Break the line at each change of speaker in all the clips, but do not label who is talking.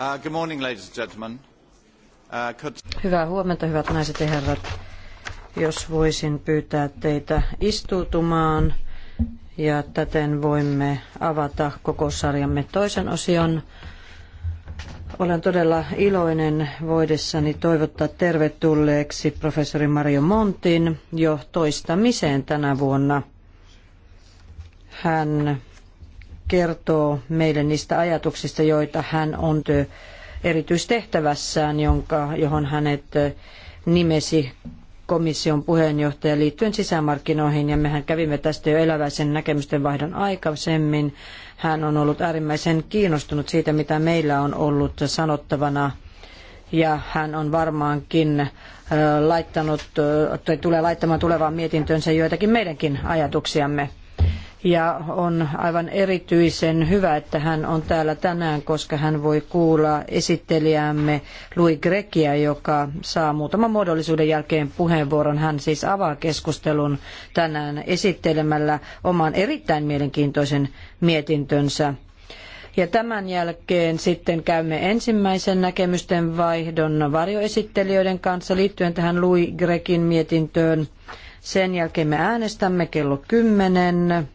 Uh, good morning, ladies and gentlemen. Uh,
Hyvää huomenta, hyvät naiset ja herrat. Jos voisin pyytää teitä istuutumaan ja täten voimme avata koko sarjamme toisen osion. Olen todella iloinen voidessani toivottaa tervetulleeksi professori Mario Montin jo toistamiseen tänä vuonna. Hän kertoo meille niistä ajatuksista, joita hän on erityistehtävässään, jonka, johon hänet nimesi komission puheenjohtaja liittyen sisämarkkinoihin, ja mehän kävimme tästä jo eläväisen näkemysten vaihdon aikaisemmin. Hän on ollut äärimmäisen kiinnostunut siitä, mitä meillä on ollut sanottavana, ja hän on varmaankin laittanut, tai tulee laittamaan tulevaan mietintönsä joitakin meidänkin ajatuksiamme ja on aivan erityisen hyvä, että hän on täällä tänään, koska hän voi kuulla esittelijämme Louis Grekia, joka saa muutaman muodollisuuden jälkeen puheenvuoron. Hän siis avaa keskustelun tänään esittelemällä oman erittäin mielenkiintoisen mietintönsä. Ja tämän jälkeen sitten käymme ensimmäisen näkemysten vaihdon varjoesittelijöiden kanssa liittyen tähän Louis Grekin mietintöön. Sen jälkeen me äänestämme kello 10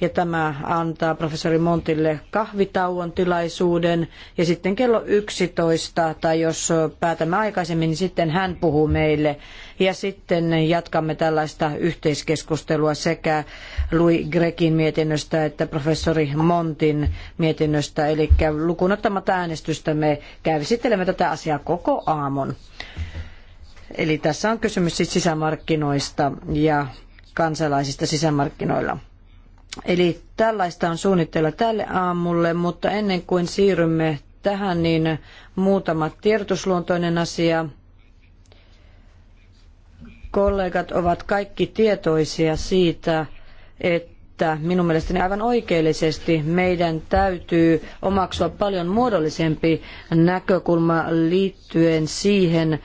ja tämä antaa professori Montille kahvitauon tilaisuuden ja sitten kello 11 tai jos päätämme aikaisemmin, niin sitten hän puhuu meille ja sitten jatkamme tällaista yhteiskeskustelua sekä Louis Grekin mietinnöstä että professori Montin mietinnöstä, eli lukunottamatta äänestystä me kävisittelemme tätä asiaa koko aamun. Eli tässä on kysymys siis sisämarkkinoista ja kansalaisista sisämarkkinoilla. Eli tällaista on suunnitteilla tälle aamulle, mutta ennen kuin siirrymme tähän, niin muutama tiedotusluontoinen asia. Kollegat ovat kaikki tietoisia siitä, että minun mielestäni aivan oikeellisesti meidän täytyy omaksua paljon muodollisempi näkökulma liittyen siihen,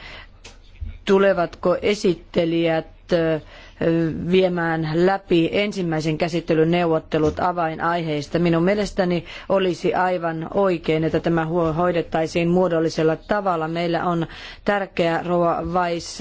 tulevatko esittelijät viemään läpi ensimmäisen käsittelyn neuvottelut avainaiheista. Minun mielestäni olisi aivan oikein, että tämä hoidettaisiin muodollisella tavalla. Meillä on tärkeä Roa Weiss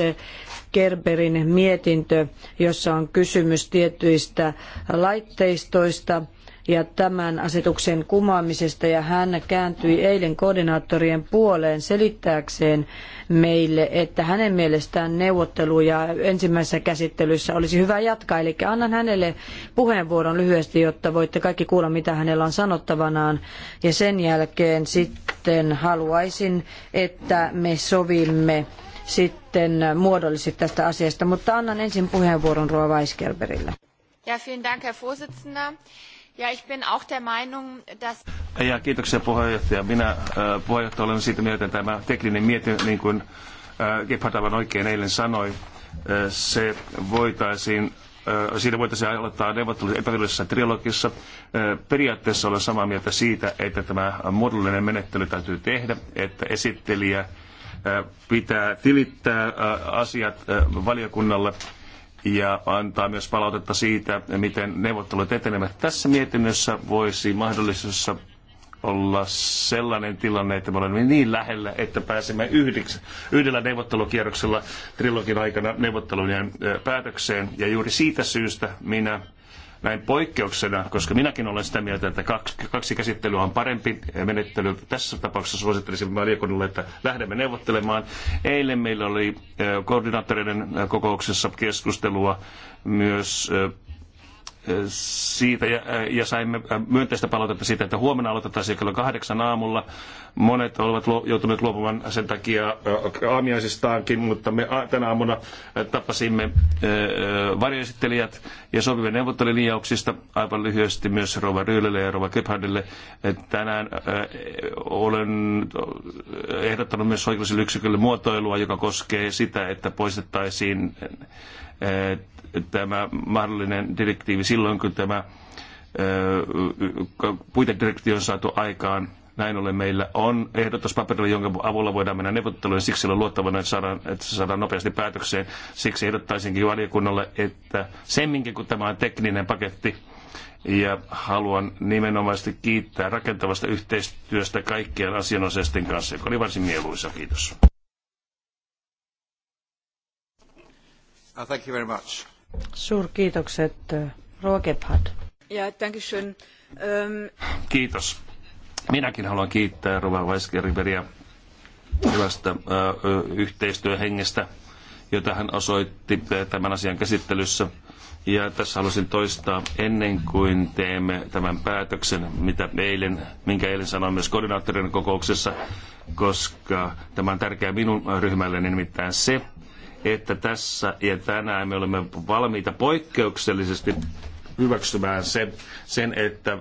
Kerberin mietintö, jossa on kysymys tietyistä laitteistoista – ja tämän asetuksen kumoamisesta ja hän kääntyi eilen koordinaattorien puoleen selittääkseen meille, että hänen mielestään neuvotteluja ensimmäisessä käsittelyssä olisi hyvä jatkaa. Eli annan hänelle puheenvuoron lyhyesti, jotta voitte kaikki kuulla, mitä hänellä on sanottavanaan. Ja sen jälkeen sitten haluaisin, että me sovimme sitten muodollisesti tästä asiasta, mutta annan ensin puheenvuoron Roa Weisgerberille.
Ja, vielen Herr Vorsitzender. Ja ich bin auch der Meinung, dass...
Ja, kiitoksia puheenjohtaja. Minä äh, puheenjohtaja olen siitä mieltä, että tämä tekninen mietintö, niin kuin äh, Gebhard aivan oikein eilen sanoi, äh, se voitaisiin Siinä voitaisiin aloittaa neuvottelut epävirallisessa trilogissa. Periaatteessa olen samaa mieltä siitä, että tämä muodollinen menettely täytyy tehdä, että esittelijä pitää tilittää asiat valiokunnalle ja antaa myös palautetta siitä, miten neuvottelut etenevät. Tässä mietinnössä voisi mahdollisuus olla sellainen tilanne, että me olemme niin lähellä, että pääsemme yhdeksi, yhdellä neuvottelukierroksella trilogin aikana neuvottelujen päätökseen. Ja juuri siitä syystä minä näin poikkeuksena, koska minäkin olen sitä mieltä, että kaksi, kaksi käsittelyä on parempi menettely. Tässä tapauksessa suosittelisin valiokunnalle, että lähdemme neuvottelemaan. Eilen meillä oli koordinaattoreiden kokouksessa keskustelua myös siitä ja, ja saimme äh, myönteistä palautetta siitä, että huomenna aloitetaan kello kahdeksan aamulla. Monet ovat joutuneet luopumaan sen takia äh, aamiaisistaankin, mutta me tänä aamuna äh, tapasimme varjoesittelijät ja sopivien neuvottelinjauksista aivan lyhyesti myös Rova Ryylelle ja Rova Kephardille. Tänään olen ehdottanut myös oikeusyksikölle muotoilua, joka koskee sitä, että poistettaisiin tämä mahdollinen direktiivi silloin, kun tämä puitedirektiivi on saatu aikaan. Näin ollen meillä on ehdotus paperilla, jonka avulla voidaan mennä neuvotteluun. Siksi on luottavana, että, saadaan, että se saadaan nopeasti päätökseen. Siksi ehdottaisinkin valiokunnalle, että semminkin kun tämä on tekninen paketti, ja haluan nimenomaisesti kiittää rakentavasta yhteistyöstä kaikkien asianosaisten kanssa, joka oli varsin mieluisa. Kiitos.
Uh, thank you very much. Suurkiitokset, eh, Roa Gebhard.
Ja, danke schön. Ähm,
Kiitos.
Minäkin haluan kiittää Rova Weisgeriberiä hyvästä yhteistyöhengestä, jota hän osoitti eh, tämän asian käsittelyssä. Ja tässä haluaisin toistaa, ennen kuin teemme tämän päätöksen, mitä eilen, minkä eilen sanoin myös koordinaattorin kokouksessa, koska tämä on tärkeää minun ryhmälleni nimittäin se, että tässä ja tänään me olemme valmiita poikkeuksellisesti hyväksymään sen, sen että,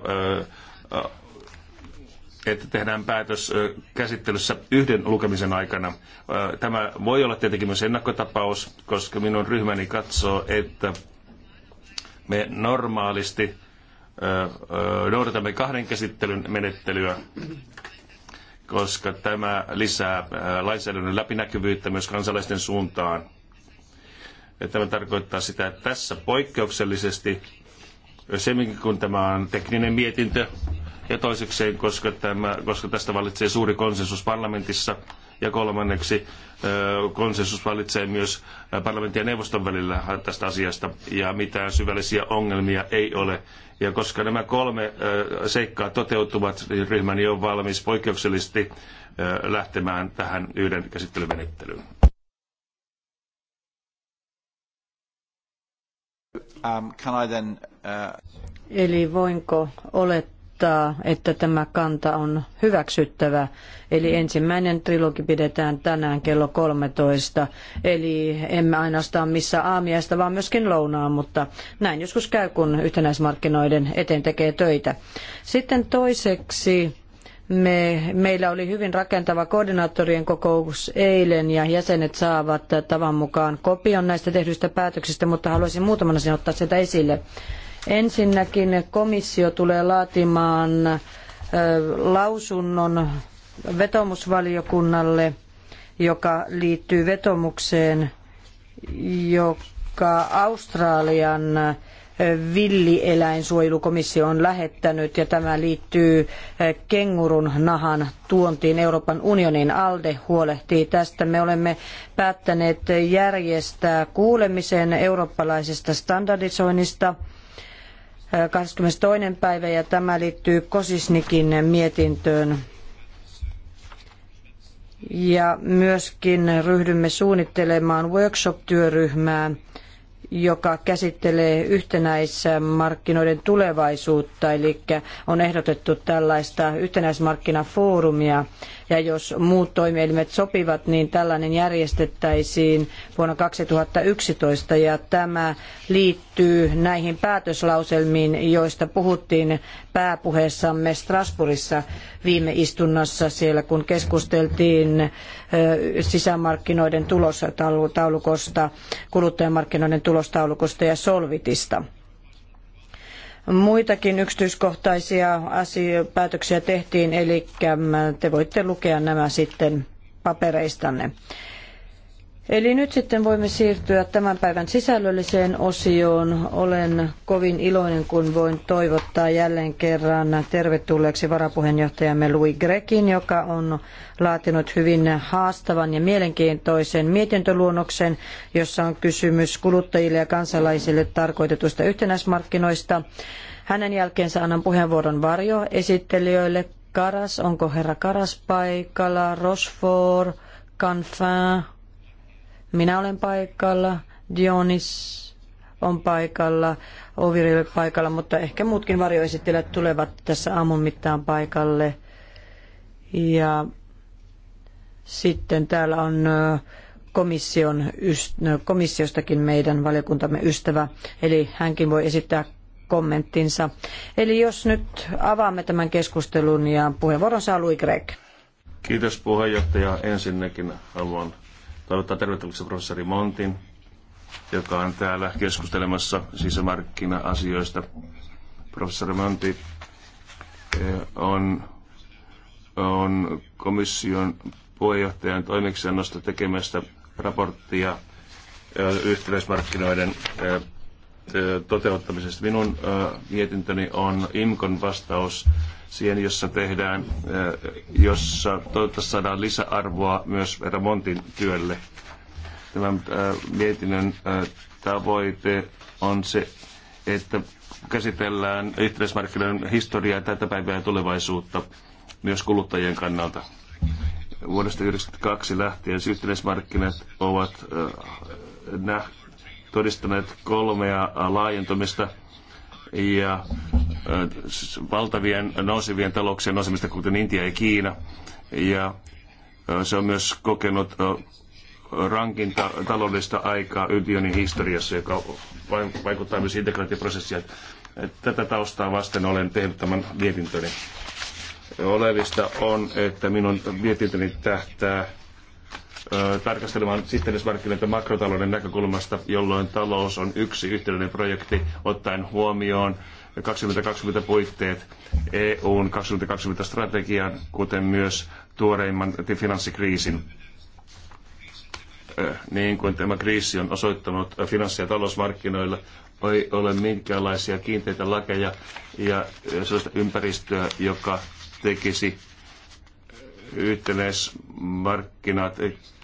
että tehdään päätös käsittelyssä yhden lukemisen aikana. Tämä voi olla tietenkin myös ennakkotapaus, koska minun ryhmäni katsoo, että me normaalisti noudatamme kahden käsittelyn menettelyä koska tämä lisää äh, lainsäädännön läpinäkyvyyttä myös kansalaisten suuntaan. tämä tarkoittaa sitä, että tässä poikkeuksellisesti, äh, semminkin kun tämä on tekninen mietintö, ja toisekseen, koska, tämä, koska tästä vallitsee suuri konsensus parlamentissa, ja kolmanneksi konsensus valitsee myös parlamentin ja neuvoston välillä tästä asiasta ja mitään syvällisiä ongelmia ei ole. Ja koska nämä kolme seikkaa toteutuvat, niin ryhmäni on valmis poikkeuksellisesti lähtemään tähän yhden käsittelymenettelyyn.
Um, then, uh...
Eli voinko olettaa? osoittaa, että tämä kanta on hyväksyttävä. Eli ensimmäinen trilogi pidetään tänään kello 13. Eli emme ainoastaan missä aamiaista, vaan myöskin lounaan, mutta näin joskus käy, kun yhtenäismarkkinoiden eteen tekee töitä. Sitten toiseksi me, meillä oli hyvin rakentava koordinaattorien kokous eilen ja jäsenet saavat tavan mukaan kopion näistä tehdyistä päätöksistä, mutta haluaisin muutaman asian ottaa sieltä esille. Ensinnäkin komissio tulee laatimaan lausunnon vetomusvaliokunnalle, joka liittyy vetomukseen, joka Australian villieläinsuojelukomissio on lähettänyt ja tämä liittyy kengurun nahan tuontiin Euroopan unionin. ALDE huolehtii tästä. Me olemme päättäneet järjestää kuulemisen eurooppalaisesta standardisoinnista – 22. päivä ja tämä liittyy Kosisnikin mietintöön. Ja myöskin ryhdymme suunnittelemaan workshop-työryhmää, joka käsittelee yhtenäismarkkinoiden tulevaisuutta, eli on ehdotettu tällaista yhtenäismarkkinafoorumia, ja jos muut toimielimet sopivat, niin tällainen järjestettäisiin vuonna 2011. Ja tämä liittyy näihin päätöslauselmiin, joista puhuttiin pääpuheessamme Strasbourgissa viime istunnossa siellä, kun keskusteltiin sisämarkkinoiden tulostaulukosta, kuluttajamarkkinoiden tulostaulukosta ja solvitista. Muitakin yksityiskohtaisia asio- päätöksiä tehtiin, eli te voitte lukea nämä sitten papereistanne. Eli nyt sitten voimme siirtyä tämän päivän sisällölliseen osioon. Olen kovin iloinen, kun voin toivottaa jälleen kerran tervetulleeksi varapuheenjohtajamme Louis Grekin, joka on laatinut hyvin haastavan ja mielenkiintoisen mietintöluonnoksen, jossa on kysymys kuluttajille ja kansalaisille tarkoitetuista yhtenäismarkkinoista. Hänen jälkeensä annan puheenvuoron varjoesittelijöille. Karas, onko herra Karas paikalla? Rosfor, Canfin, minä olen paikalla, Dionis on paikalla, Oviril paikalla, mutta ehkä muutkin varjoesittelijät tulevat tässä aamun mittaan paikalle. Ja sitten täällä on komission, komissiostakin meidän valiokuntamme ystävä, eli hänkin voi esittää kommenttinsa. Eli jos nyt avaamme tämän keskustelun ja puheenvuoron saa Louis Greg.
Kiitos puheenjohtaja. Ensinnäkin haluan Toivottaa tervetulleeksi professori Montin, joka on täällä keskustelemassa sisämarkkina-asioista. Professori Monti eh, on, on komission puheenjohtajan toimeksiannosta tekemästä raporttia eh, yhteismarkkinoiden eh, toteuttamisesta. Minun mietintöni on IMKON vastaus siihen, jossa tehdään, eh, jossa toivottavasti saadaan lisäarvoa myös Vera Montin työlle. Tämän eh, mietinnön eh, tavoite on se, että käsitellään yhteismarkkinoiden historiaa, tätä päivää ja tulevaisuutta myös kuluttajien kannalta. Vuodesta 1992 lähtien yhteismarkkinat ovat äh, todistaneet kolmea laajentumista – ja valtavien nousevien talouksien nousemista, kuten Intia ja Kiina. Ja se on myös kokenut rankinta taloudellista aikaa unionin historiassa, joka vaikuttaa myös integraatioprosessiin. Tätä taustaa vasten olen tehnyt tämän mietintöni. Oleellista on, että minun mietintöni tähtää tarkastelemaan sittenismarkkinoita makrotalouden näkökulmasta, jolloin talous on yksi yhteinen projekti ottaen huomioon 2020 puitteet EUn 2020 strategian, kuten myös tuoreimman finanssikriisin. Niin kuin tämä kriisi on osoittanut finanssi- ja talousmarkkinoilla, ei ole minkäänlaisia kiinteitä lakeja ja sellaista ympäristöä, joka tekisi yhtenäismarkkinat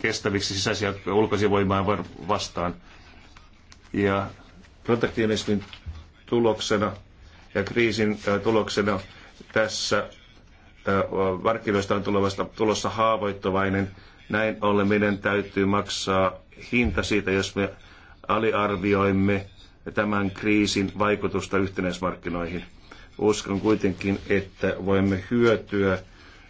kestäviksi sisäisiä ja ulkoisia voimaa vastaan. Ja protektionismin tuloksena ja kriisin tuloksena tässä markkinoista on tulevasta, tulossa haavoittuvainen. Näin ollen meidän täytyy maksaa hinta siitä, jos me aliarvioimme tämän kriisin vaikutusta yhtenäismarkkinoihin. Uskon kuitenkin, että voimme hyötyä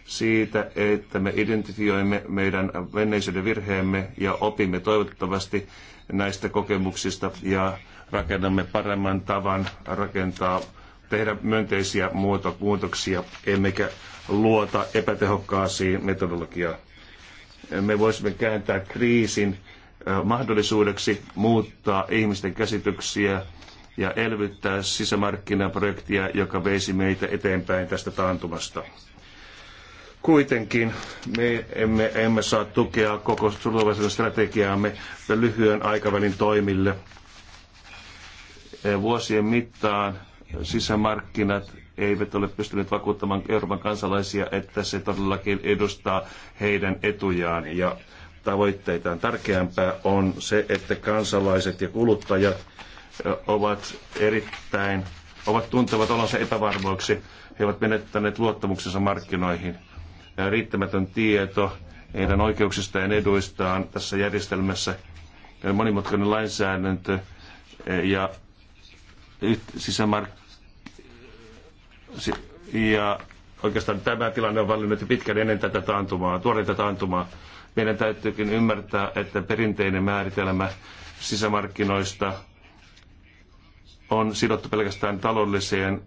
siitä, että me identifioimme meidän menneisyyden virheemme ja opimme toivottavasti näistä kokemuksista ja rakennamme paremman tavan rakentaa, tehdä myönteisiä muutoksia, emmekä luota epätehokkaasiin metodologiaan. Me voisimme kääntää kriisin mahdollisuudeksi muuttaa ihmisten käsityksiä ja elvyttää sisämarkkinaprojektia, joka veisi meitä eteenpäin tästä taantumasta. Kuitenkin me emme, emme saa tukea koko tulevaisuuden strategiaamme lyhyen aikavälin toimille. Vuosien mittaan sisämarkkinat eivät ole pystyneet vakuuttamaan Euroopan kansalaisia, että se todellakin edustaa heidän etujaan ja tavoitteitaan. Tärkeämpää on se, että kansalaiset ja kuluttajat ovat erittäin, ovat tuntevat olonsa epävarmoiksi. He ovat menettäneet luottamuksensa markkinoihin riittämätön tieto heidän oikeuksistaan ja eduistaan tässä järjestelmässä, monimutkainen lainsäädäntö eh, ja sisämark... Ja oikeastaan tämä tilanne on valinnut jo pitkään ennen tätä taantumaa, tuoreita taantumaa. Meidän täytyykin ymmärtää, että perinteinen määritelmä sisämarkkinoista on sidottu pelkästään taloudelliseen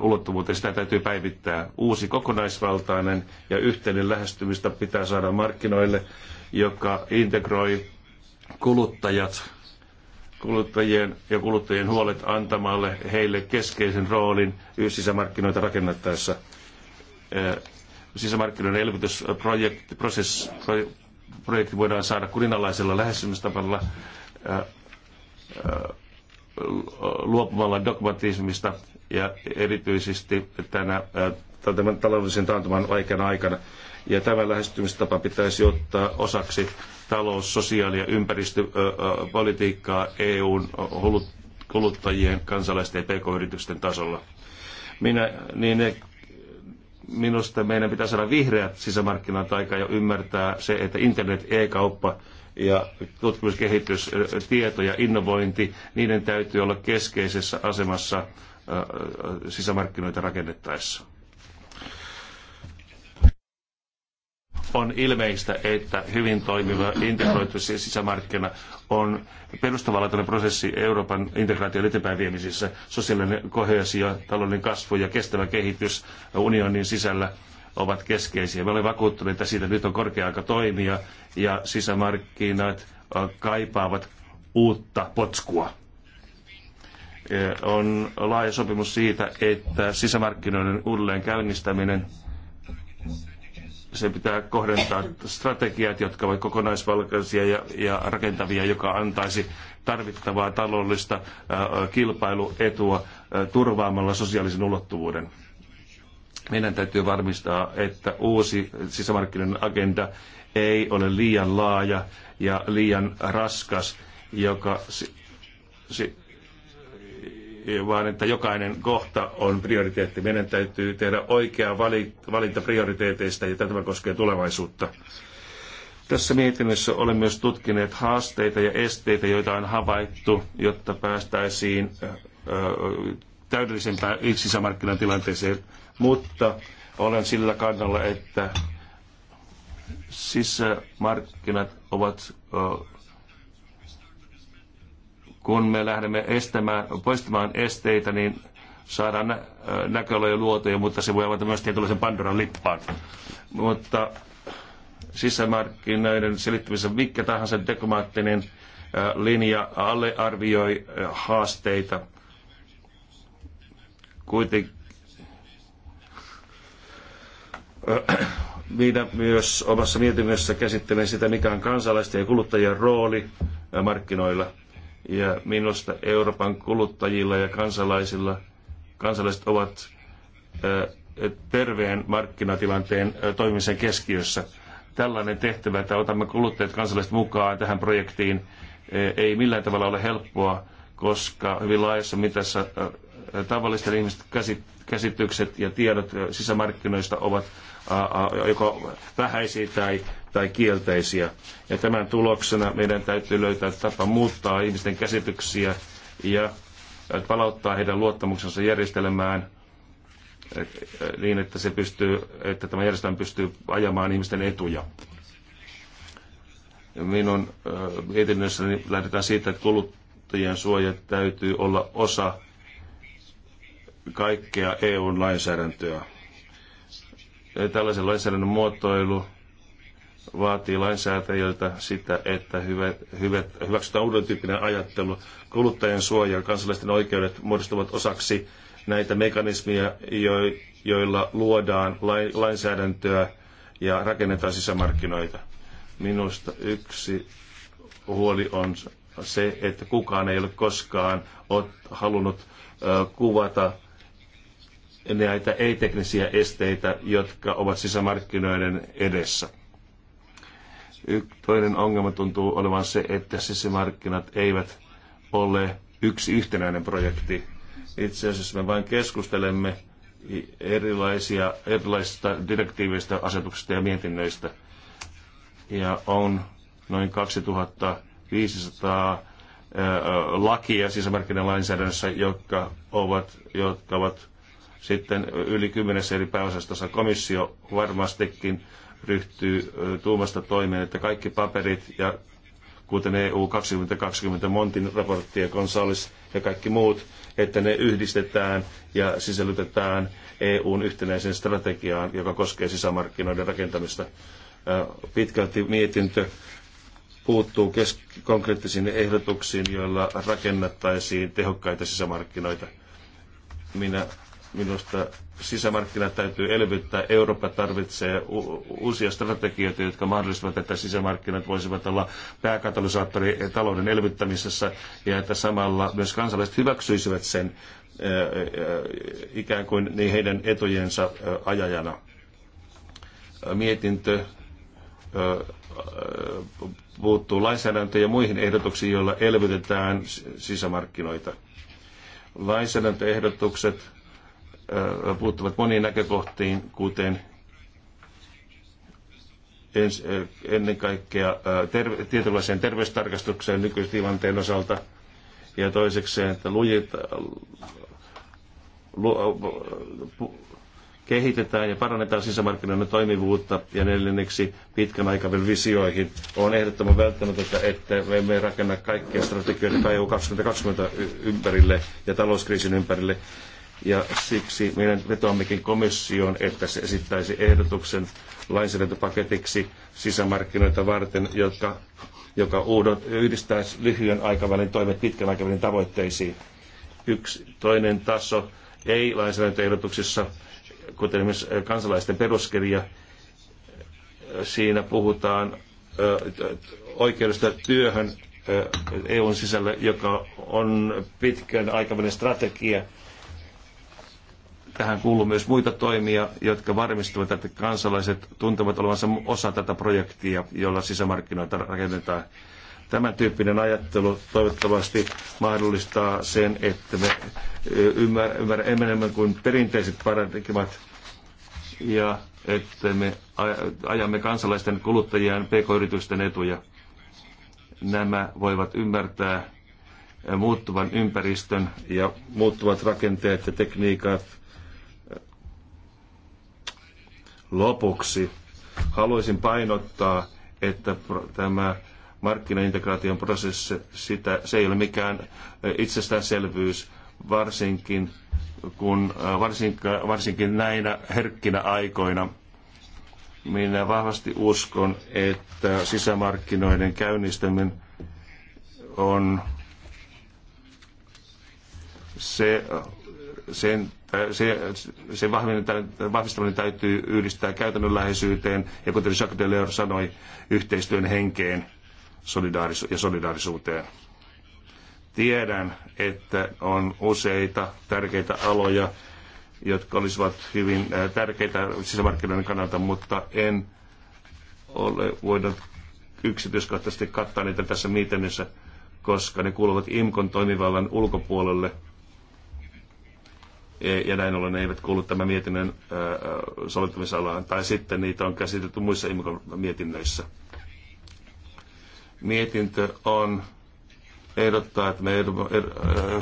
ulottuvuuteen. Sitä täytyy päivittää. Uusi kokonaisvaltainen ja yhteinen lähestymistä pitää saada markkinoille, joka integroi kuluttajat, kuluttajien ja kuluttajien huolet antamalle heille keskeisen roolin sisämarkkinoita rakennettaessa. Sisämarkkinoiden elvytysprojekti prosess, projekti voidaan saada kurinalaisella lähestymistapalla luopumalla dogmatismista ja erityisesti tänä, tämän taloudellisen taantuman aikana aikana. Ja tämä lähestymistapa pitäisi ottaa osaksi talous-, sosiaali- ja ympäristöpolitiikkaa EUn kuluttajien, kansalaisten ja pk-yritysten tasolla. Minä, niin ne, minusta meidän pitää saada vihreät sisämarkkinat aika ja ymmärtää se, että internet, e-kauppa ja tutkimuskehitystieto ja innovointi, niiden täytyy olla keskeisessä asemassa sisämarkkinoita rakennettaessa. on ilmeistä, että hyvin toimiva integroitu sisämarkkina on perustavanlaatuinen prosessi Euroopan integraation eteenpäin viemisissä, sosiaalinen kohesio, taloudellinen kasvu ja kestävä kehitys unionin sisällä ovat keskeisiä. Me olemme vakuuttuneita siitä, että nyt on korkea aika toimia ja sisämarkkinat kaipaavat uutta potskua. On laaja sopimus siitä, että sisämarkkinoiden uudelleen käynnistäminen se pitää kohdentaa strategiat, jotka ovat kokonaisvaltaisia ja, ja rakentavia, joka antaisi tarvittavaa taloudellista kilpailuetua ää, turvaamalla sosiaalisen ulottuvuuden. Meidän täytyy varmistaa, että uusi sisämarkkinoiden agenda ei ole liian laaja ja liian raskas, joka, si, vaan että jokainen kohta on prioriteetti. Meidän täytyy tehdä oikea valinta prioriteeteista ja tämä koskee tulevaisuutta. Tässä mietinnössä olen myös tutkineet haasteita ja esteitä, joita on havaittu, jotta päästäisiin täydellisempään sisämarkkinatilanteeseen. tilanteeseen mutta olen sillä kannalla, että sisämarkkinat ovat, kun me lähdemme estämään, poistamaan esteitä, niin saadaan näköaloja luotuja, mutta se voi avata myös tietynlaisen Pandoran lippaan. Mutta sisämarkkinoiden selittämisessä mikä tahansa dekomaattinen linja allearvioi haasteita. kuitenkin. Minä myös omassa mietinnössä käsittelen sitä, mikä on kansalaisten ja kuluttajien rooli äh, markkinoilla. Ja minusta Euroopan kuluttajilla ja kansalaisilla, kansalaiset ovat äh, terveen markkinatilanteen äh, toimimisen keskiössä. Tällainen tehtävä, että otamme kuluttajat kansalaiset mukaan tähän projektiin, ei millään tavalla ole helppoa, koska hyvin laajassa mitassa tavallisten ihmisten käsitykset ja tiedot sisämarkkinoista ovat joko vähäisiä tai, tai kielteisiä. Ja tämän tuloksena meidän täytyy löytää tapa muuttaa ihmisten käsityksiä ja palauttaa heidän luottamuksensa järjestelmään niin, että, se pystyy, että tämä järjestelmä pystyy ajamaan ihmisten etuja. Minun mietinnössäni lähdetään siitä, että kuluttajien suoja täytyy olla osa kaikkea EUn lainsäädäntöä tällaisen lainsäädännön muotoilu vaatii lainsäätäjiltä sitä, että hyvä, hyvä, hyväksytään uuden tyyppinen ajattelu. kuluttajien suoja ja kansalaisten oikeudet muodostuvat osaksi näitä mekanismia, joilla luodaan lainsäädäntöä ja rakennetaan sisämarkkinoita. Minusta yksi huoli on se, että kukaan ei ole koskaan halunnut kuvata näitä ei-teknisiä esteitä, jotka ovat sisämarkkinoiden edessä. Toinen ongelma tuntuu olevan se, että sisämarkkinat eivät ole yksi yhtenäinen projekti. Itse asiassa me vain keskustelemme erilaisia, erilaisista direktiiveistä, asetuksista ja mietinnöistä. Ja on noin 2500 lakia sisämarkkinalainsäädännössä, jotka ovat, jotka ovat sitten yli kymmenessä eri pääosastossa komissio varmastikin ryhtyy tuumasta toimeen, että kaikki paperit ja kuten EU 2020 Montin raportti ja konsolis ja kaikki muut, että ne yhdistetään ja sisällytetään EUn yhtenäiseen strategiaan, joka koskee sisämarkkinoiden rakentamista. Pitkälti mietintö puuttuu konkreettisiin ehdotuksiin, joilla rakennettaisiin tehokkaita sisämarkkinoita. Minä Minusta sisämarkkinat täytyy elvyttää. Eurooppa tarvitsee uusia strategioita, jotka mahdollistavat, että sisämarkkinat voisivat olla pääkatalysaattori talouden elvyttämisessä ja että samalla myös kansalaiset hyväksyisivät sen ikään kuin niin heidän etujensa ajajana. Mietintö puuttuu lainsäädäntöön ja muihin ehdotuksiin, joilla elvytetään sisämarkkinoita. Lainsäädäntöehdotukset puuttuvat moniin näkökohtiin, kuten ens, ennen kaikkea terve, tietynlaiseen terveystarkastukseen nykytilanteen osalta ja toisekseen, että lujit, lu, pu, kehitetään ja parannetaan sisämarkkinoiden toimivuutta ja neljänneksi pitkän aikavälin visioihin. On ehdottoman välttämätöntä, että me emme rakenna kaikkia strategioita EU 2020 ympärille ja talouskriisin ympärille, ja siksi meidän vetoammekin komissioon, että se esittäisi ehdotuksen lainsäädäntöpaketiksi sisämarkkinoita varten, jotka, joka yhdistäisi lyhyen aikavälin toimet pitkän aikavälin tavoitteisiin. Yksi toinen taso ei lainsäädäntöehdotuksissa, kuten esimerkiksi kansalaisten peruskirja, siinä puhutaan oikeudesta työhön EUn sisällä, joka on pitkän aikavälin strategia, Tähän kuuluu myös muita toimia, jotka varmistuvat, että kansalaiset tuntevat olevansa osa tätä projektia, jolla sisämarkkinoita rakennetaan. Tämän tyyppinen ajattelu toivottavasti mahdollistaa sen, että me ymmärrämme enemmän kuin perinteiset paradigmat ja että me ajamme kansalaisten, kuluttajien, pk-yritysten etuja. Nämä voivat ymmärtää muuttuvan ympäristön ja muuttuvat rakenteet ja tekniikat Lopuksi haluaisin painottaa, että tämä markkinaintegraation prosessi, sitä, se ei ole mikään eh, itsestäänselvyys, varsinkin, kun, eh, varsinkin, varsinkin näinä herkkinä aikoina. Minä vahvasti uskon, että sisämarkkinoiden käynnistäminen on se sen, se, sen vahvistaminen täytyy yhdistää käytännönläheisyyteen ja kuten Jacques Delors sanoi, yhteistyön henkeen solidaaris- ja solidaarisuuteen. Tiedän, että on useita tärkeitä aloja, jotka olisivat hyvin äh, tärkeitä sisämarkkinoiden kannalta, mutta en ole voinut yksityiskohtaisesti kattaa niitä tässä mietinnössä, koska ne kuuluvat IMKON toimivallan ulkopuolelle – E, ja näin ollen ne eivät kuulu tämän mietinnön soveltamisalaan, tai sitten niitä on käsitelty muissa mietinnöissä. Mietintö on ehdottaa, että me er,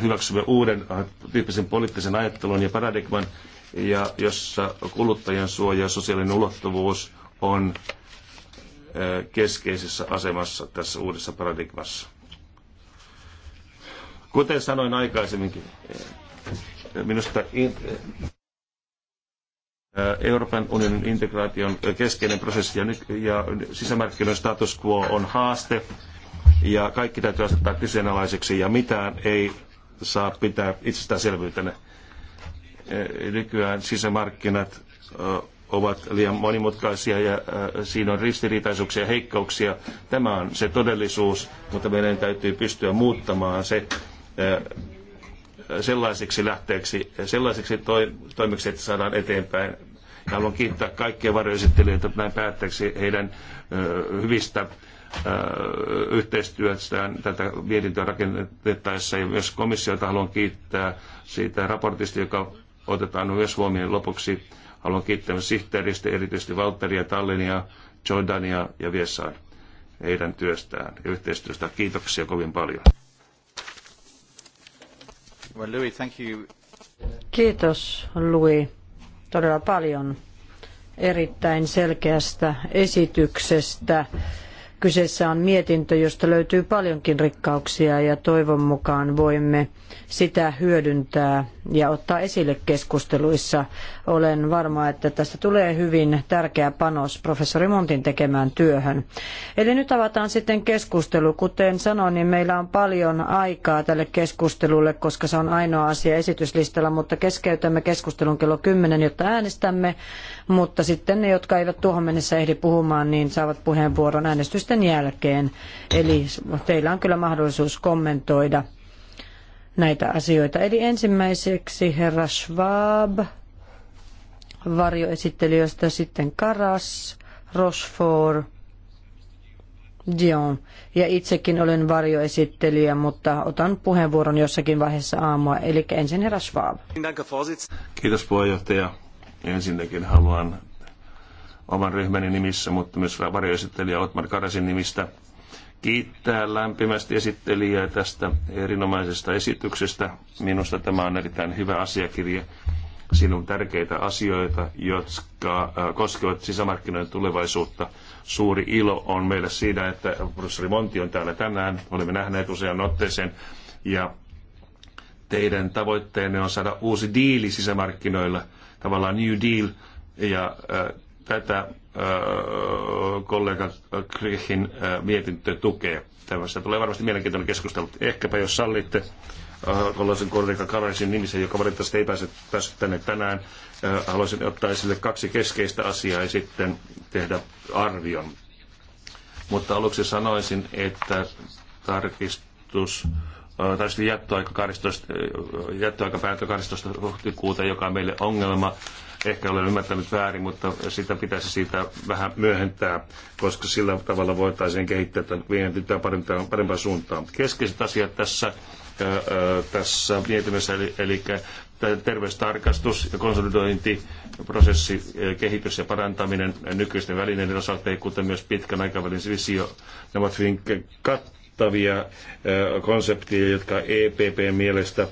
hyväksymme uuden tyyppisen poliittisen ajattelun ja paradigman, ja jossa kuluttajan suoja ja sosiaalinen ulottuvuus on keskeisessä asemassa tässä uudessa paradigmassa. Kuten sanoin aikaisemminkin, minusta äh, Euroopan unionin integraation keskeinen prosessi ja, ja sisämarkkinoiden status quo on haaste ja kaikki täytyy asettaa kyseenalaiseksi ja mitään ei saa pitää itsestäänselvyytenä. Äh, nykyään sisämarkkinat äh, ovat liian monimutkaisia ja siinä on ristiriitaisuuksia ja heikkouksia. Tämä on se todellisuus, mutta meidän täytyy pystyä muuttamaan se Sellaiseksi lähteeksi, sellaiseksi toimeksi, että saadaan eteenpäin. Ja haluan kiittää kaikkia varjoesittelijöitä näin päätteeksi heidän hyvistä yhteistyöstään tätä mietintöä rakennettaessa ja myös komissiota haluan kiittää siitä raportista, joka otetaan myös huomioon lopuksi. Haluan kiittää myös sihteeristä, erityisesti Valtteria, Tallinia, Jordania ja Viesaan heidän työstään ja yhteistyöstä. Kiitoksia kovin paljon.
Kiitos Louis todella paljon erittäin selkeästä esityksestä. Kyseessä on mietintö, josta löytyy paljonkin rikkauksia ja toivon mukaan voimme sitä hyödyntää ja ottaa esille keskusteluissa. Olen varma, että tästä tulee hyvin tärkeä panos professori Montin tekemään työhön. Eli nyt avataan sitten keskustelu. Kuten sanoin, niin meillä on paljon aikaa tälle keskustelulle, koska se on ainoa asia esityslistalla, mutta keskeytämme keskustelun kello 10, jotta äänestämme. Mutta sitten ne, jotka eivät tuohon mennessä ehdi puhumaan, niin saavat puheenvuoron äänestystä äänestysten jälkeen. Eli teillä on kyllä mahdollisuus kommentoida näitä asioita. Eli ensimmäiseksi herra Schwab, varjoesittelijöistä sitten Karas, Rochefort, Dion. Ja itsekin olen varjoesittelijä, mutta otan puheenvuoron jossakin vaiheessa aamua. Eli ensin herra Schwab.
Kiitos puheenjohtaja. Ensinnäkin haluan oman ryhmäni nimissä, mutta myös varjoesittelijä Otmar Karasin nimistä kiittää lämpimästi esittelijää tästä erinomaisesta esityksestä. Minusta tämä on erittäin hyvä asiakirja. Siinä on tärkeitä asioita, jotka äh, koskevat sisämarkkinoiden tulevaisuutta. Suuri ilo on meillä siinä, että professori Monti on täällä tänään. Olemme nähneet usean otteeseen. Ja teidän tavoitteenne on saada uusi diili sisämarkkinoilla, tavallaan New Deal. Ja äh, tätä kollega Krihin mietintö tukee. Tämässä tulee varmasti mielenkiintoinen keskustelu. Ehkäpä jos sallitte haluaisin kollega Karaisin nimissä, joka valitettavasti ei pääse, päässyt tänne tänään. Haluaisin ottaa esille kaksi keskeistä asiaa ja sitten tehdä arvion. Mutta aluksi sanoisin, että tarkistus tai sitten jättöaika, 12, 12. huhtikuuta, joka on meille ongelma Ehkä olen ymmärtänyt väärin, mutta sitä pitäisi siitä vähän myöhentää, koska sillä tavalla voitaisiin kehittää tämän vientityä parempaan, parempaan suuntaan. Keskeiset asiat tässä, tässä mietimessä, eli, eli terveystarkastus ja prosessi, kehitys ja parantaminen nykyisten välineiden osalta, kuten myös pitkän aikavälin visio, ne ovat hyvin kattavia konsepteja, jotka EPP mielestä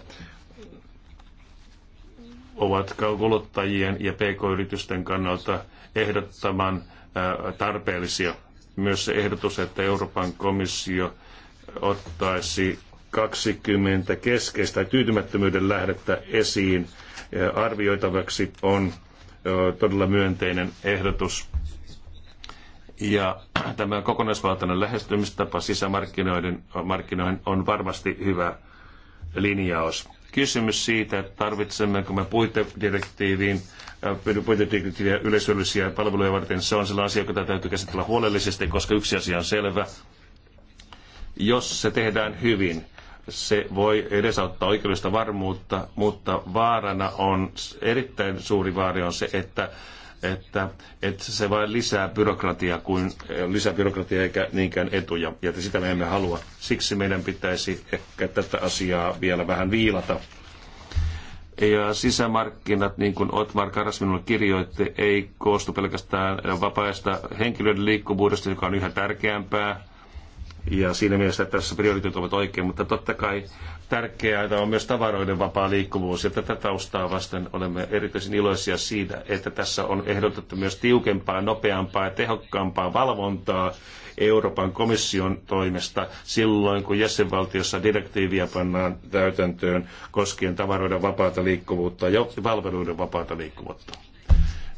ovat kuluttajien ja pk-yritysten kannalta ehdottoman tarpeellisia. Myös se ehdotus, että Euroopan komissio ottaisi 20 keskeistä tyytymättömyyden lähdettä esiin arvioitavaksi on todella myönteinen ehdotus. Ja tämä kokonaisvaltainen lähestymistapa sisämarkkinoiden markkinoihin on varmasti hyvä linjaus kysymys siitä, että tarvitsemmeko me puitedirektiiviin äh, puitedirektiiviä yleisöllisiä palveluja varten, se on sellainen asia, jota täytyy käsitellä huolellisesti, koska yksi asia on selvä. Jos se tehdään hyvin, se voi edesauttaa oikeudellista varmuutta, mutta vaarana on, erittäin suuri vaara on se, että että, että se vain lisää byrokratiaa, kuin, lisää byrokratiaa eikä niinkään etuja. Ja sitä me emme halua. Siksi meidän pitäisi ehkä tätä asiaa vielä vähän viilata. Ja sisämarkkinat, niin kuin Otmar Karas minulle kirjoitti, ei koostu pelkästään vapaista henkilöiden liikkuvuudesta, joka on yhä tärkeämpää, ja siinä mielessä tässä prioriteetit ovat oikein, mutta totta kai tärkeää on myös tavaroiden vapaa liikkuvuus. Ja tätä taustaa vasten olemme erityisen iloisia siitä, että tässä on ehdotettu myös tiukempaa, nopeampaa ja tehokkaampaa valvontaa Euroopan komission toimesta silloin, kun jäsenvaltiossa direktiiviä pannaan täytäntöön koskien tavaroiden vapaata liikkuvuutta ja palveluiden vapaata liikkuvuutta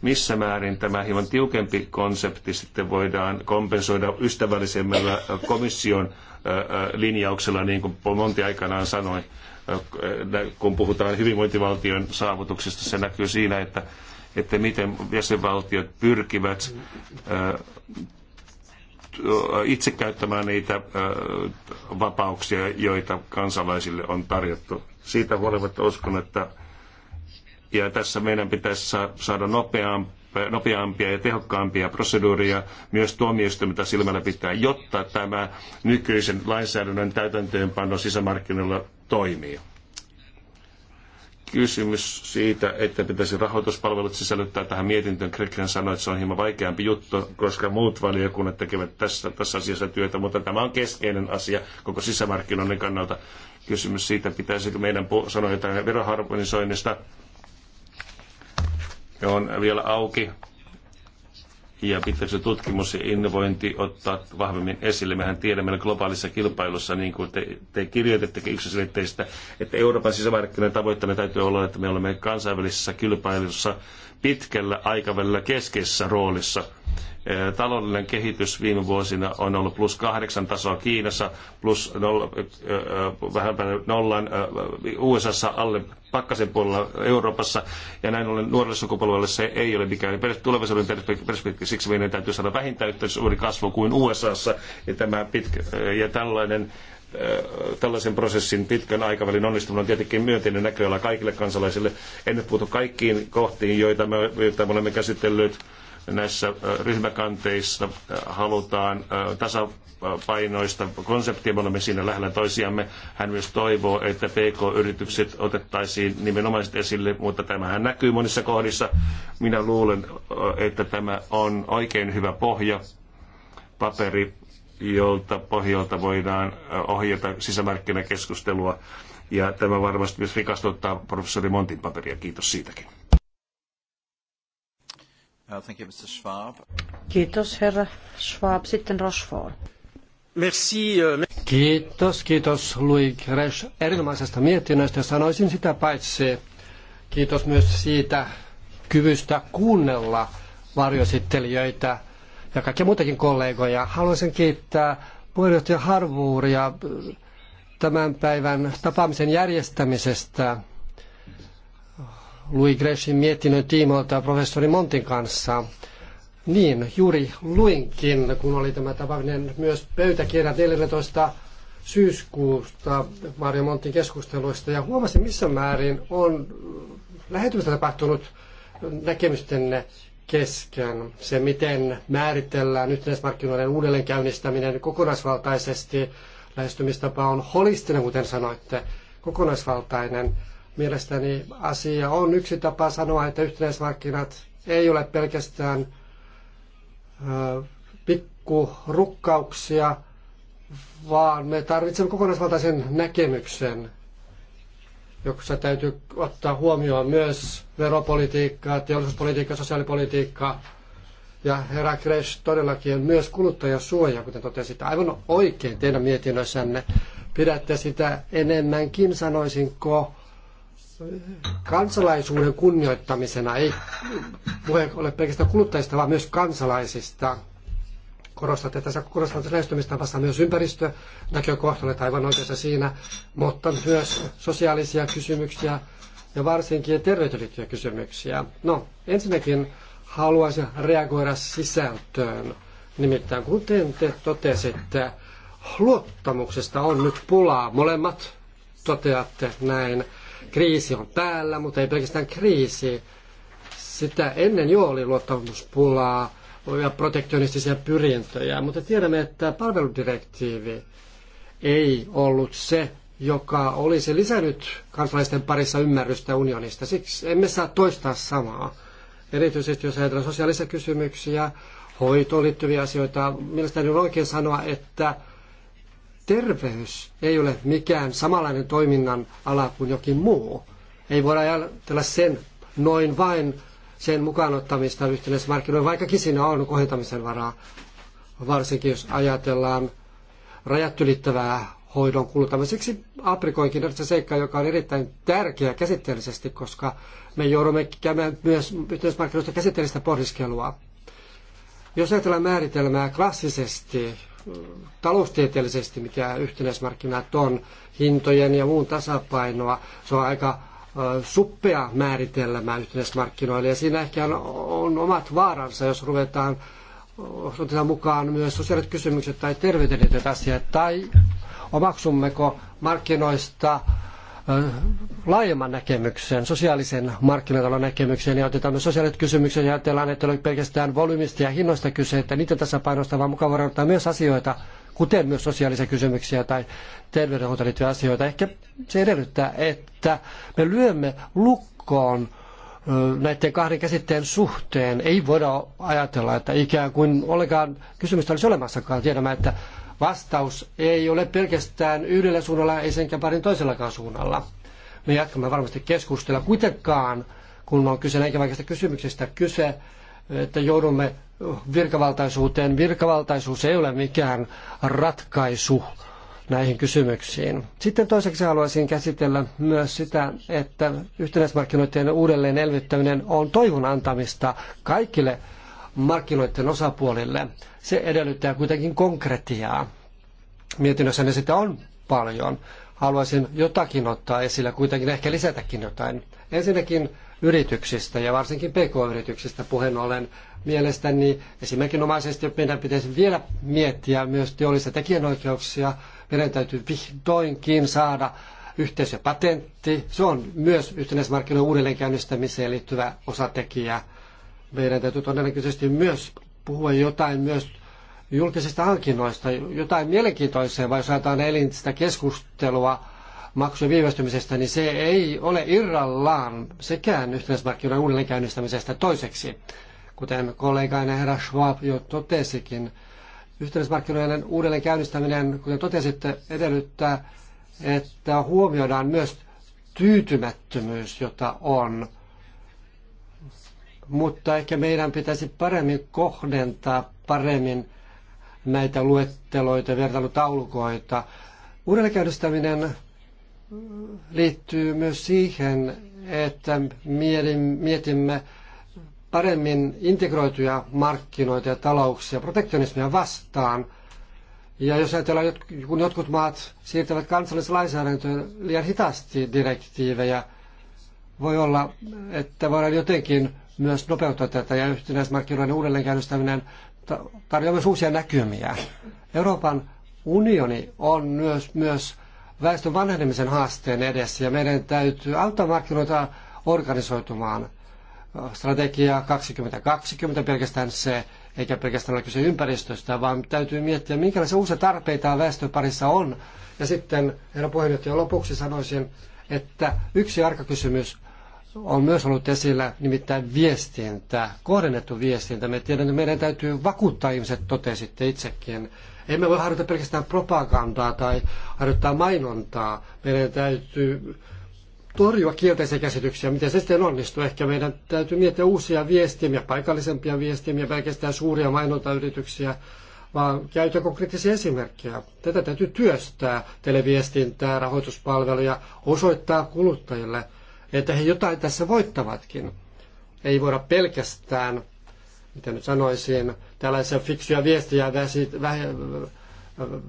missä määrin tämä hieman tiukempi konsepti sitten voidaan kompensoida ystävällisemmällä komission linjauksella, niin kuin Monti aikanaan sanoi, kun puhutaan hyvinvointivaltion saavutuksista, se näkyy siinä, että, että miten jäsenvaltiot pyrkivät itse käyttämään niitä vapauksia, joita kansalaisille on tarjottu. Siitä huolimatta uskon, että ja tässä meidän pitäisi saada nopeampia ja tehokkaampia proseduuria myös tuomioistuimita silmällä pitää, jotta tämä nykyisen lainsäädännön täytäntöönpano sisämarkkinoilla toimii kysymys siitä, että pitäisi rahoituspalvelut sisällyttää tähän mietintöön. Krekren sanoi, että se on hieman vaikeampi juttu, koska muut valiokunnat tekevät tässä, tässä asiassa työtä, mutta tämä on keskeinen asia koko sisämarkkinoiden kannalta. Kysymys siitä, pitäisikö meidän sanoa jotain veroharmonisoinnista on vielä auki ja pitäisi tutkimus ja innovointi ottaa vahvemmin esille. Mehän tiedämme globaalissa kilpailussa, niin kuin te, te kirjoitettekin yksiselitteistä, että Euroopan sisämarkkinoiden tavoitteena täytyy olla, että me olemme kansainvälisessä kilpailussa pitkällä aikavälillä keskeisessä roolissa – taloudellinen kehitys viime vuosina on ollut plus kahdeksan tasoa Kiinassa, plus nolla, vähän nollan USAssa alle pakkasen puolella Euroopassa, ja näin ollen nuorelle sukupolvelle se ei ole mikään tulevaisuuden perspektiivi, siksi meidän täytyy saada vähintään yhtä suuri kasvu kuin USAssa, ja, tämä pitkä, ja tällainen tällaisen prosessin pitkän aikavälin onnistuminen on tietenkin myönteinen näköala kaikille kansalaisille. En nyt puutu kaikkiin kohtiin, joita me, joita me olemme käsitelleet näissä ryhmäkanteissa halutaan tasapainoista konseptia. Me olemme siinä lähellä toisiamme. Hän myös toivoo, että PK-yritykset otettaisiin nimenomaisesti esille, mutta tämähän näkyy monissa kohdissa. Minä luulen, että tämä on oikein hyvä pohja, paperi, jolta pohjalta voidaan ohjata sisämarkkinakeskustelua. Ja tämä varmasti myös rikastuttaa professori Montin paperia. Kiitos siitäkin.
Thank you, Mr. Schwab.
Kiitos, herra Schwab. Sitten Rochefort.
Merci. Euh,
kiitos, kiitos Louis Gresh erinomaisesta mietinnöstä. Sanoisin sitä paitsi kiitos myös siitä kyvystä kuunnella varjosittelijöitä ja kaikkia muitakin kollegoja. Haluaisin kiittää puheenjohtaja Harvuuria tämän päivän tapaamisen järjestämisestä. Louis Greshin mietinnön tiimoilta professori Montin kanssa. Niin, juuri luinkin, kun oli tämä tavallinen myös pöytäkirja 14 syyskuusta Mario Montin keskusteluista ja huomasin, missä määrin on lähetystä tapahtunut näkemystenne kesken. Se, miten määritellään yhteismarkkinoiden uudelleenkäynnistäminen kokonaisvaltaisesti, lähestymistapa on holistinen, kuten sanoitte, kokonaisvaltainen – Mielestäni asia on yksi tapa sanoa, että yhtenäismarkkinat ei ole pelkästään pikkurukkauksia, vaan me tarvitsemme kokonaisvaltaisen näkemyksen, jossa täytyy ottaa huomioon myös veropolitiikka, teollisuuspolitiikka, sosiaalipolitiikka ja herra Kresh todellakin myös kuluttajasuoja, kuten totesit, aivan oikein teidän mietinnössänne. Pidätte sitä enemmänkin, sanoisinko, kansalaisuuden kunnioittamisena. Ei puhe ole pelkästään kuluttajista, vaan myös kansalaisista. Korostatte tässä korostatte vasta myös ympäristönäkökohta, olet aivan oikeassa siinä, mutta myös sosiaalisia kysymyksiä ja varsinkin terveyteen kysymyksiä. No, ensinnäkin haluaisin reagoida sisältöön. Nimittäin, kuten te totesitte, luottamuksesta on nyt pulaa. Molemmat toteatte näin kriisi on täällä, mutta ei pelkästään kriisi. Sitä ennen jo oli luottamuspulaa ja protektionistisia pyrintöjä, mutta tiedämme, että palveludirektiivi ei ollut se, joka olisi lisännyt kansalaisten parissa ymmärrystä unionista. Siksi emme saa toistaa samaa. Erityisesti jos ajatellaan sosiaalisia kysymyksiä, hoitoon liittyviä asioita, mielestäni on oikein sanoa, että terveys ei ole mikään samanlainen toiminnan ala kuin jokin muu. Ei voida ajatella sen noin vain sen mukaan ottamista markkinoilla, vaikkakin siinä on kohentamisen varaa, varsinkin jos ajatellaan rajat ylittävää hoidon kuluttamiseksi. Aprikoinkin on se seikka, joka on erittäin tärkeä käsitteellisesti, koska me joudumme käymään myös yhteismarkkinoista käsitteellistä pohdiskelua. Jos ajatellaan määritelmää klassisesti, taloustieteellisesti, mikä yhtenäismarkkinat on, hintojen ja muun tasapainoa. Se on aika suppea määritelmä yhtenäismarkkinoille ja siinä ehkä on, on omat vaaransa, jos ruvetaan otetaan mukaan myös sosiaaliset kysymykset tai terveydelliset asiat, tai omaksummeko markkinoista laajemman näkemyksen, sosiaalisen markkinatalon näkemyksen ja otetaan myös sosiaaliset kysymykset ja ajatellaan, että ei ole pelkästään volyymista ja hinnoista kyse, että niiden tasapainosta vaan mukava odottaa myös asioita, kuten myös sosiaalisia kysymyksiä tai terveydenhuoltoon liittyviä asioita. Ehkä se edellyttää, että me lyömme lukkoon näiden kahden käsitteen suhteen. Ei voida ajatella, että ikään kuin ollenkaan kysymystä olisi olemassakaan. Tiedämme, että vastaus ei ole pelkästään yhdellä suunnalla, ei senkään parin toisellakaan suunnalla. Me jatkamme varmasti keskustella. Kuitenkaan, kun on kyse näinkin vaikeasta kysymyksestä, kyse, että joudumme virkavaltaisuuteen. Virkavaltaisuus ei ole mikään ratkaisu näihin kysymyksiin. Sitten toiseksi haluaisin käsitellä myös sitä, että yhtenäismarkkinoiden uudelleen elvyttäminen on toivon antamista kaikille markkinoiden osapuolille. Se edellyttää kuitenkin konkretiaa. Mietinnössä ne sitä on paljon. Haluaisin jotakin ottaa esille, kuitenkin ehkä lisätäkin jotain. Ensinnäkin yrityksistä ja varsinkin pk-yrityksistä puheen ollen mielestäni esimerkinomaisesti meidän pitäisi vielä miettiä myös teollisia tekijänoikeuksia. Meidän täytyy vihdoinkin saada yhteisöpatentti. Se on myös yhtenäismarkkinoiden uudelleenkäynnistämiseen liittyvä osatekijä meidän täytyy todennäköisesti myös puhua jotain myös julkisista hankinnoista, jotain mielenkiintoiseen, vai jos ajatellaan elintistä keskustelua maksujen viivästymisestä, niin se ei ole irrallaan sekään yhteismarkkinoiden uudelleenkäynnistämisestä toiseksi. Kuten kollegainen herra Schwab jo totesikin, yhteismarkkinoiden uudelleenkäynnistäminen, kuten totesitte, edellyttää, että huomioidaan myös tyytymättömyys, jota on – mutta ehkä meidän pitäisi paremmin kohdentaa paremmin näitä luetteloita, vertailutaulukoita. Uudelleenkäynnistäminen liittyy myös siihen, että mietimme paremmin integroituja markkinoita ja talouksia protektionismia vastaan. Ja jos ajatellaan, kun jotkut maat siirtävät kansallislainsäädäntöön liian hitaasti direktiivejä, voi olla, että voidaan jotenkin myös nopeuttaa tätä ja yhtenäismarkkinoiden uudelleenkäynnistäminen tarjoaa myös uusia näkymiä. Euroopan unioni on myös, myös väestön vanhenemisen haasteen edessä ja meidän täytyy auttaa markkinoita organisoitumaan. Strategia 2020 pelkästään se, eikä pelkästään ole kyse ympäristöstä, vaan täytyy miettiä, minkälaisia uusia tarpeita väestön parissa on. Ja sitten, herra puheenjohtaja, lopuksi sanoisin, että yksi arkakysymys on myös ollut esillä, nimittäin viestintä, kohdennettu viestintä. Me tiedän, että meidän täytyy vakuuttaa ihmiset, totesitte itsekin. Emme voi harjoittaa pelkästään propagandaa tai harjoittaa mainontaa. Meidän täytyy torjua kielteisiä käsityksiä. Miten se sitten onnistuu? Ehkä meidän täytyy miettiä uusia viestimiä, paikallisempia viestimiä, pelkästään suuria mainontayrityksiä, vaan käytä konkreettisia esimerkkejä. Tätä täytyy työstää, televiestintää, rahoituspalveluja, osoittaa kuluttajille – että he jotain tässä voittavatkin. Ei voida pelkästään, mitä nyt sanoisin, tällaisia fiksuja viestejä väsit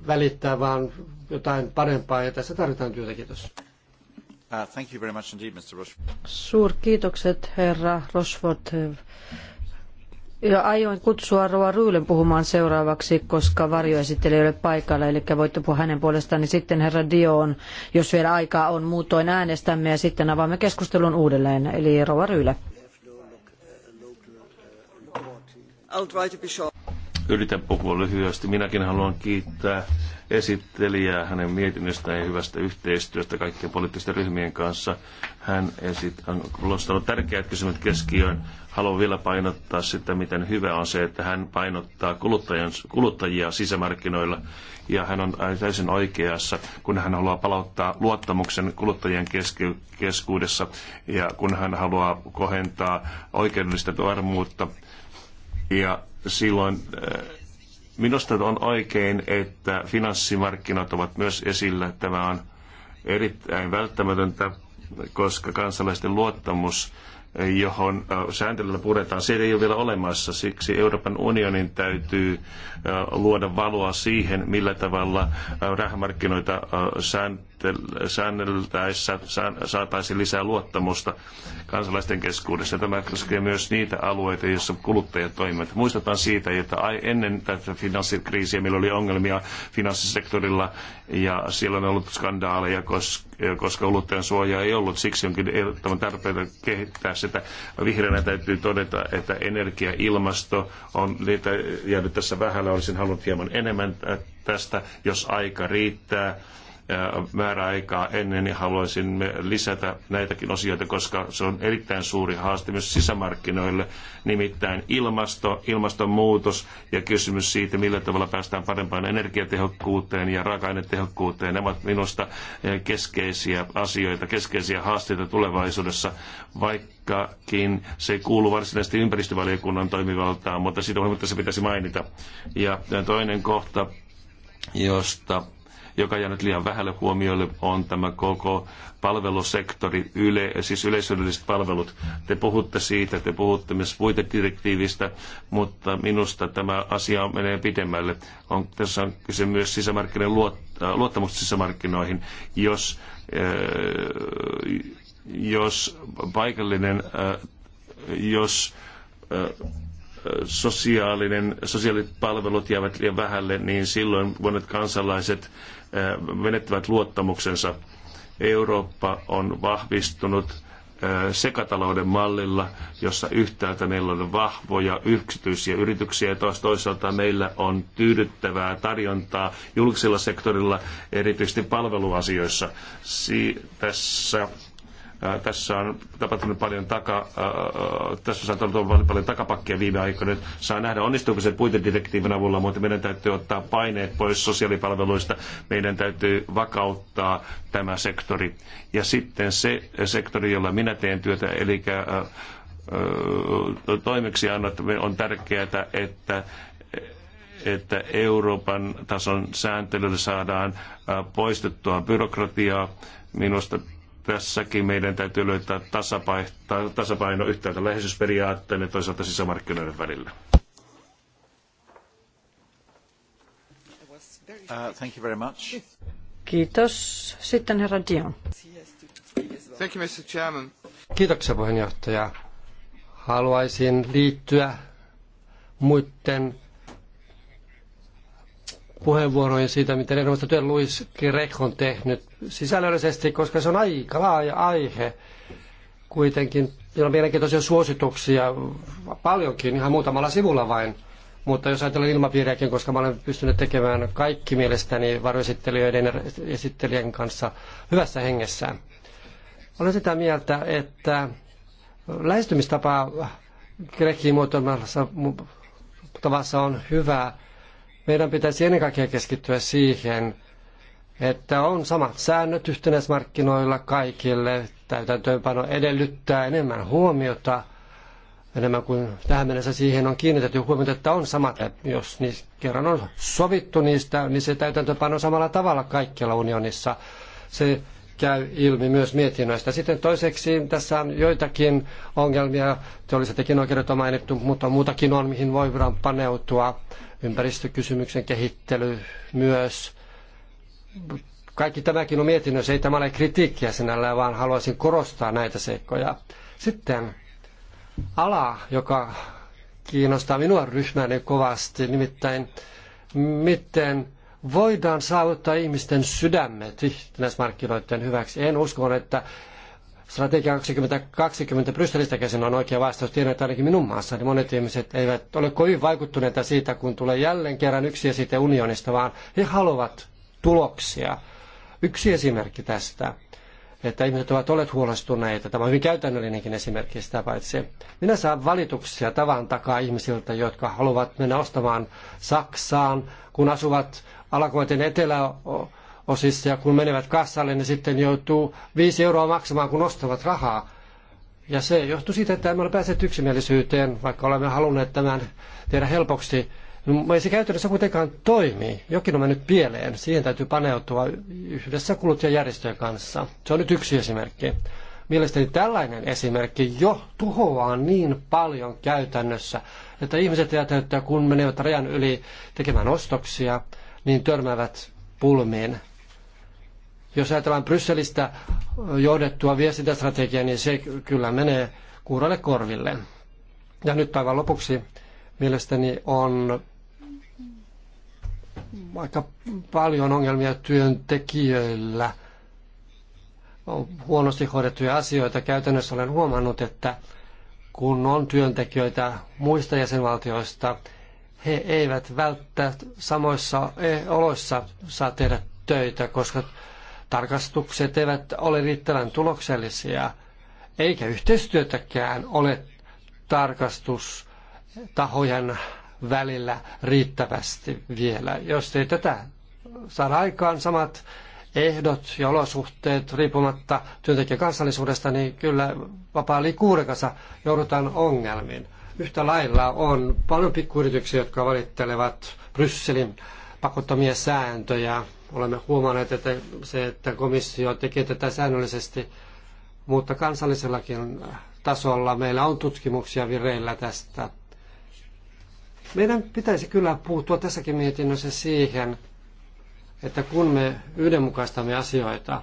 välittää, vaan jotain parempaa, ja tässä tarvitaan työtä. Kiitos.
Uh, thank you very much indeed, Mr. Rushford.
Suurkiitokset, herra Rosford. Ja aioin kutsua Roa Ryylen puhumaan seuraavaksi, koska varjoesittelijä ei ole paikalla, eli voitte puhua hänen puolestaan, niin sitten herra Dion, jos vielä aikaa on, muutoin äänestämme ja sitten avaamme keskustelun uudelleen, eli Roa Ryyle.
Yritän puhua lyhyesti. Minäkin haluan kiittää esittelijää hänen mietinnöstään ja hyvästä yhteistyöstä kaikkien poliittisten ryhmien kanssa. Hän esit, on nostanut tärkeät kysymykset keskiöön haluan vielä painottaa sitä, miten hyvä on se, että hän painottaa kuluttajia sisämarkkinoilla. Ja hän on täysin oikeassa, kun hän haluaa palauttaa luottamuksen kuluttajien keske- keskuudessa ja kun hän haluaa kohentaa oikeudellista varmuutta. Ja silloin eh, minusta on oikein, että finanssimarkkinat ovat myös esillä. Tämä on erittäin välttämätöntä, koska kansalaisten luottamus johon sääntelyllä puretaan, se ei ole vielä olemassa. Siksi Euroopan unionin täytyy luoda valoa siihen, millä tavalla rahamarkkinoita sääntelyä säänneltäessä saataisiin lisää luottamusta kansalaisten keskuudessa. Tämä koskee myös niitä alueita, joissa kuluttajat toimivat. Muistetaan siitä, että ennen tätä finanssikriisiä meillä oli ongelmia finanssisektorilla ja siellä on ollut skandaaleja, koska kuluttajan suojaa ei ollut. Siksi onkin ehdottoman tarpeita kehittää sitä. Vihreänä täytyy todeta, että energia, ilmasto on niitä jäänyt tässä vähällä. Olisin halunnut hieman enemmän tästä, jos aika riittää määräaikaa ennen, niin haluaisin lisätä näitäkin osioita, koska se on erittäin suuri haaste myös sisämarkkinoille, nimittäin ilmasto, ilmastonmuutos ja kysymys siitä, millä tavalla päästään parempaan energiatehokkuuteen ja raaka-ainetehokkuuteen. Nämä ovat minusta keskeisiä asioita, keskeisiä haasteita tulevaisuudessa, vaikkakin se ei kuulu varsinaisesti ympäristövaliokunnan toimivaltaan, mutta siitä huolimatta se pitäisi mainita. Ja toinen kohta josta joka jäänyt liian vähälle huomiolle, on tämä koko palvelusektori, yle, siis yleisölliset palvelut. Te puhutte siitä, te puhutte myös puitedirektiivistä, mutta minusta tämä asia menee pidemmälle. On, tässä on kyse myös sisämarkkinoiden luot, äh, luottamuksesta sisämarkkinoihin. Jos, äh, jos paikallinen, äh, jos sosiaalinen, palvelut jäävät liian vähälle, niin silloin monet kansalaiset äh, menettävät luottamuksensa. Eurooppa on vahvistunut äh, sekatalouden mallilla, jossa yhtäältä meillä on vahvoja yksityisiä yrityksiä ja taas toisaalta meillä on tyydyttävää tarjontaa julkisella sektorilla, erityisesti palveluasioissa. Si- tässä tässä on tapahtunut paljon taka, tässä on tullut paljon, paljon takapakkia viime aikoina. Saa nähdä, onnistuuko se puitedirektiivin avulla, mutta meidän täytyy ottaa paineet pois sosiaalipalveluista. Meidän täytyy vakauttaa tämä sektori. Ja sitten se sektori, jolla minä teen työtä, eli toimeksiannot on tärkeää, että, että Euroopan tason sääntelyllä saadaan poistettua byrokratiaa. Minusta tässäkin meidän täytyy löytää tasapaino, tasapaino yhtäältä läheisyysperiaatteen ja toisaalta sisämarkkinoiden välillä.
Uh, thank you very much.
Kiitos. Sitten herra Dion. Thank you, Mr. Chairman.
Kiitoksia puheenjohtaja. Haluaisin liittyä muiden puheenvuoroja siitä, miten erinomaista työn Louis Grech on tehnyt sisällöllisesti, koska se on aika laaja aihe kuitenkin. Siellä on mielenkiintoisia suosituksia, paljonkin, ihan muutamalla sivulla vain. Mutta jos ajatellaan ilmapiiriäkin, koska mä olen pystynyt tekemään kaikki mielestäni varjoesittelijöiden ja esittelijän kanssa hyvässä hengessä. Olen sitä mieltä, että lähestymistapa Grekin muotoilmassa tavassa on hyvä meidän pitäisi ennen kaikkea keskittyä siihen, että on samat säännöt yhtenäismarkkinoilla kaikille. Täytäntöönpano edellyttää enemmän huomiota, enemmän kuin tähän mennessä siihen on kiinnitetty huomiota, että on samat. Jos kerran on sovittu niistä, niin se täytäntöönpano samalla tavalla kaikkialla unionissa. Se käy ilmi myös mietinnöistä. Sitten toiseksi tässä on joitakin ongelmia, teolliset oikeudet on mainittu, mutta muutakin on, mihin voidaan paneutua. Ympäristökysymyksen kehittely myös. Kaikki tämäkin on mietinnössä, ei tämä ole kritiikkiä sinällään, vaan haluaisin korostaa näitä seikkoja. Sitten ala, joka kiinnostaa minua ryhmäni kovasti, nimittäin miten voidaan saavuttaa ihmisten sydämet yhtenäismarkkinoiden hyväksi. En usko, että strategia 2020 Brysselistä käsin on oikea vastaus. Tiedän, että ainakin minun maassani monet ihmiset eivät ole kovin vaikuttuneita siitä, kun tulee jälleen kerran yksi esite unionista, vaan he haluavat tuloksia. Yksi esimerkki tästä, että ihmiset ovat olleet huolestuneita. Tämä on hyvin käytännöllinenkin esimerkki sitä paitsi. Minä saan valituksia tavan takaa ihmisiltä, jotka haluavat mennä ostamaan Saksaan, kun asuvat Alakointen eteläosissa ja kun menevät kassalle, ne sitten joutuu viisi euroa maksamaan, kun ostavat rahaa. Ja se johtuu siitä, että emme ole päässeet yksimielisyyteen, vaikka olemme halunneet tämän tehdä helpoksi. Mutta se käytännössä kuitenkaan toimi. Jokin on mennyt pieleen. Siihen täytyy paneutua yhdessä kuluttajajärjestöjen kanssa. Se on nyt yksi esimerkki. Mielestäni tällainen esimerkki jo tuhoaa niin paljon käytännössä, että ihmiset jätäyttää, kun menevät rajan yli tekemään ostoksia – niin törmäävät pulmiin. Jos ajatellaan Brysselistä johdettua viestintästrategiaa, niin se kyllä menee kuuralle korville. Ja nyt aivan lopuksi mielestäni on aika paljon ongelmia työntekijöillä. On huonosti hoidettuja asioita. Käytännössä olen huomannut, että kun on työntekijöitä muista jäsenvaltioista, he eivät välttämättä samoissa e, oloissa saa tehdä töitä, koska tarkastukset eivät ole riittävän tuloksellisia, eikä yhteistyötäkään ole tarkastustahojen välillä riittävästi vielä. Jos ei tätä saada aikaan samat ehdot ja olosuhteet riippumatta työntekijän kansallisuudesta, niin kyllä vapaa liikkuuden kanssa joudutaan ongelmiin. Yhtä lailla on paljon pikkuyrityksiä, jotka valittelevat Brysselin pakottamia sääntöjä. Olemme huomanneet, että se, että komissio tekee tätä säännöllisesti, mutta kansallisellakin tasolla meillä on tutkimuksia vireillä tästä. Meidän pitäisi kyllä puuttua tässäkin mietinnössä siihen, että kun me yhdenmukaistamme asioita,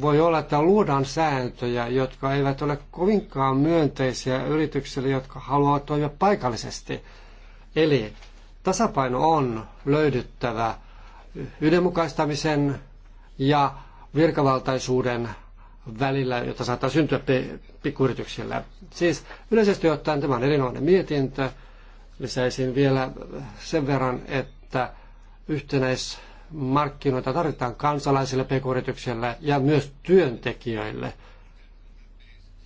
voi olla, että luodaan sääntöjä, jotka eivät ole kovinkaan myönteisiä yrityksille, jotka haluavat toimia paikallisesti. Eli tasapaino on löydyttävä yhdenmukaistamisen ja virkavaltaisuuden välillä, jota saattaa syntyä pikkuyrityksille. Siis yleisesti ottaen tämä on erinomainen mietintö. Lisäisin vielä sen verran, että yhtenäis markkinoita tarvitaan kansalaisille, pk-yrityksille ja myös työntekijöille.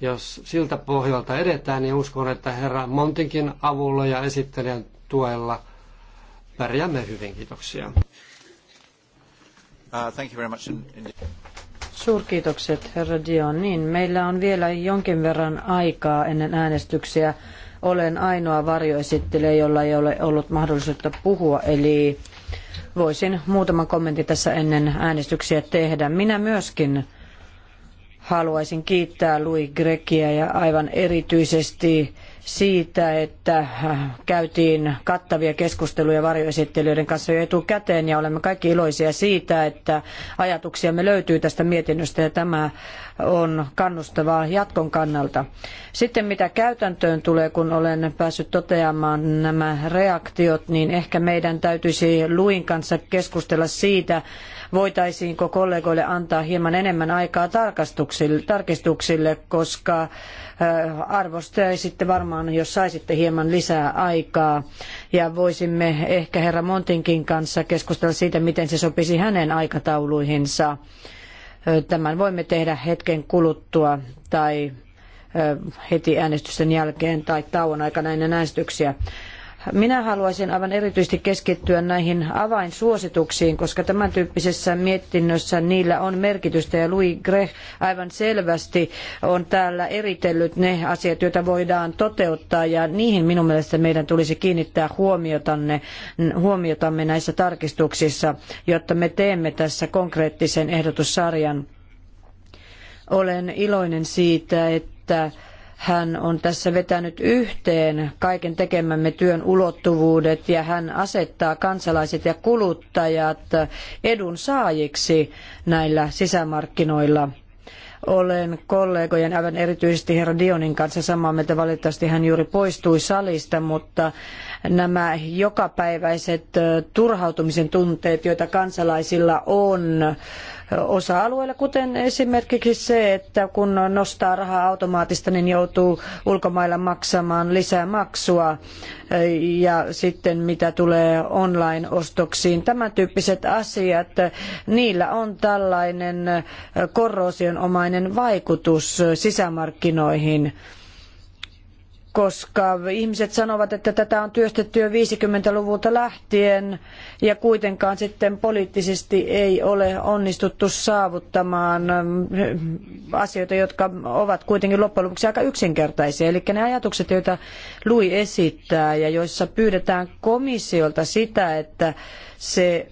Jos siltä pohjalta edetään, niin uskon, että herra Montinkin avulla ja esittelijän tuella pärjäämme hyvin. Kiitoksia. Uh,
thank you very much.
Suurkiitokset, herra Dion. Niin, meillä on vielä jonkin verran aikaa ennen äänestyksiä. Olen ainoa varjoesittelijä, jolla ei ole ollut mahdollisuutta puhua, eli voisin muutaman kommentin tässä ennen äänestyksiä tehdä. Minä myöskin haluaisin kiittää Louis Grekiä ja aivan erityisesti siitä, että käytiin kattavia keskusteluja varjoesittelijöiden kanssa jo etukäteen ja olemme kaikki iloisia siitä, että ajatuksiamme löytyy tästä mietinnöstä ja tämä on kannustavaa jatkon kannalta. Sitten mitä käytäntöön tulee, kun olen päässyt toteamaan nämä reaktiot, niin ehkä meidän täytyisi Luin kanssa keskustella siitä, voitaisiinko kollegoille antaa hieman enemmän aikaa tarkistuksille, koska äh, arvostaisitte varmaan, jos saisitte hieman lisää aikaa. Ja voisimme ehkä herra Montinkin kanssa keskustella siitä, miten se sopisi hänen aikatauluihinsa. Tämän voimme tehdä hetken kuluttua tai heti äänestysten jälkeen tai tauon aikana ennen äänestyksiä. Minä haluaisin aivan erityisesti keskittyä näihin avainsuosituksiin, koska tämän tyyppisessä mietinnössä niillä on merkitystä ja Louis Grech aivan selvästi on täällä eritellyt ne asiat, joita voidaan toteuttaa ja niihin minun mielestä meidän tulisi kiinnittää huomiotanne, huomiotamme näissä tarkistuksissa, jotta me teemme tässä konkreettisen ehdotussarjan. Olen iloinen siitä, että hän on tässä vetänyt yhteen kaiken tekemämme työn ulottuvuudet ja hän asettaa kansalaiset ja kuluttajat edun saajiksi näillä sisämarkkinoilla olen kollegojen, aivan erityisesti herra Dionin kanssa samaa mieltä. Valitettavasti hän juuri poistui salista, mutta nämä jokapäiväiset turhautumisen tunteet, joita kansalaisilla on osa-alueilla, kuten esimerkiksi se, että kun nostaa rahaa automaattista, niin joutuu ulkomailla maksamaan lisää maksua. Ja sitten mitä tulee online-ostoksiin, tämän tyyppiset asiat, niillä on tällainen korrosionomainen vaikutus sisämarkkinoihin koska ihmiset sanovat, että tätä on työstetty jo 50-luvulta lähtien ja kuitenkaan sitten poliittisesti ei ole onnistuttu saavuttamaan ähm, asioita, jotka ovat kuitenkin loppujen lopuksi aika yksinkertaisia. Eli ne ajatukset, joita Lui esittää ja joissa pyydetään komissiolta sitä, että se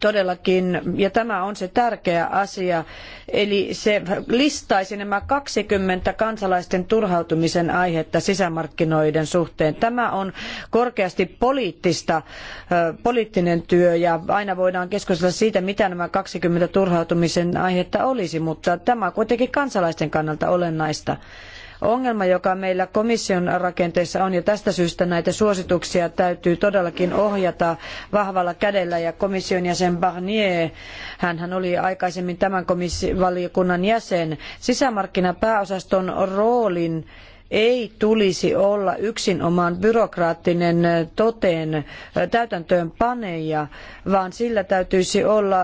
todellakin, ja tämä on se tärkeä asia, eli se listaisi nämä 20 kansalaisten turhautumisen aihetta sisämarkkinoiden suhteen. Tämä on korkeasti poliittista, poliittinen työ, ja aina voidaan keskustella siitä, mitä nämä 20 turhautumisen aihetta olisi, mutta tämä on kuitenkin kansalaisten kannalta olennaista ongelma, joka meillä komission rakenteessa on, ja tästä syystä näitä suosituksia täytyy todellakin ohjata vahvalla kädellä, ja komission jäsen Barnier, hän oli aikaisemmin tämän komissi- valiokunnan jäsen, sisämarkkinapääosaston roolin ei tulisi olla yksinomaan byrokraattinen toteen paneja, vaan sillä täytyisi olla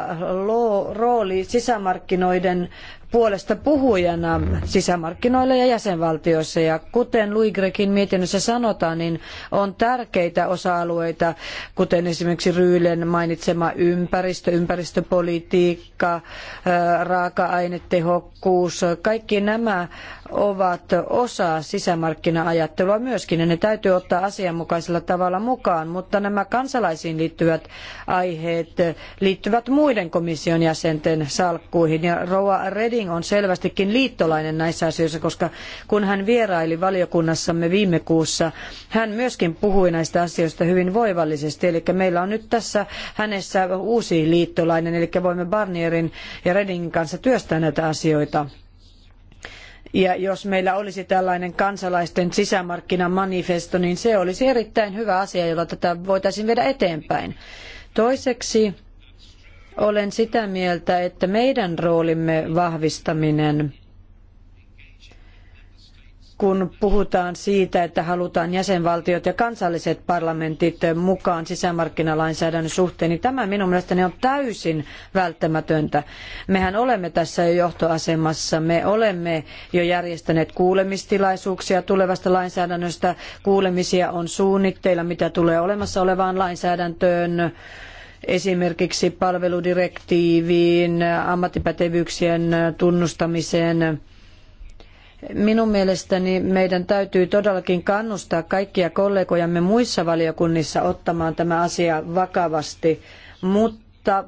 rooli sisämarkkinoiden puolesta puhujana sisämarkkinoilla ja jäsenvaltioissa. Ja kuten Louis mietinnössä sanotaan, niin on tärkeitä osa-alueita, kuten esimerkiksi Ryylen mainitsema ympäristö, ympäristöpolitiikka, raaka-ainetehokkuus. Kaikki nämä ovat osa sisämarkkina-ajattelua myöskin, ja ne täytyy ottaa asianmukaisella tavalla mukaan. Mutta nämä kansalaisiin liittyvät aiheet liittyvät muiden komission jäsenten salkkuihin. Ja Rouva Redin Reding on selvästikin liittolainen näissä asioissa, koska kun hän vieraili valiokunnassamme viime kuussa, hän myöskin puhui näistä asioista hyvin voivallisesti. Eli meillä on nyt tässä hänessä uusi liittolainen, eli voimme Barnierin ja Redingin kanssa työstää näitä asioita. Ja jos meillä olisi tällainen kansalaisten sisämarkkinamanifesto, niin se olisi erittäin hyvä asia, jolla tätä voitaisiin viedä eteenpäin. Toiseksi olen sitä mieltä, että meidän roolimme vahvistaminen, kun puhutaan siitä, että halutaan jäsenvaltiot ja kansalliset parlamentit mukaan sisämarkkinalainsäädännön suhteen, niin tämä minun mielestäni on täysin välttämätöntä. Mehän olemme tässä jo johtoasemassa, me olemme jo järjestäneet kuulemistilaisuuksia tulevasta lainsäädännöstä, kuulemisia on suunnitteilla, mitä tulee olemassa olevaan lainsäädäntöön, esimerkiksi palveludirektiiviin, ammattipätevyyksien tunnustamiseen. Minun mielestäni meidän täytyy todellakin kannustaa kaikkia kollegojamme muissa valiokunnissa ottamaan tämä asia vakavasti, mutta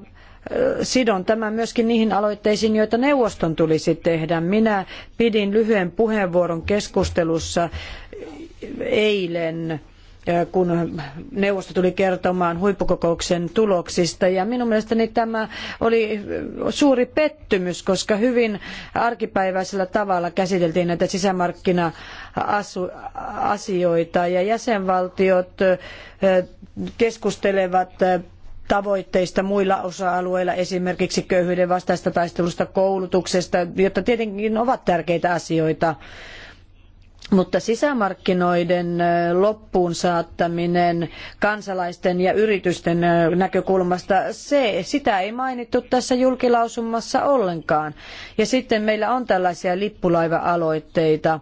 sidon tämän myöskin niihin aloitteisiin, joita neuvoston tulisi tehdä. Minä pidin lyhyen puheenvuoron keskustelussa eilen kun neuvosto tuli kertomaan huippukokouksen tuloksista. Ja minun mielestäni tämä oli suuri pettymys, koska hyvin arkipäiväisellä tavalla käsiteltiin näitä sisämarkkina-asioita ja jäsenvaltiot keskustelevat tavoitteista muilla osa-alueilla, esimerkiksi köyhyyden vastaista taistelusta, koulutuksesta, jotta tietenkin ovat tärkeitä asioita mutta sisämarkkinoiden loppuun saattaminen kansalaisten ja yritysten näkökulmasta, se, sitä ei mainittu tässä julkilausumassa ollenkaan. Ja sitten meillä on tällaisia lippulaiva-aloitteita.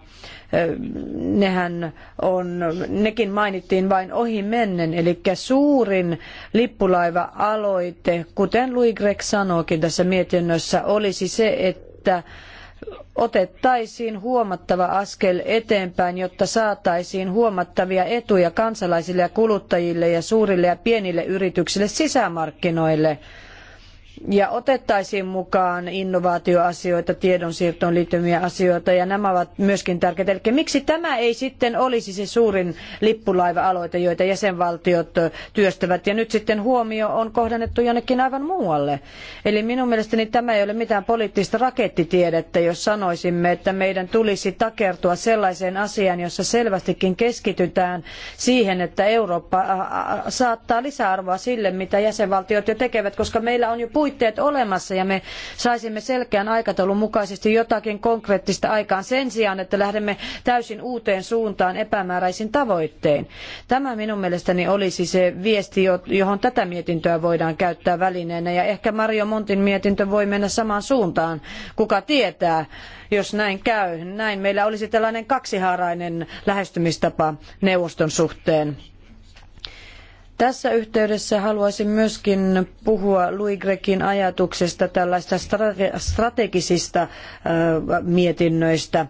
Nehän on, nekin mainittiin vain ohimennen, eli suurin lippulaiva-aloite, kuten Louis Gregg sanoikin tässä mietinnössä, olisi se, että että otettaisiin huomattava askel eteenpäin, jotta saataisiin huomattavia etuja kansalaisille ja kuluttajille ja suurille ja pienille yrityksille sisämarkkinoille ja otettaisiin mukaan innovaatioasioita, tiedonsiirtoon liittyviä asioita ja nämä ovat myöskin tärkeitä. Eli miksi tämä ei sitten olisi se suurin lippulaiva-aloite, joita jäsenvaltiot työstävät ja nyt sitten huomio on kohdannettu jonnekin aivan muualle. Eli minun mielestäni tämä ei ole mitään poliittista rakettitiedettä, jos sanoisimme, että meidän tulisi takertua sellaiseen asiaan, jossa selvästikin keskitytään siihen, että Eurooppa saattaa lisäarvoa sille, mitä jäsenvaltiot jo tekevät, koska meillä on jo puitteet olemassa ja me saisimme selkeän aikataulun mukaisesti jotakin konkreettista aikaan sen sijaan, että lähdemme täysin uuteen suuntaan epämääräisin tavoittein. Tämä minun mielestäni olisi se viesti, johon tätä mietintöä voidaan käyttää välineenä ja ehkä Mario Montin mietintö voi mennä samaan suuntaan. Kuka tietää, jos näin käy. Näin meillä olisi tällainen kaksihaarainen lähestymistapa neuvoston suhteen. Tässä yhteydessä haluaisin myöskin puhua Louis Grecin ajatuksesta tällaista strategisista mietinnöistä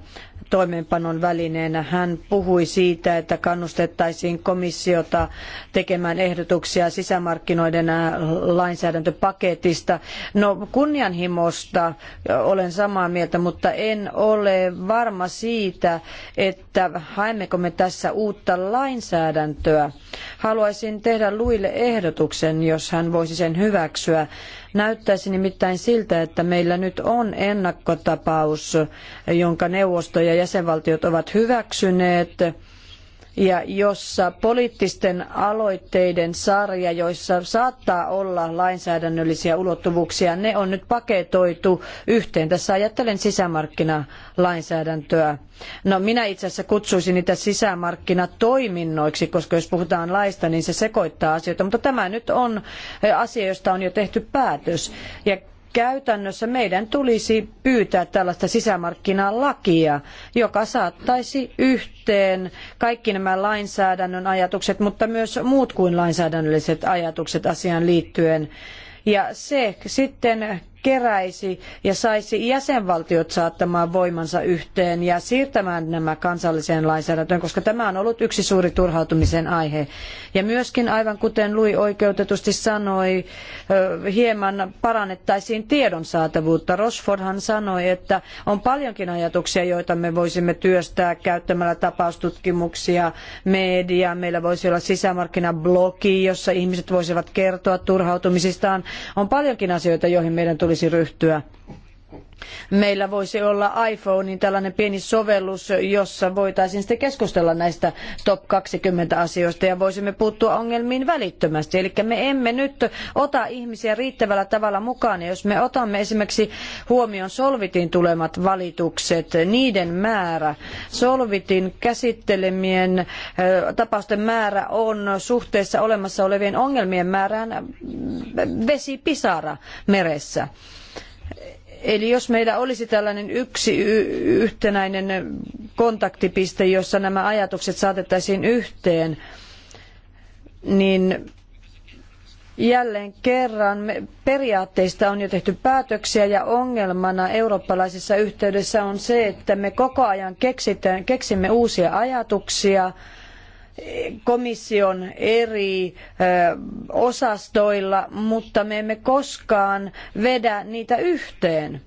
toimeenpanon välineenä. Hän puhui siitä, että kannustettaisiin komissiota tekemään ehdotuksia sisämarkkinoiden äh, lainsäädäntöpaketista. No kunnianhimosta olen samaa mieltä, mutta en ole varma siitä, että haemmeko me tässä uutta lainsäädäntöä. Haluaisin tehdä Luille ehdotuksen, jos hän voisi sen hyväksyä Näyttäisi nimittäin siltä, että meillä nyt on ennakkotapaus, jonka neuvosto ja jäsenvaltiot ovat hyväksyneet ja jossa poliittisten aloitteiden sarja, joissa saattaa olla lainsäädännöllisiä ulottuvuuksia, ne on nyt paketoitu yhteen. Tässä ajattelen sisämarkkinalainsäädäntöä. No minä itse asiassa kutsuisin niitä sisämarkkinatoiminnoiksi, koska jos puhutaan laista, niin se sekoittaa asioita, mutta tämä nyt on asia, josta on jo tehty päätös. Ja Käytännössä meidän tulisi pyytää tällaista sisämarkkinalakia, joka saattaisi yhteen kaikki nämä lainsäädännön ajatukset, mutta myös muut kuin lainsäädännölliset ajatukset asiaan liittyen. Ja se sitten keräisi ja saisi jäsenvaltiot saattamaan voimansa yhteen ja siirtämään nämä kansalliseen lainsäädäntöön, koska tämä on ollut yksi suuri turhautumisen aihe. Ja myöskin, aivan kuten Lui oikeutetusti sanoi, hieman parannettaisiin tiedon saatavuutta. Rosfordhan sanoi, että on paljonkin ajatuksia, joita me voisimme työstää käyttämällä tapaustutkimuksia, mediaa. Meillä voisi olla sisämarkkinablogi, jossa ihmiset voisivat kertoa turhautumisistaan. On paljonkin asioita, joihin meidän tulisi tulisi ryhtyä meillä voisi olla iPhonein tällainen pieni sovellus, jossa voitaisiin sitten keskustella näistä top 20 asioista ja voisimme puuttua ongelmiin välittömästi. Eli me emme nyt ota ihmisiä riittävällä tavalla mukaan. Ja jos me otamme esimerkiksi huomioon Solvitin tulemat valitukset, niiden määrä, Solvitin käsittelemien tapausten määrä on suhteessa olemassa olevien ongelmien määrään vesipisara meressä. Eli jos meillä olisi tällainen yksi yhtenäinen kontaktipiste, jossa nämä ajatukset saatettaisiin yhteen, niin jälleen kerran periaatteista on jo tehty päätöksiä ja ongelmana eurooppalaisessa yhteydessä on se, että me koko ajan keksitään, keksimme uusia ajatuksia – komission eri osastoilla, mutta me emme koskaan vedä niitä yhteen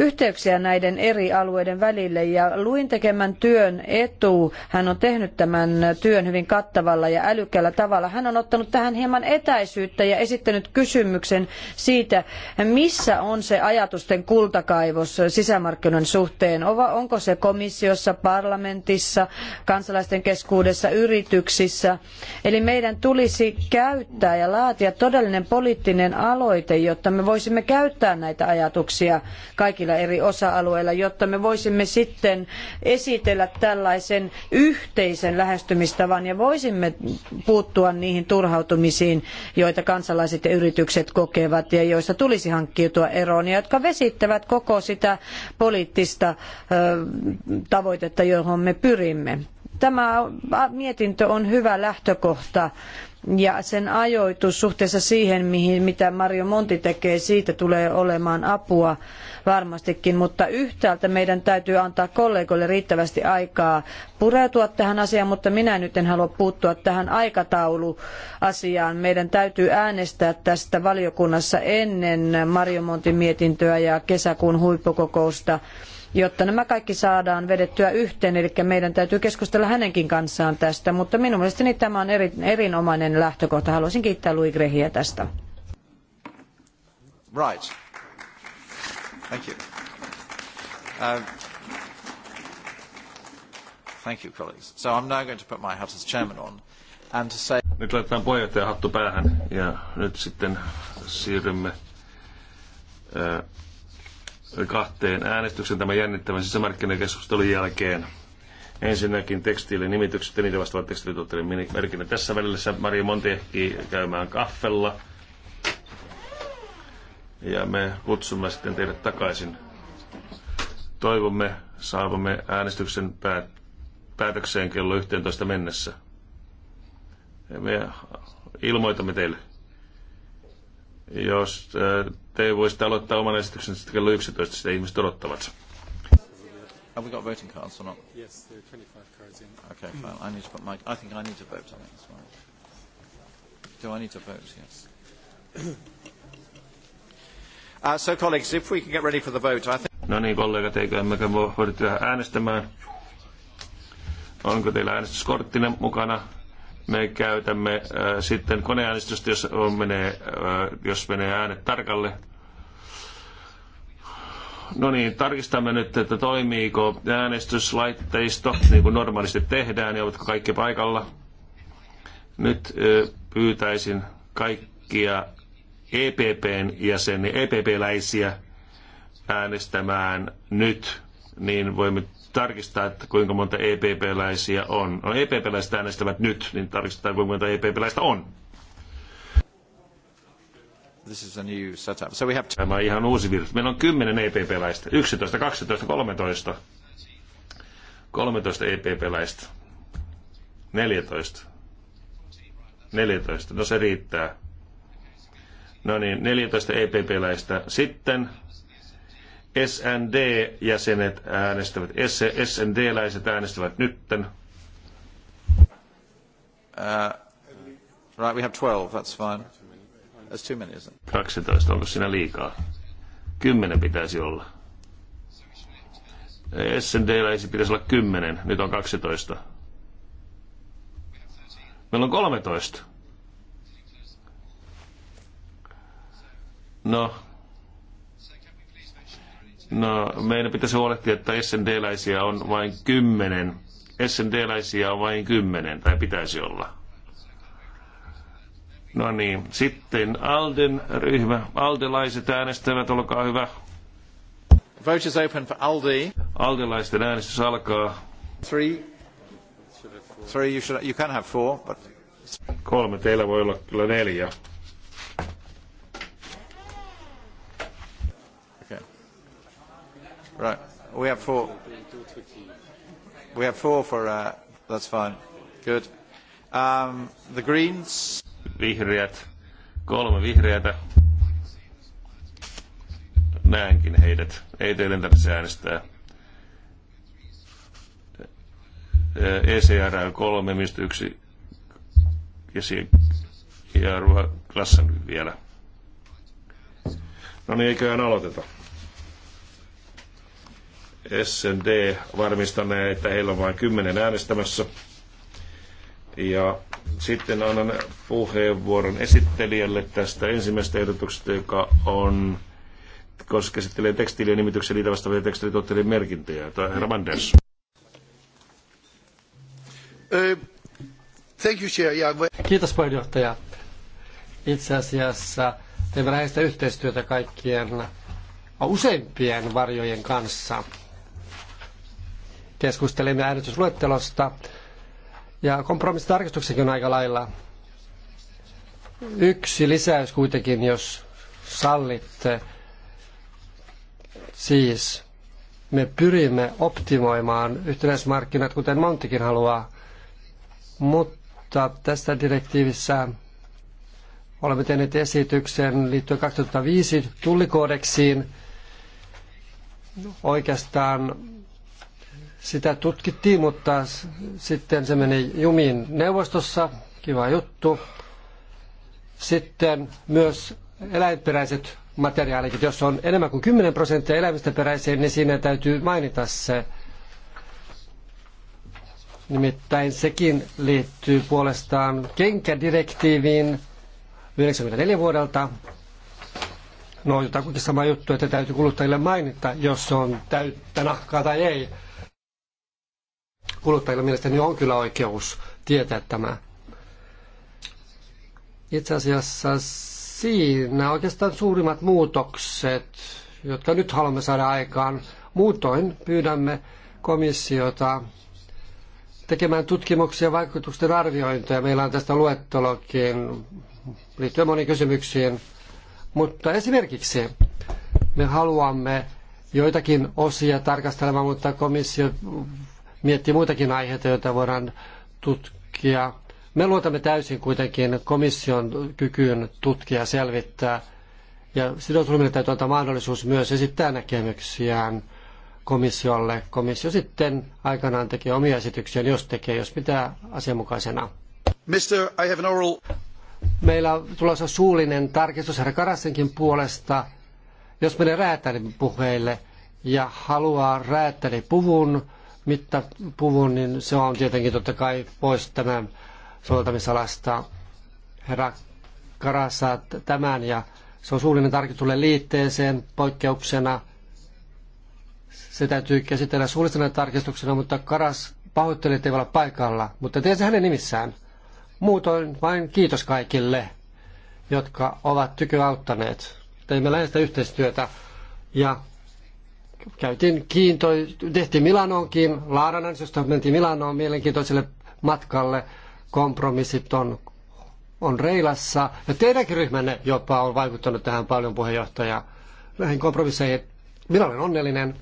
yhteyksiä näiden eri alueiden välille ja luin tekemän työn etu. Hän on tehnyt tämän työn hyvin kattavalla ja älykkäällä tavalla. Hän on ottanut tähän hieman etäisyyttä ja esittänyt kysymyksen siitä, missä on se ajatusten kultakaivos sisämarkkinoiden suhteen. Onko se komissiossa, parlamentissa, kansalaisten keskuudessa, yrityksissä? Eli meidän tulisi käyttää ja laatia todellinen poliittinen aloite, jotta me voisimme käyttää näitä ajatuksia kaikilla näillä eri osa-alueilla, jotta me voisimme sitten esitellä tällaisen yhteisen lähestymistavan ja voisimme puuttua niihin turhautumisiin, joita kansalaiset ja yritykset kokevat ja joista tulisi hankkiutua eroon ja jotka vesittävät koko sitä poliittista tavoitetta, johon me pyrimme. Tämä mietintö on hyvä lähtökohta ja sen ajoitus suhteessa siihen, mihin, mitä Mario Monti tekee, siitä tulee olemaan apua varmastikin, mutta yhtäältä meidän täytyy antaa kollegoille riittävästi aikaa pureutua tähän asiaan, mutta minä nyt en halua puuttua tähän aikatauluasiaan. Meidän täytyy äänestää tästä valiokunnassa ennen Mario Montin mietintöä ja kesäkuun huippukokousta jotta nämä kaikki saadaan vedettyä yhteen. Eli meidän täytyy keskustella hänenkin kanssaan tästä, mutta minun mielestäni tämä on eri, erinomainen lähtökohta. Haluaisin kiittää Louis Grehiä tästä.
Right. Thank you. Uh, thank you, colleagues. So I'm now going to put my hat as
chairman on and to say... Nyt laitetaan puheenjohtajan hattu päähän ja nyt sitten siirrymme äh, kahteen äänestyksen tämän jännittävän sisämarkkinakeskustelun jälkeen. Ensinnäkin tekstiilin nimitykset ja niiden vastaavat tekstiilituotteiden merkinnä Tässä välissä Mari Monti ehtii käymään kaffella ja me kutsumme sitten teidät takaisin. Toivomme saavamme äänestyksen päät- päätökseen kello 11 mennessä. Ja me ilmoitamme teille. Jos äh, te voisitte aloittaa oman esityksen sitten kello 11, sitä ihmiset odottavat.
Have we got voting cards or not? Yes, there are 25 cards in. Okay, fine. I need to put my. I think I need to vote on it as well. Do I need to vote? Yes. Uh, so colleagues, if we can get ready for the vote, I think...
No niin, kollegat, eikö emmekä voi ryhtyä äänestämään. Onko teillä äänestyskorttina mukana? Me käytämme äh, sitten koneäänestystä, jos, on, menee, äh, jos menee äänet tarkalle. No niin, tarkistamme nyt, että toimiiko äänestyslaitteisto niin kuin normaalisti tehdään ja ovatko kaikki paikalla. Nyt äh, pyytäisin kaikkia EPPn jäseniä, EPP-läisiä äänestämään nyt, niin voimme tarkistaa, että kuinka monta EPP-läisiä on. No EPP-läiset äänestävät nyt, niin tarkistetaan, kuinka monta EPP-läistä on. This is a new setup. So we have Tämä on ihan uusi virus. Meillä on 10 EPP-läistä. 11, 12, 13. 13 EPP-läistä. 14. 14. No se riittää. No niin, 14 EPP-läistä. Sitten SND-jäsenet äänestävät, SND-läiset äänestävät nytten. Uh, right, we have 12, that's fine. That's too many, isn't it? 12, onko siinä liikaa? 10 pitäisi olla. SND-läisi pitäisi olla 10, nyt on 12. Meillä on 13. No, no meidän pitäisi huolehtia, että SND-läisiä on vain kymmenen. SND-läisiä on vain kymmenen, tai pitäisi olla. No niin, sitten Alden ryhmä. Aldelaiset äänestävät, olkaa hyvä. Vote is open for Aldi. Aldelaisten äänestys alkaa. Three. Three, you, should, you can have four, but... Kolme, teillä voi olla kyllä neljä. Right. We
have four. We have four for. Uh, that's fine. Good.
Um, the Greens. Vihreät. Kolme vihreätä. Näenkin heidät. Ei teille tarvitse äänestää. ECR kolme mistä yksi ja, ja Ruha Klassan vielä. No niin, eiköhän aloiteta. SND varmistanee, että heillä on vain kymmenen äänestämässä. Ja sitten annan puheenvuoron esittelijälle tästä ensimmäisestä ehdotuksesta, joka on koska käsittelee tekstiilien nimityksen niitä vastaavia tekstiilituotteiden merkintöjä. herra Manders.
Eh, Kiitos puheenjohtaja. Itse asiassa teemme läheistä yhteistyötä kaikkien useimpien varjojen kanssa keskustelimme äänestysluettelosta. Ja kompromissitarkistuksenkin on aika lailla yksi lisäys kuitenkin, jos sallitte. Siis me pyrimme optimoimaan yhtenäismarkkinat, kuten Montikin haluaa, mutta tästä direktiivissä olemme tehneet esityksen liittyen 2005 tullikoodeksiin. Oikeastaan sitä tutkittiin, mutta sitten se meni jumiin neuvostossa. Kiva juttu. Sitten myös eläinperäiset materiaalit. Jos on enemmän kuin 10 prosenttia eläimistä peräisiä, niin siinä täytyy mainita se. Nimittäin sekin liittyy puolestaan kenkädirektiiviin 94 vuodelta. No jotakin sama juttu, että täytyy kuluttajille mainita, jos on täyttä nahkaa tai ei kuluttajilla mielestäni on kyllä oikeus tietää tämä. Itse asiassa siinä oikeastaan suurimmat muutokset, jotka nyt haluamme saada aikaan. Muutoin pyydämme komissiota tekemään tutkimuksia vaikutusten arviointeja. Meillä on tästä luettelokin liittyen moniin kysymyksiin. Mutta esimerkiksi me haluamme joitakin osia tarkastelemaan, mutta komissio miettiä muitakin aiheita, joita voidaan tutkia. Me luotamme täysin kuitenkin komission kykyyn tutkia, selvittää ja sidosryhmille täytyy antaa mahdollisuus myös esittää näkemyksiään komissiolle. Komissio sitten aikanaan tekee omia esityksiä, jos tekee, jos pitää asianmukaisena. Mister, I have an oral... Meillä on tulossa suullinen tarkistus herra Karasenkin puolesta. Jos menee räätälipuheille ja haluaa räätälin puvun, mittapuvun, niin se on tietenkin totta kai pois tämän soveltamisalasta. Herra Karassa tämän ja se on suullinen tarkistus tulee liitteeseen poikkeuksena. Se täytyy käsitellä suullisena tarkistuksena, mutta Karas pahoitteli, ettei olla paikalla, mutta tee se hänen nimissään. Muutoin vain kiitos kaikille, jotka ovat auttaneet Teimme läheistä yhteistyötä ja käytiin kiinto, tehtiin Milanoonkin, Laaran ansiosta mentiin Milanoon mielenkiintoiselle matkalle, kompromissit on, on reilassa. Ja teidänkin ryhmänne jopa on vaikuttanut tähän paljon puheenjohtaja. Näihin kompromisseihin minä olen onnellinen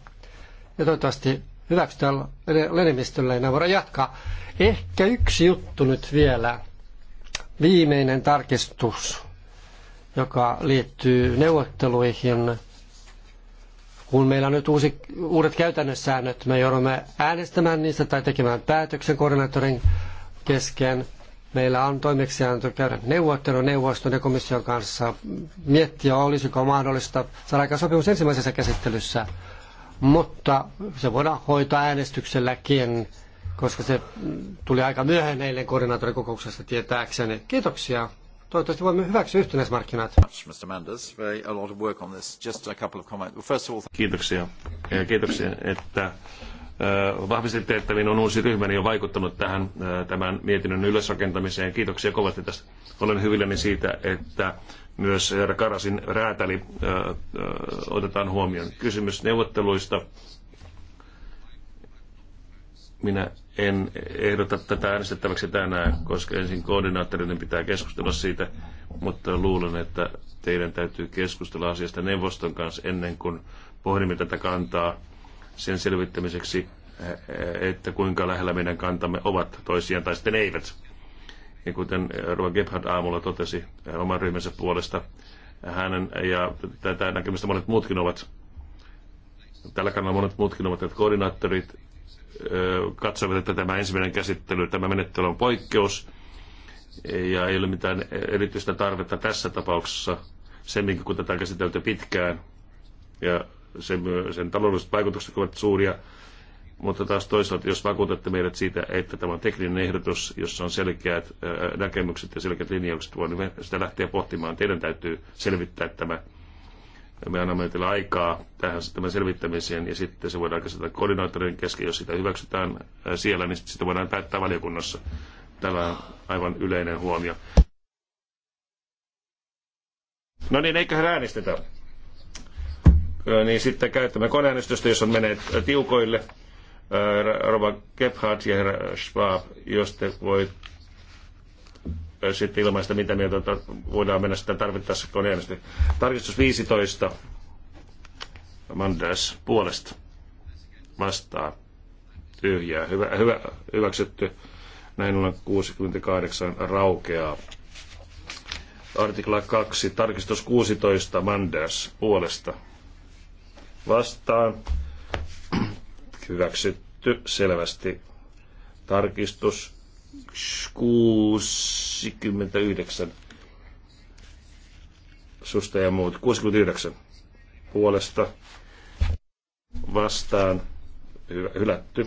ja toivottavasti hyväksytään Lenimistölle ja voidaan jatkaa. Ehkä yksi juttu nyt vielä, viimeinen tarkistus, joka liittyy neuvotteluihin kun meillä on nyt uusi, uudet käytännössäännöt, me joudumme äänestämään niistä tai tekemään päätöksen koordinaattorin kesken. Meillä on toimeksianto käydä neuvottelu neuvoston ja komission kanssa, miettiä olisiko mahdollista saada aikaan sopimus ensimmäisessä käsittelyssä, mutta se voidaan hoitaa äänestykselläkin, koska se tuli aika myöhään eilen
kokouksessa tietääkseni. Kiitoksia. Toivottavasti voimme hyväksyä yhtenäismarkkinat.
Kiitoksia. Ja kiitoksia. Kiitoksia, että äh, vahvistitte, että minun uusi ryhmäni on vaikuttanut tähän äh, tämän mietinnön ylösrakentamiseen. Kiitoksia kovasti tästä. Olen hyvilläni siitä, että myös herra Karasin räätäli äh, otetaan huomioon. Kysymys neuvotteluista. Minä en ehdota tätä äänestettäväksi tänään, koska ensin koordinaattorinen pitää keskustella siitä, mutta luulen, että teidän täytyy keskustella asiasta neuvoston kanssa ennen kuin pohdimme tätä kantaa sen selvittämiseksi, eh, että kuinka lähellä meidän kantamme ovat toisiaan tai sitten eivät. Ja kuten Ruan Gebhard aamulla totesi eh, oman ryhmänsä puolesta, eh, hänen ja tätä näkemystä monet muutkin ovat. Tällä kannalla monet muutkin ovat, että koordinaattorit katsovat, että tämä ensimmäinen käsittely, tämä menettely on poikkeus ja ei ole mitään erityistä tarvetta tässä tapauksessa semminkin, kun tätä on käsitelty pitkään ja sen, sen taloudelliset vaikutukset ovat suuria, mutta taas toisaalta, jos vakuutatte meidät siitä, että tämä on tekninen ehdotus, jossa on selkeät äh, näkemykset ja selkeät linjaukset, voin sitä lähteä pohtimaan. Teidän täytyy selvittää tämä me annamme teille aikaa tähän tämän selvittämiseen ja sitten se voidaan käsitellä koordinaattorin kesken, jos sitä hyväksytään äh, siellä, niin sitä voidaan päättää valiokunnassa. Tämä on aivan yleinen huomio. No niin, eiköhän äänestetä. Niin sitten käyttämme koneäänestystä, jos on menee tiukoille. Rova Gebhardt ja herra Schwab, jos te voitte sitten ilmaista, mitä mieltä tota, voidaan mennä sitten tarvittaessa koneen. Tarkistus 15. Mandas puolesta vastaa tyhjää. Hyvä, hyvä, hyväksytty. Näin ollen 68 raukeaa. Artikla 2, tarkistus 16, Mandas puolesta vastaan. Hyväksytty selvästi. Tarkistus 69 susta ja muut. 69 puolesta vastaan hylätty.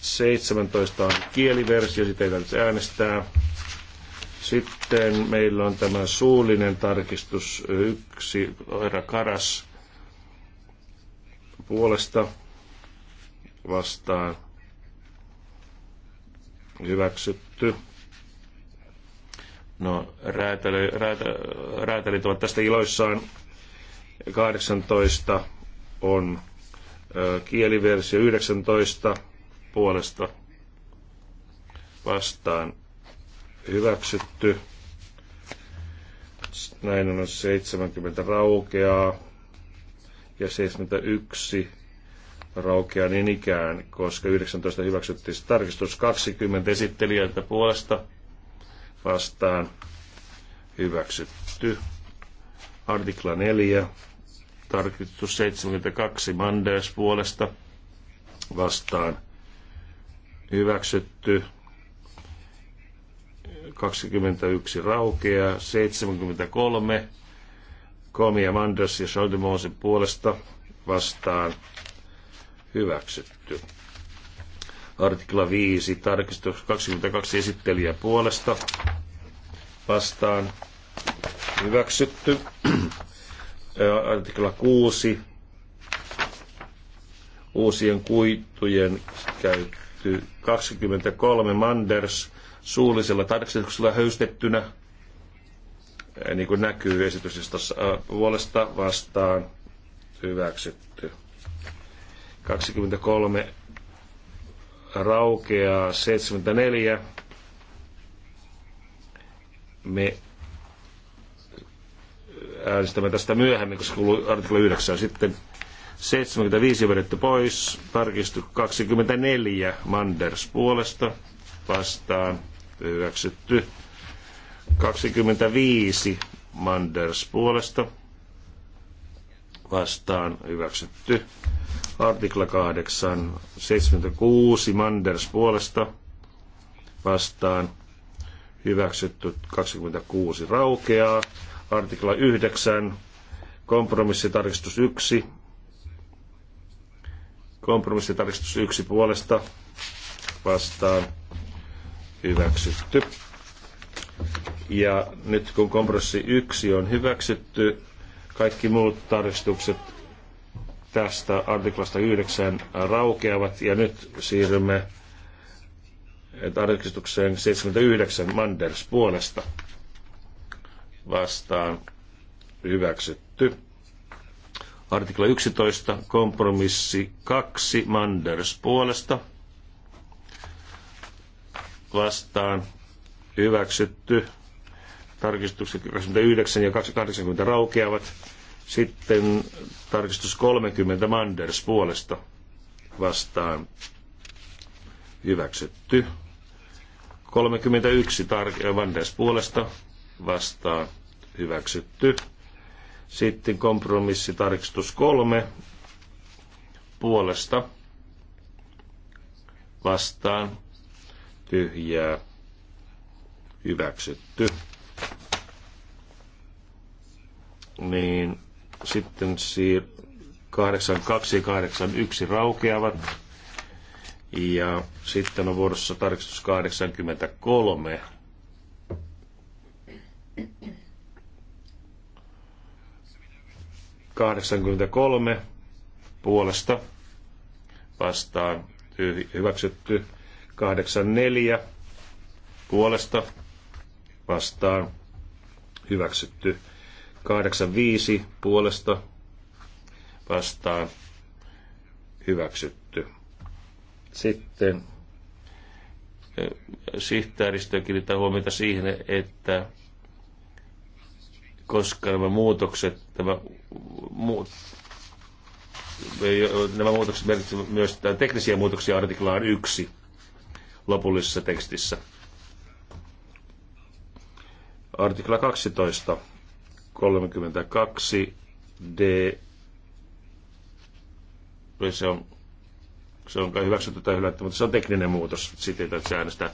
17 on kieliversio, sitä ei tarvitse äänestää. Sitten meillä on tämä suullinen tarkistus yksi, Oira Karas puolesta vastaan hyväksytty. No, räätäli, räätä, räätälit ovat tästä iloissaan. 18 on ö, kieliversio 19 puolesta vastaan hyväksytty. Näin on 70 raukeaa ja 71 raukea niin ikään, koska 19 hyväksyttiin tarkistus 20 esittelijöiltä puolesta vastaan hyväksytty. Artikla 4, tarkistus 72 Mandes puolesta vastaan hyväksytty. 21 raukeaa, 73 Komi ja Mandes ja Scholdemosen puolesta vastaan hyväksytty. Artikla 5, tarkistus 22 esittelijä puolesta vastaan hyväksytty. Artikla 6, uusien kuitujen käytty 23 Manders suullisella tarkistuksella höystettynä, niin kuin näkyy esityslistassa puolesta vastaan hyväksytty. 23 raukeaa 74. Me äänestämme tästä myöhemmin, koska kuuluu artikla 9. Sitten 75 vedetty pois, tarkistu 24 Manders puolesta vastaan, hyväksytty 25 Manders puolesta vastaan hyväksytty. Artikla 8, 76 Manders puolesta vastaan hyväksytty 26 raukeaa. Artikla 9, kompromissitarkistus 1, kompromissitarkistus 1 puolesta vastaan hyväksytty. Ja nyt kun kompromissi 1 on hyväksytty, kaikki muut tarkistukset tästä artiklasta 9 raukeavat ja nyt siirrymme tarkistukseen 79 Manders puolesta vastaan hyväksytty. Artikla 11, kompromissi 2 Manders puolesta vastaan hyväksytty. Tarkistukset 29 ja 80 raukeavat. Sitten tarkistus 30 Manders puolesta vastaan hyväksytty. 31 tar- äh, Manders puolesta vastaan hyväksytty. Sitten kompromissitarkistus 3 puolesta vastaan tyhjää hyväksytty niin sitten siir- 8281 raukeavat. Ja sitten on vuorossa tarkistus 83. kolme puolesta vastaan hyväksytty. Kahdeksan neljä puolesta vastaan hyväksytty. 85 puolesta vastaan hyväksytty. Sitten eh, sihteeristö kiinnittää huomiota siihen, että koska nämä muutokset, tämä, muut, nämä muutokset merkitsevät myös teknisiä muutoksia artiklaan yksi lopullisessa tekstissä – Artikla 12, 32 D. Se on, se on hyväksytty tai hylätty, mutta se on tekninen muutos. Sitten ei tarvitse äänestää.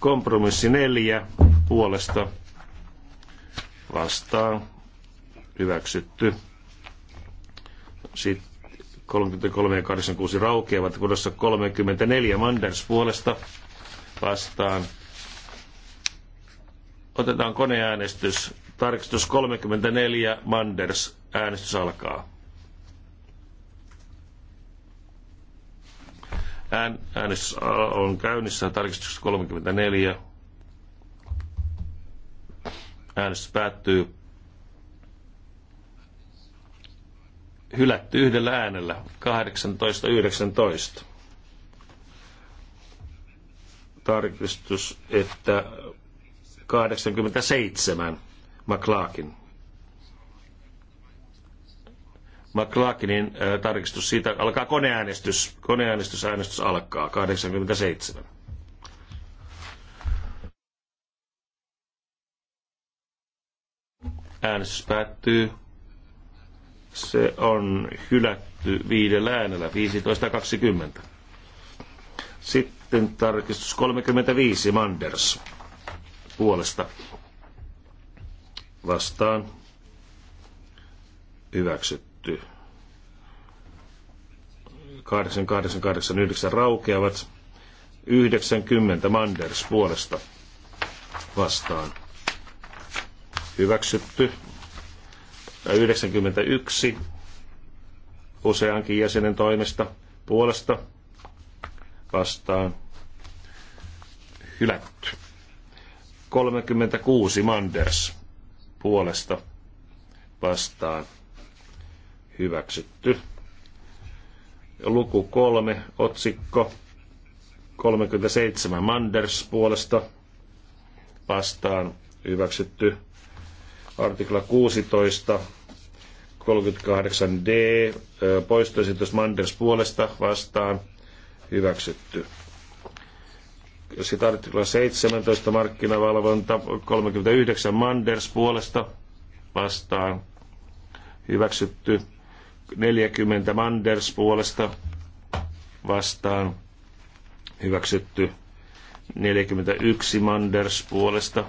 Kompromissi 4 puolesta vastaan hyväksytty. Sitten 33 ja 86 raukeavat, kunnossa 34 Manders puolesta vastaan Otetaan koneäänestys. Tarkistus 34, Manders. Äänestys alkaa. Ään, äänestys on käynnissä, tarkistus 34. Äänestys päättyy. Hylätty yhdellä äänellä, 18.19. Tarkistus, että 87, McLaakin. McLaakinin tarkistus, siitä alkaa koneäänestys. Koneäänestys, äänestys alkaa, 87. Äänestys päättyy. Se on hylätty viidellä äänellä, 15.20. Sitten tarkistus 35, Manders puolesta vastaan hyväksytty. 8889 raukeavat. 90 Manders puolesta vastaan hyväksytty. 91 useankin jäsenen toimesta puolesta vastaan hylätty. 36 Manders puolesta vastaan hyväksytty. Luku 3, otsikko 37 Manders puolesta vastaan hyväksytty. Artikla 16, 38D, poistoesitys Manders puolesta vastaan hyväksytty. Sitten artikla 17 markkinavalvonta 39 Manders puolesta vastaan hyväksytty. 40 Manders puolesta vastaan hyväksytty. 41 Manders puolesta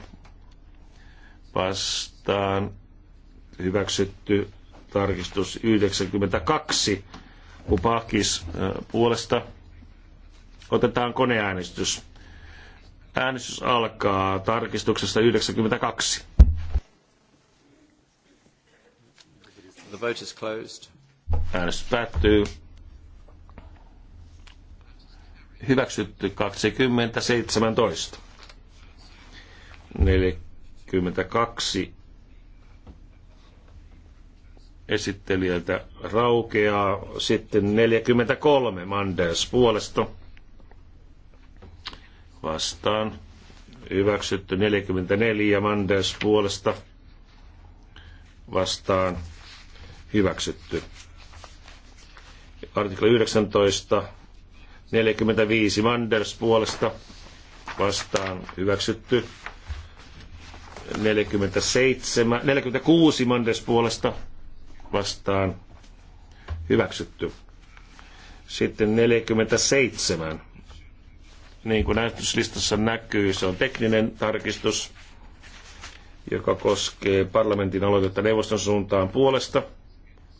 vastaan hyväksytty tarkistus 92 Kupakis äh, puolesta. Otetaan koneäänestys. Äänestys alkaa tarkistuksessa 92.
The vote is closed.
Äänestys päättyy. Hyväksytty 2017. 42 esittelijältä raukeaa. Sitten 43 Manders puolesta vastaan. Hyväksytty 44 Manders puolesta vastaan. Hyväksytty. Artikla 19. 45 Manders puolesta vastaan. Hyväksytty. 47, 46 Manders puolesta vastaan hyväksytty. Sitten 47 niin kuin äänestyslistassa näkyy, se on tekninen tarkistus, joka koskee parlamentin aloitetta neuvoston suuntaan puolesta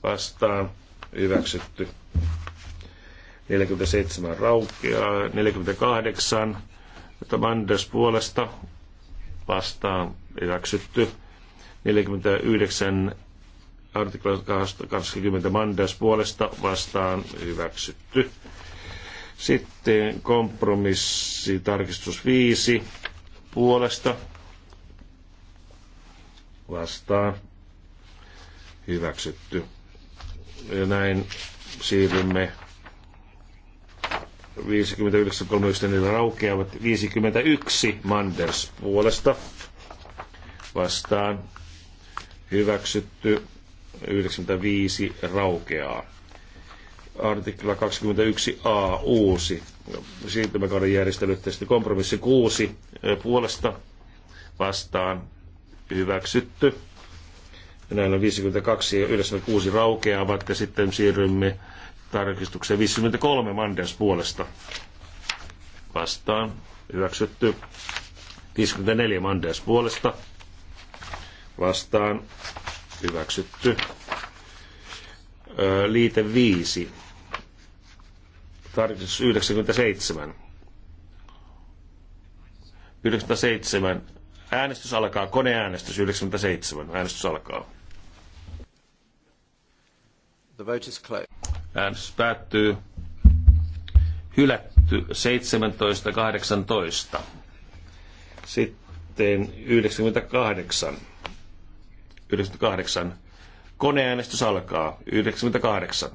vastaan hyväksytty. 47 raukeaa, 48 Manders puolesta vastaan hyväksytty. 49 artikla 20 Manders puolesta vastaan hyväksytty. Sitten kompromissi tarkistus 5 puolesta vastaan hyväksytty. Ja näin siirrymme 59.34 raukeavat 51 Manders puolesta vastaan hyväksytty 95 raukeaa artikla 21a uusi siirtymäkauden järjestely, testi kompromissi 6 puolesta vastaan hyväksytty. Ja näillä 52 ja 96 raukeavat ja sitten siirrymme tarkistukseen 53 Manders puolesta vastaan hyväksytty. 54 Manders puolesta vastaan hyväksytty. Liite 5 Tarkistus 97. 97. Äänestys alkaa, koneäänestys 97. Äänestys alkaa. The vote is Äänestys päättyy. Hylätty 17.18. Sitten 98. 98. Koneäänestys alkaa. 98.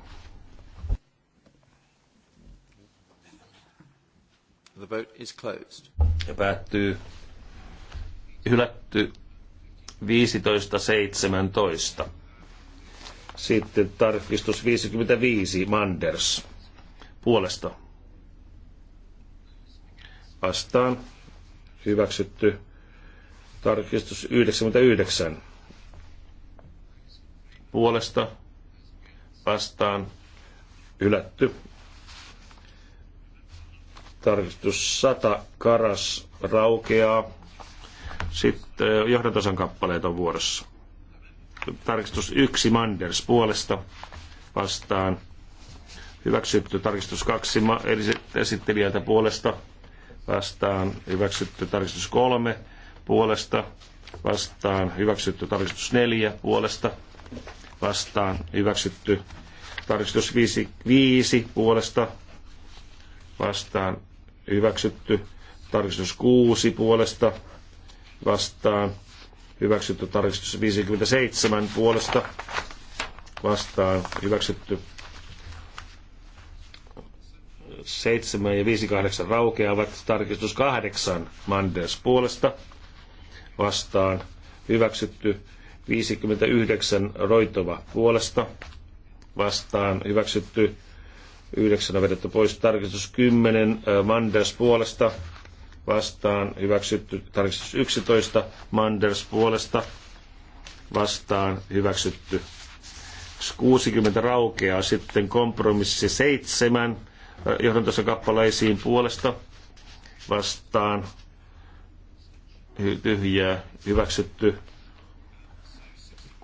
The vote is closed.
Ja päättyy. Hylätty 15.17. Sitten tarkistus 55, Manders. Puolesta. Vastaan. Hyväksytty. Tarkistus 99. Puolesta. Vastaan. Hylätty. Tarkistus 100 karas raukeaa. Sitten eh, johdantosan kappaleet on vuorossa. Tarkistus 1 Manders puolesta vastaan. Hyväksytty tarkistus 2 esittelijältä puolesta vastaan. Hyväksytty tarkistus 3 puolesta vastaan. Hyväksytty tarkistus 4 puolesta vastaan. Hyväksytty tarkistus 5, puolesta vastaan hyväksytty. Tarkistus 6 puolesta vastaan, hyväksytty. Tarkistus 57 puolesta vastaan, hyväksytty. 7 ja 58 raukeavat. Tarkistus 8 Manders puolesta vastaan, hyväksytty. 59 Roitova puolesta vastaan, hyväksytty 9 on vedetty pois. Tarkistus 10 äh, Manders puolesta vastaan hyväksytty. Tarkistus 11 Manders puolesta vastaan hyväksytty. 60 raukeaa sitten kompromissi 7 äh, johdantossa kappaleisiin puolesta vastaan tyhjää hyväksytty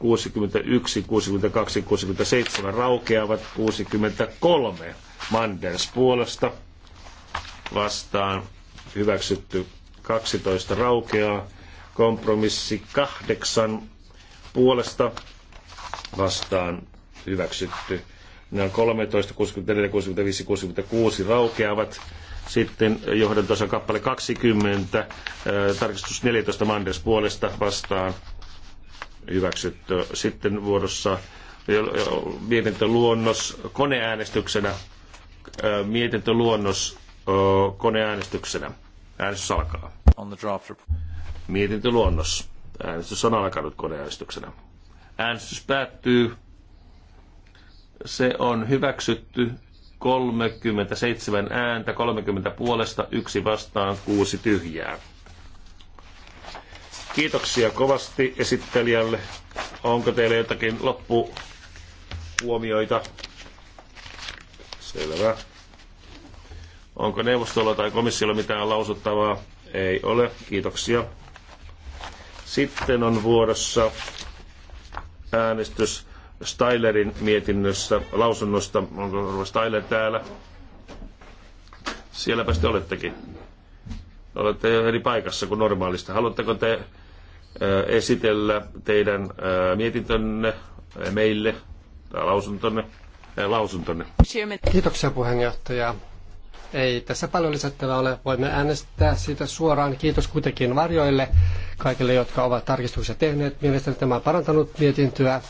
61, 62, 67 raukeavat 63 Manders puolesta vastaan hyväksytty 12 raukeaa kompromissi 8 puolesta vastaan hyväksytty. Nämä 13, 64, 65, 66 raukeavat. Sitten johdantosa kappale 20, tarkistus 14 Manders puolesta vastaan hyväksytty. Sitten vuodossa mietintöluonnos koneäänestyksenä. Mietintöluonnos koneäänestyksenä. Äänestys alkaa. On the draft Mietintöluonnos. Äänestys on alkanut koneäänestyksenä. Äänestys päättyy. Se on hyväksytty 37 ääntä, 30 puolesta, yksi vastaan, kuusi tyhjää. Kiitoksia kovasti esittelijälle. Onko teillä jotakin loppuhuomioita? Selvä. Onko neuvostolla tai komissiolla mitään lausuttavaa? Ei ole. Kiitoksia. Sitten on vuorossa äänestys Stylerin mietinnössä, lausunnosta. Onko Styler täällä? Sielläpä te olettekin. Olette eri paikassa kuin normaalista. Haluatteko te esitellä teidän mietintönne meille tai lausuntonne. lausuntonne.
Kiitoksia puheenjohtaja. Ei tässä paljon lisättävää ole. Voimme äänestää siitä suoraan. Kiitos kuitenkin varjoille, kaikille, jotka ovat tarkistuksia tehneet. Mielestäni tämä on parantanut mietintöä.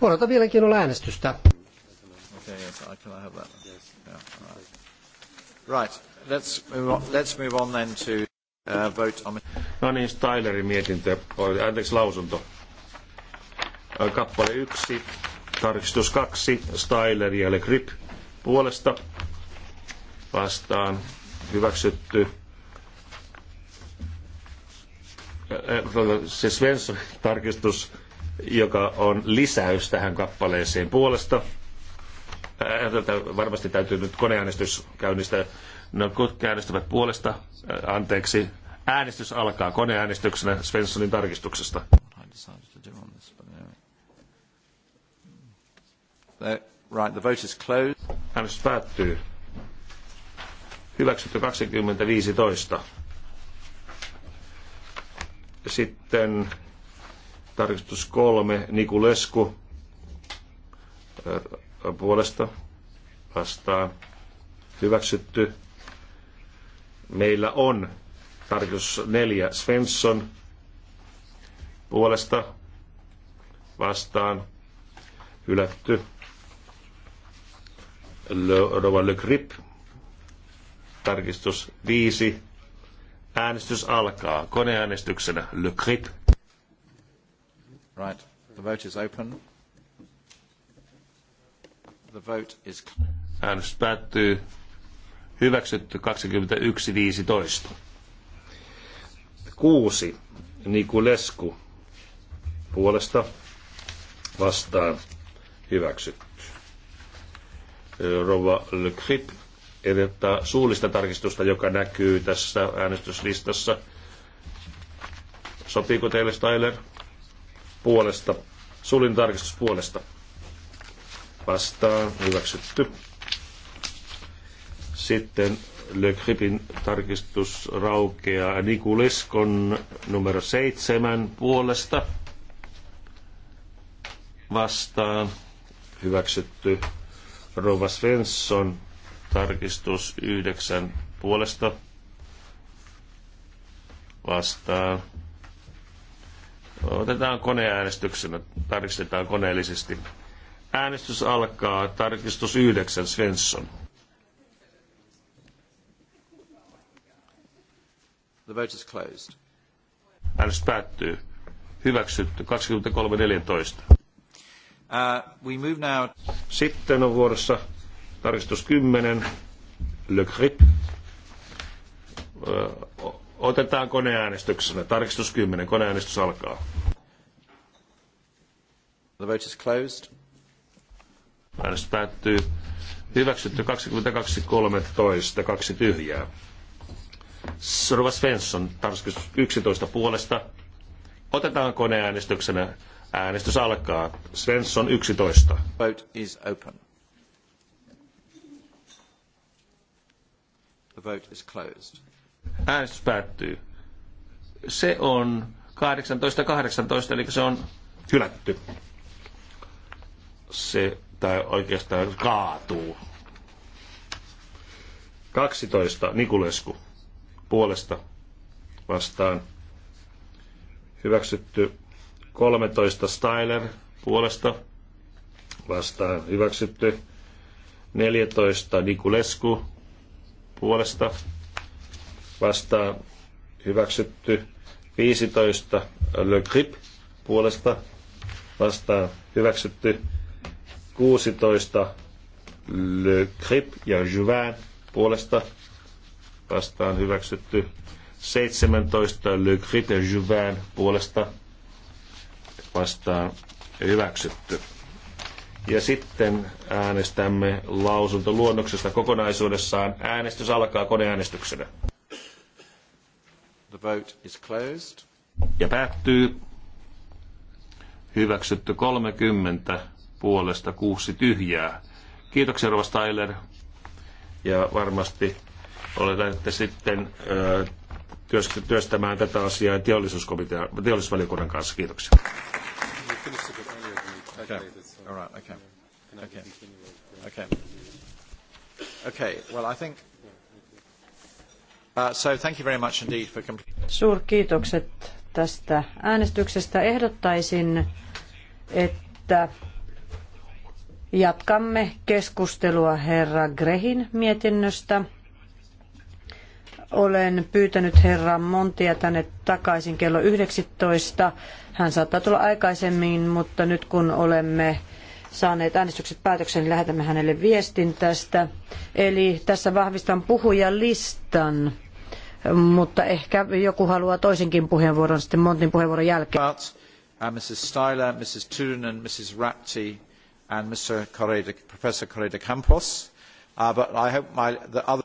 Odotan mielenkiinnolla äänestystä.
Okay, yes, I can have that. Yes. Yeah, right. Right, let's move on, let's move on then to... Uh, vote
on... No niin, Stylerin mietintö, anteeksi lausunto. Kappale 1, tarkistus 2, Styler ja Le Grip puolesta vastaan hyväksytty. Tuota, se Svensson tarkistus, joka on lisäys tähän kappaleeseen puolesta. Tuota, varmasti täytyy nyt koneäänestys käynnistää No, äänestävät puolesta, äh, anteeksi, äänestys alkaa koneäänestyksenä Svenssonin tarkistuksesta. Right, the vote is closed. Äänestys päättyy. Hyväksytty 2015. Sitten tarkistus kolme, Niku Lesku äh, puolesta vastaan. Hyväksytty Meillä on tarkoitus neljä Svensson puolesta vastaan hylätty. Le, Rova Le Grip. Tarkistus viisi Äänestys alkaa koneäänestyksenä Le Grip.
Right. The vote is open. The vote is...
Äänestys päättyy hyväksytty 21.15. Kuusi, Nikulesku puolesta vastaan hyväksytty. Rova Le Crip edettää suullista tarkistusta, joka näkyy tässä äänestyslistassa. Sopiiko teille Styler? Puolesta. Suullinen tarkistus puolesta. Vastaan. Hyväksytty. Sitten Le Gripin tarkistus raukeaa Nikuleskon numero seitsemän puolesta vastaan. Hyväksytty Rova Svensson tarkistus yhdeksän puolesta vastaan. Otetaan koneäänestyksenä, tarkistetaan koneellisesti. Äänestys alkaa, tarkistus yhdeksän Svensson.
The vote is closed.
Äänestys päättyy. Hyväksytty 23.14. Uh, we move now. Sitten on vuorossa tarkistus 10. Le Grip. Uh, otetaan koneäänestyksenä. Tarkistus 10. Koneäänestys alkaa. The vote is closed. Äänestys päättyy. Hyväksytty 22.13. 2 tyhjää. Sorva Svensson, tarkistus 11 puolesta. Otetaan koneäänestyksenä. Äänestys alkaa. Svensson 11. Vote is open. The vote is closed. Äänestys päättyy. Se on 18-18, eli se on hylätty. Se, tai oikeastaan kaatuu. 12, Nikulesku puolesta vastaan hyväksytty 13 Styler puolesta vastaan hyväksytty 14 Nikulesku puolesta vastaan hyväksytty 15 Le Grip puolesta vastaan hyväksytty 16 Le Grip ja Juvain puolesta vastaan hyväksytty. 17 Le Crit Juvain puolesta vastaan hyväksytty. Ja sitten äänestämme lausuntoluonnoksesta kokonaisuudessaan. Äänestys alkaa koneäänestyksenä. The vote
is closed.
Ja päättyy. Hyväksytty 30 puolesta kuusi tyhjää. Kiitoksia Rova Styler. Ja varmasti ole että sitten työstämään tätä asiaa teollisuusvaliokunnan kanssa. Kiitoksia.
Okay. Okay. Okay. Okay. Okay. Well, I think uh, so thank you very much indeed for
Suurkiitokset tästä äänestyksestä. Ehdottaisin, että jatkamme keskustelua herra Grehin mietinnöstä. Olen pyytänyt herra Montia tänne takaisin kello 19. Hän saattaa tulla aikaisemmin, mutta nyt kun olemme saaneet äänestykset päätöksen, niin lähetämme hänelle viestin tästä. Eli tässä vahvistan puhujalistan, mutta ehkä joku haluaa toisenkin puheenvuoron sitten Montin puheenvuoron jälkeen. Uh,
Mrs. Styler, Mrs. Mrs. and Mr. Correda, Professor Correda Campos. Uh, but I hope my, the other...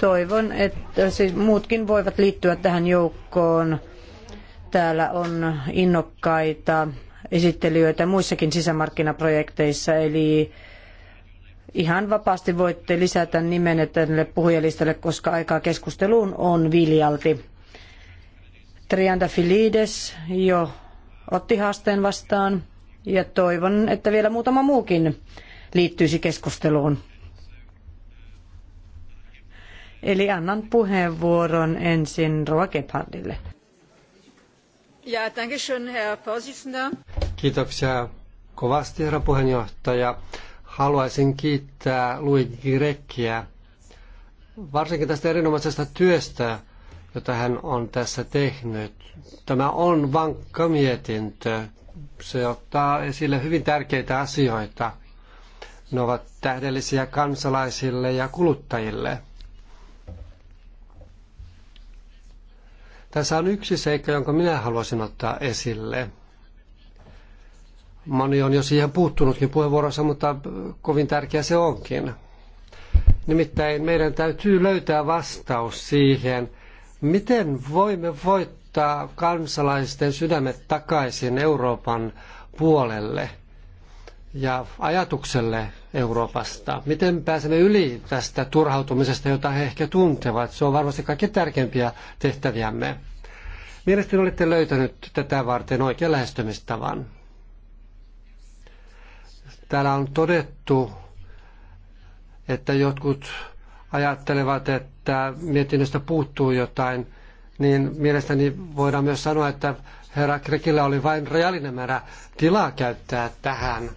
Toivon, että siis muutkin voivat liittyä tähän joukkoon. Täällä on innokkaita esittelijöitä muissakin sisämarkkinaprojekteissa, eli ihan vapaasti voitte lisätä nimenne tälle puhujalistalle, koska aikaa keskusteluun on viljalti. Trianda Filides jo otti haasteen vastaan ja toivon, että vielä muutama muukin liittyisi keskusteluun. Eli annan puheenvuoron ensin Roa Gebhardille.
Ja, schön, Herr
Kiitoksia kovasti, herra puheenjohtaja. Haluaisin kiittää Louis Grekkiä varsinkin tästä erinomaisesta työstä, jota hän on tässä tehnyt. Tämä on vankka mietintö. Se ottaa esille hyvin tärkeitä asioita. Ne ovat tähdellisiä kansalaisille ja kuluttajille – Tässä on yksi seikka, jonka minä haluaisin ottaa esille. Moni on jo siihen puuttunutkin puheenvuorossa, mutta kovin tärkeä se onkin. Nimittäin meidän täytyy löytää vastaus siihen, miten voimme voittaa kansalaisten sydämet takaisin Euroopan puolelle ja ajatukselle Euroopasta. Miten pääsemme yli tästä turhautumisesta, jota he ehkä tuntevat? Se on varmasti kaikkein tärkeimpiä tehtäviämme. Mielestäni olette löytänyt tätä varten oikean lähestymistavan. Täällä on todettu, että jotkut ajattelevat, että mietinnöstä puuttuu jotain, niin mielestäni voidaan myös sanoa, että herra Krekillä oli vain rajallinen määrä tilaa käyttää tähän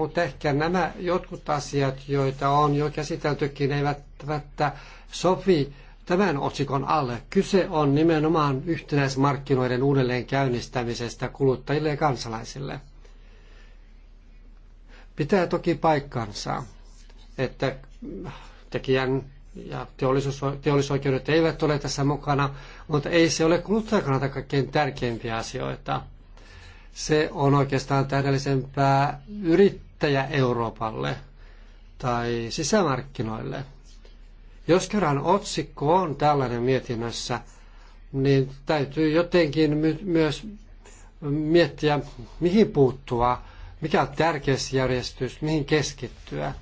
mutta ehkä nämä jotkut asiat, joita on jo käsiteltykin, eivät välttämättä sovi tämän otsikon alle. Kyse on nimenomaan yhtenäismarkkinoiden uudelleen käynnistämisestä kuluttajille ja kansalaisille. Pitää toki paikkansa, että tekijän ja teollisoikeudet eivät ole tässä mukana, mutta ei se ole kuluttajan kannalta kaikkein tärkeimpiä asioita. Se on oikeastaan täydellisempää yrittää yrittäjä Euroopalle tai sisämarkkinoille. Jos kerran otsikko on tällainen mietinnössä, niin täytyy jotenkin my- myös miettiä, mihin puuttua, mikä on tärkeä järjestys, mihin keskittyä.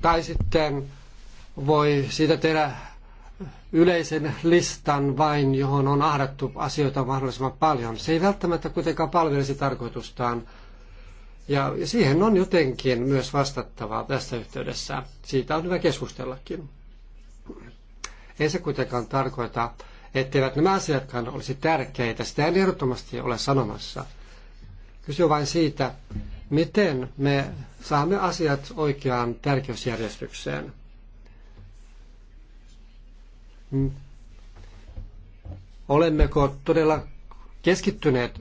Tai sitten voi siitä tehdä yleisen listan vain, johon on ahdattu asioita mahdollisimman paljon. Se ei välttämättä kuitenkaan palvelisi tarkoitustaan ja siihen on jotenkin myös vastattavaa tässä yhteydessä. Siitä on hyvä keskustellakin. Ei se kuitenkaan tarkoita, etteivät nämä asiatkaan olisi tärkeitä. Sitä en ehdottomasti ole sanomassa. Kysy vain siitä, miten me saamme asiat oikeaan tärkeysjärjestykseen. Mm. Olemmeko todella keskittyneet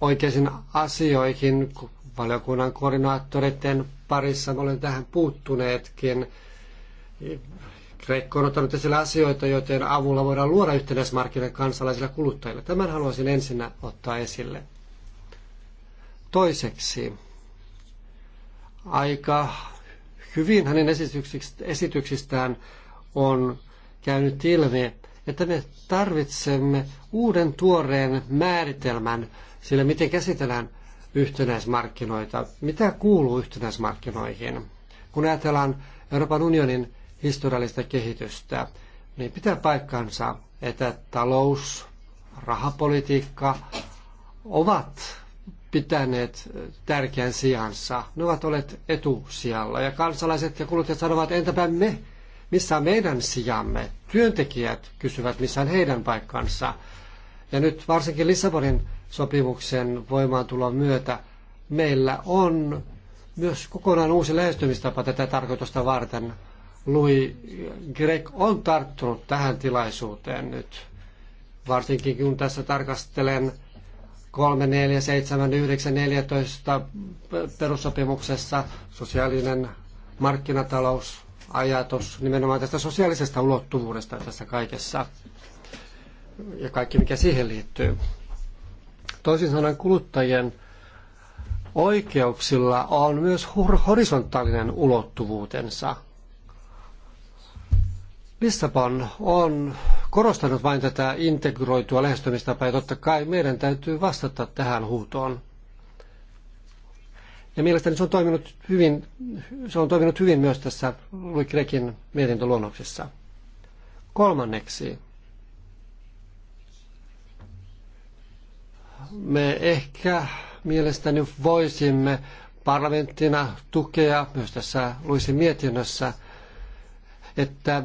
oikeisiin asioihin. Valiokunnan koordinaattoreiden parissa me olemme tähän puuttuneetkin. Kreikka on ottanut esille asioita, joiden avulla voidaan luoda yhtenäismarkkinat kansalaisille kuluttajille. Tämän haluaisin ensinnä ottaa esille. Toiseksi, aika hyvin hänen esityksistään on käynyt ilmi, että me tarvitsemme uuden tuoreen määritelmän sille, miten käsitellään yhtenäismarkkinoita. Mitä kuuluu yhtenäismarkkinoihin? Kun ajatellaan Euroopan unionin historiallista kehitystä, niin pitää paikkansa, että talous, rahapolitiikka ovat pitäneet tärkeän sijansa. Ne ovat olleet etusijalla. Ja kansalaiset ja kuluttajat sanovat, entäpä me, missä on meidän sijamme? Työntekijät kysyvät, missä on heidän paikkansa. Ja nyt varsinkin Lissabonin sopimuksen voimaantulon myötä meillä on myös kokonaan uusi lähestymistapa tätä tarkoitusta varten. Louis Greg on tarttunut tähän tilaisuuteen nyt, varsinkin kun tässä tarkastelen 3, 4, 7, 9, 14 perussopimuksessa sosiaalinen markkinatalous, ajatus nimenomaan tästä sosiaalisesta ulottuvuudesta tässä kaikessa ja kaikki mikä siihen liittyy. Toisin sanoen kuluttajien oikeuksilla on myös horisontaalinen ulottuvuutensa. Lissabon on korostanut vain tätä integroitua lähestymistapaa ja totta kai meidän täytyy vastata tähän huutoon. Ja mielestäni se on toiminut hyvin, se on toiminut hyvin myös tässä Luikrekin mietintöluonnoksessa. Kolmanneksi, me ehkä mielestäni voisimme parlamenttina tukea myös tässä Luisin mietinnössä, että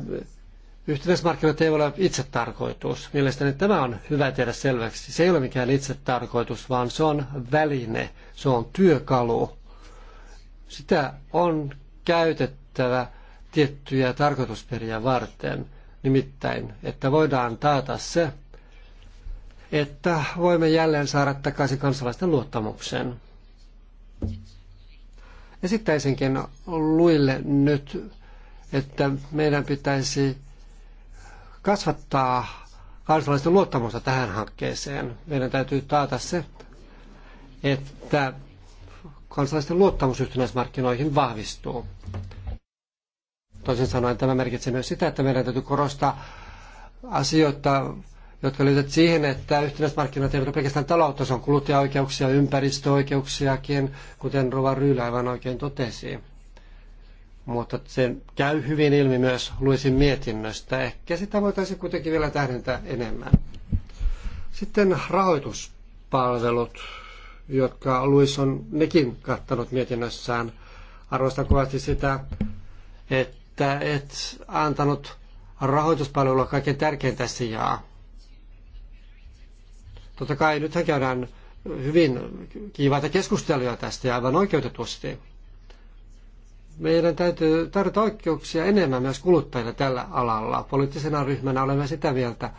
yhtenäismarkkinat ei ole itse tarkoitus. Mielestäni tämä on hyvä tehdä selväksi. Se ei ole mikään itse tarkoitus, vaan se on väline, se on työkalu. Sitä on käytettävä tiettyjä tarkoitusperiä varten, nimittäin, että voidaan taata se, että voimme jälleen saada takaisin kansalaisten luottamuksen. Esittäisinkin luille nyt, että meidän pitäisi kasvattaa kansalaisten luottamusta tähän hankkeeseen. Meidän täytyy taata se, että kansalaisten luottamus yhtenäismarkkinoihin vahvistuu. Toisin sanoen tämä merkitsee myös sitä, että meidän täytyy korostaa asioita jotka liittyvät siihen, että yhtenäismarkkinat eivät ole pelkästään taloutta, se on kuluttajaoikeuksia, ympäristöoikeuksiakin, kuten Rova Ryylä aivan oikein totesi. Mutta se käy hyvin ilmi myös Luisin mietinnöstä. Ehkä sitä voitaisiin kuitenkin vielä tähdentää enemmän. Sitten rahoituspalvelut, jotka Luis on nekin kattanut mietinnössään. Arvostan kovasti sitä, että et antanut rahoituspalvelua kaiken tärkeintä sijaa Totta kai nyt käydään hyvin kiivaita keskusteluja tästä ja aivan oikeutetusti. Meidän täytyy tarjota oikeuksia enemmän myös kuluttajille tällä alalla. Poliittisena ryhmänä olemme sitä mieltä,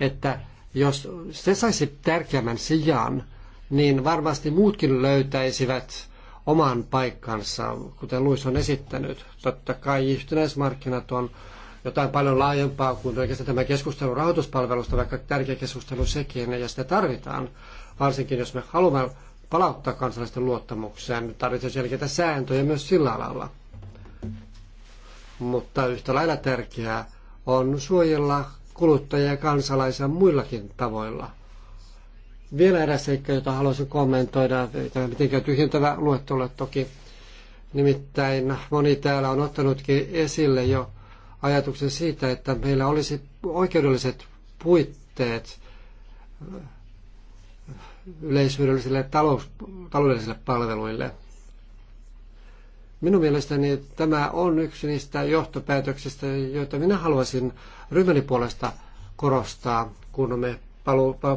että jos se saisi tärkeämmän sijaan, niin varmasti muutkin löytäisivät oman paikkansa, kuten Luis on esittänyt. Totta kai yhtenäismarkkinat on jotain paljon laajempaa kuin oikeastaan tämä keskustelu rahoituspalvelusta, vaikka tärkeä keskustelu sekin, ja sitä tarvitaan, varsinkin jos me haluamme palauttaa kansalaisten niin Tarvitsee selkeitä sääntöjä myös sillä alalla. Mutta yhtä lailla tärkeää on suojella kuluttajia ja kansalaisia muillakin tavoilla. Vielä eräs seikka, jota haluaisin kommentoida, ei tämä mitenkään tyhjentävä luettelo toki. Nimittäin moni täällä on ottanutkin esille jo ajatuksen siitä, että meillä olisi oikeudelliset puitteet yleishyödyllisille talous, taloudellisille palveluille. Minun mielestäni tämä on yksi niistä johtopäätöksistä, joita minä haluaisin ryhmäni puolesta korostaa, kun me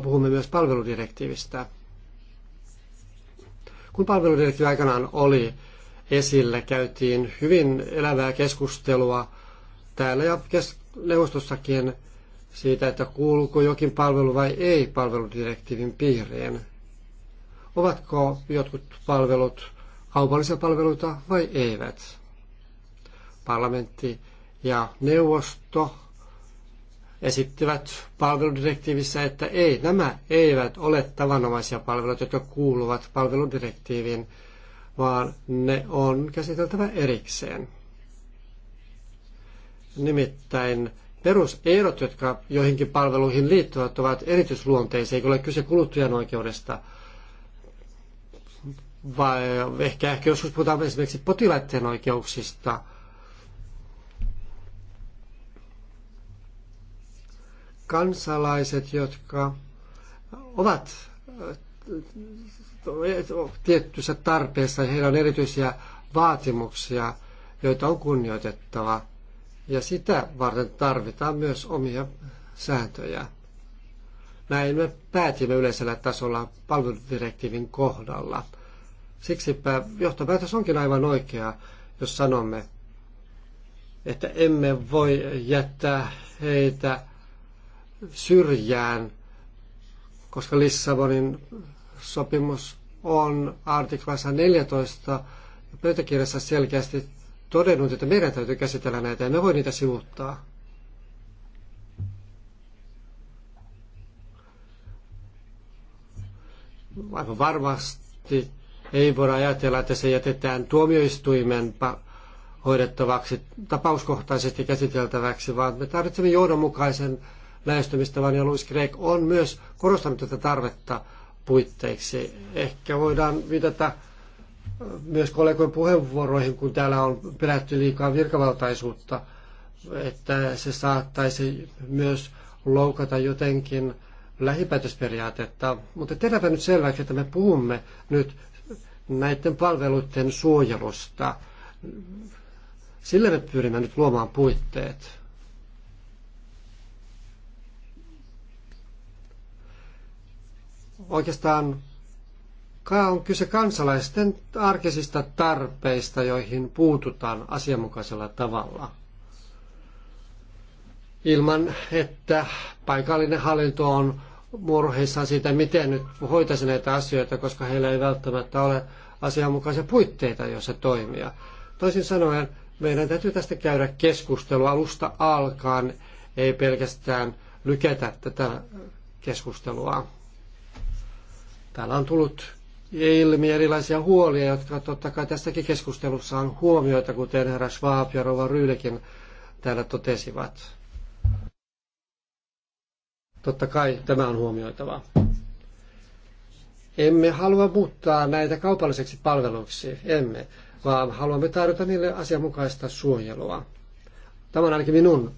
puhumme myös palveludirektiivistä. Kun palveludirektiivi aikanaan oli esillä, käytiin hyvin elävää keskustelua täällä ja neuvostossakin siitä, että kuuluuko jokin palvelu vai ei palveludirektiivin piiriin. Ovatko jotkut palvelut kaupallisia palveluita vai eivät? Parlamentti ja neuvosto esittivät palveludirektiivissä, että ei, nämä eivät ole tavanomaisia palveluita, jotka kuuluvat palveludirektiiviin, vaan ne on käsiteltävä erikseen. Nimittäin perusehdot, jotka joihinkin palveluihin liittyvät, ovat erityisluonteisia, eikä ole kyse kuluttajan oikeudesta. Vai ehkä, ehkä joskus puhutaan esimerkiksi potilaiden oikeuksista. Kansalaiset, jotka ovat äh, tiettyssä tarpeessa, heillä on erityisiä vaatimuksia, joita on kunnioitettava – ja sitä varten tarvitaan myös omia sääntöjä. Näin me päätimme yleisellä tasolla palveludirektiivin kohdalla. Siksipä johtopäätös onkin aivan oikea, jos sanomme, että emme voi jättää heitä syrjään, koska Lissabonin sopimus on artiklassa 14 pöytäkirjassa selkeästi todennut, että meidän täytyy käsitellä näitä ja me voi niitä sivuttaa. Aivan varmasti ei voida ajatella, että se jätetään tuomioistuimen hoidettavaksi, tapauskohtaisesti käsiteltäväksi, vaan me tarvitsemme johdonmukaisen lähestymistavan ja Louis Gregg on myös korostanut tätä tarvetta puitteiksi. Ehkä voidaan viitata myös kollegojen puheenvuoroihin, kun täällä on pelätty liikaa virkavaltaisuutta, että se saattaisi myös loukata jotenkin lähipäätösperiaatetta. Mutta tehdäänpä nyt selväksi, että me puhumme nyt näiden palveluiden suojelusta. Sille me pyrimme nyt luomaan puitteet. Oikeastaan on kyse kansalaisten arkisista tarpeista, joihin puututaan asianmukaisella tavalla. Ilman, että paikallinen hallinto on murheissaan siitä, miten nyt hoitaisi näitä asioita, koska heillä ei välttämättä ole asianmukaisia puitteita, joissa toimia. Toisin sanoen, meidän täytyy tästä käydä keskustelua alusta alkaen, ei pelkästään lykätä tätä keskustelua. Täällä on tullut ilmi erilaisia huolia, jotka totta kai tässäkin keskustelussa on huomioita, kuten herra Schwab ja Rova Ryylikin täällä totesivat. Totta kai tämä on huomioitava. Emme halua muuttaa näitä kaupalliseksi palveluksi, emme, vaan haluamme tarjota niille asianmukaista suojelua. Tämä on ainakin minun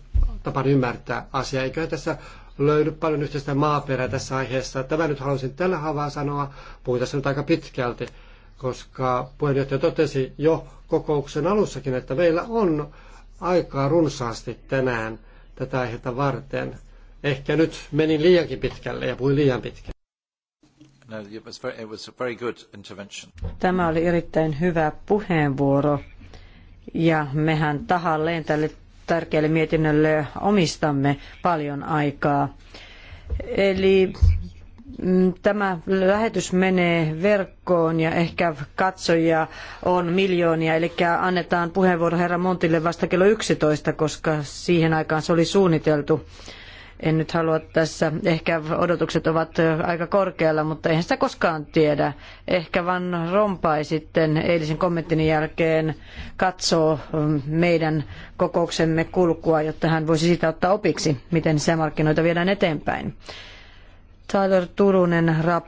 tapani ymmärtää asiaa. Eiköhän tässä löydy paljon yhteistä maaperää tässä aiheessa. Tämä nyt halusin tällä havaa sanoa. Puhuin tässä nyt aika pitkälti, koska puheenjohtaja totesi jo kokouksen alussakin, että meillä on aikaa runsaasti tänään tätä aihetta varten. Ehkä nyt menin liiankin
pitkälle ja puhuin liian pitkälle. No,
Tämä oli erittäin hyvä puheenvuoro. Ja mehän tahalleen tälle tärkeälle mietinnölle omistamme paljon aikaa. Eli mm, tämä lähetys menee verkkoon ja ehkä katsojia on miljoonia, eli annetaan puheenvuoro herra Montille vasta kello 11, koska siihen aikaan se oli suunniteltu. En nyt halua tässä, ehkä odotukset ovat aika korkealla, mutta eihän sitä koskaan tiedä. Ehkä Van Rompai sitten eilisen kommenttini jälkeen katsoo meidän kokouksemme kulkua, jotta hän voisi siitä ottaa opiksi, miten sisämarkkinoita viedään eteenpäin. Tyler Turunen, Rapp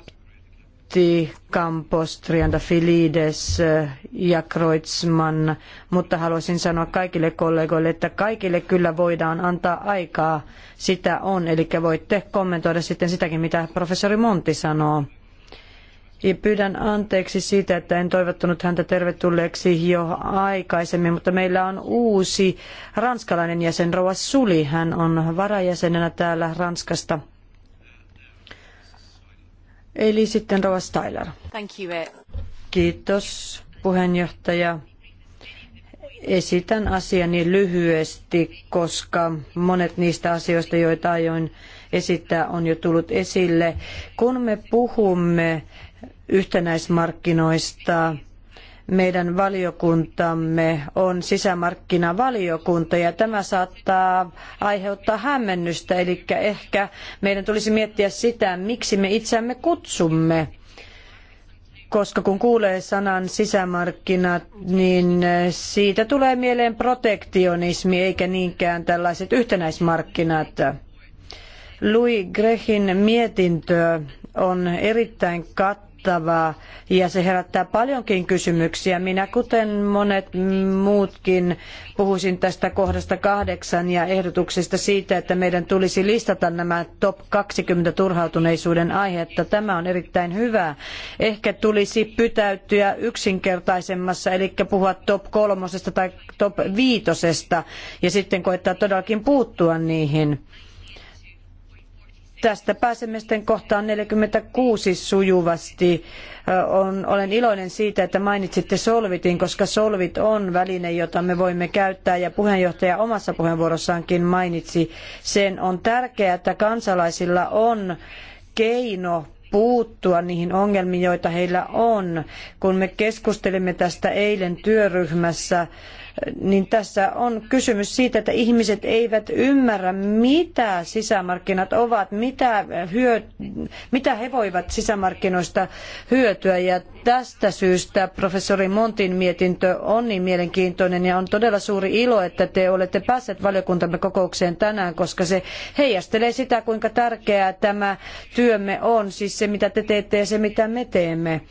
Monti, Campos, Trianda Filides eh, ja Kreutzmann, mutta haluaisin sanoa kaikille kollegoille, että kaikille kyllä voidaan antaa aikaa. Sitä on, eli voitte kommentoida sitten sitäkin, mitä professori Monti sanoo. Ja pyydän anteeksi siitä, että en toivottanut häntä tervetulleeksi jo aikaisemmin, mutta meillä on uusi ranskalainen jäsen, Rouva Suli. Hän on varajäsenenä täällä Ranskasta – Eli sitten Rova Thank you. Eh. Kiitos puheenjohtaja. Esitän asiani lyhyesti, koska monet niistä asioista, joita aion esittää, on jo tullut esille. Kun me puhumme yhtenäismarkkinoista, meidän valiokuntamme on sisämarkkinavaliokunta ja tämä saattaa aiheuttaa hämmennystä, eli ehkä meidän tulisi miettiä sitä, miksi me itseämme kutsumme koska kun kuulee sanan sisämarkkinat, niin siitä tulee mieleen protektionismi eikä niinkään tällaiset yhtenäismarkkinat. Louis Grehin mietintö on erittäin kattava huolestuttavaa ja se herättää paljonkin kysymyksiä. Minä, kuten monet muutkin, puhuisin tästä kohdasta kahdeksan ja ehdotuksesta siitä, että meidän tulisi listata nämä top 20 turhautuneisuuden aihetta. Tämä on erittäin hyvä. Ehkä tulisi pytäytyä yksinkertaisemmassa, eli puhua top kolmosesta tai top viitosesta ja sitten koittaa todellakin puuttua niihin. Tästä pääsemme sitten kohtaan 46 sujuvasti. On, olen iloinen siitä, että mainitsitte Solvitin, koska Solvit on väline, jota me voimme käyttää ja puheenjohtaja omassa puheenvuorossaankin mainitsi sen. On tärkeää, että kansalaisilla on keino puuttua niihin ongelmiin, joita heillä on. Kun me keskustelimme tästä eilen työryhmässä, niin tässä on kysymys siitä, että ihmiset eivät ymmärrä, mitä sisämarkkinat ovat, mitä, hyö- mitä he voivat sisämarkkinoista hyötyä. Ja tästä syystä professori Montin mietintö on niin mielenkiintoinen ja on todella suuri ilo, että te olette päässeet valiokuntamme kokoukseen tänään, koska se heijastelee sitä, kuinka tärkeää tämä työmme on, siis se mitä te teette ja se mitä me teemme.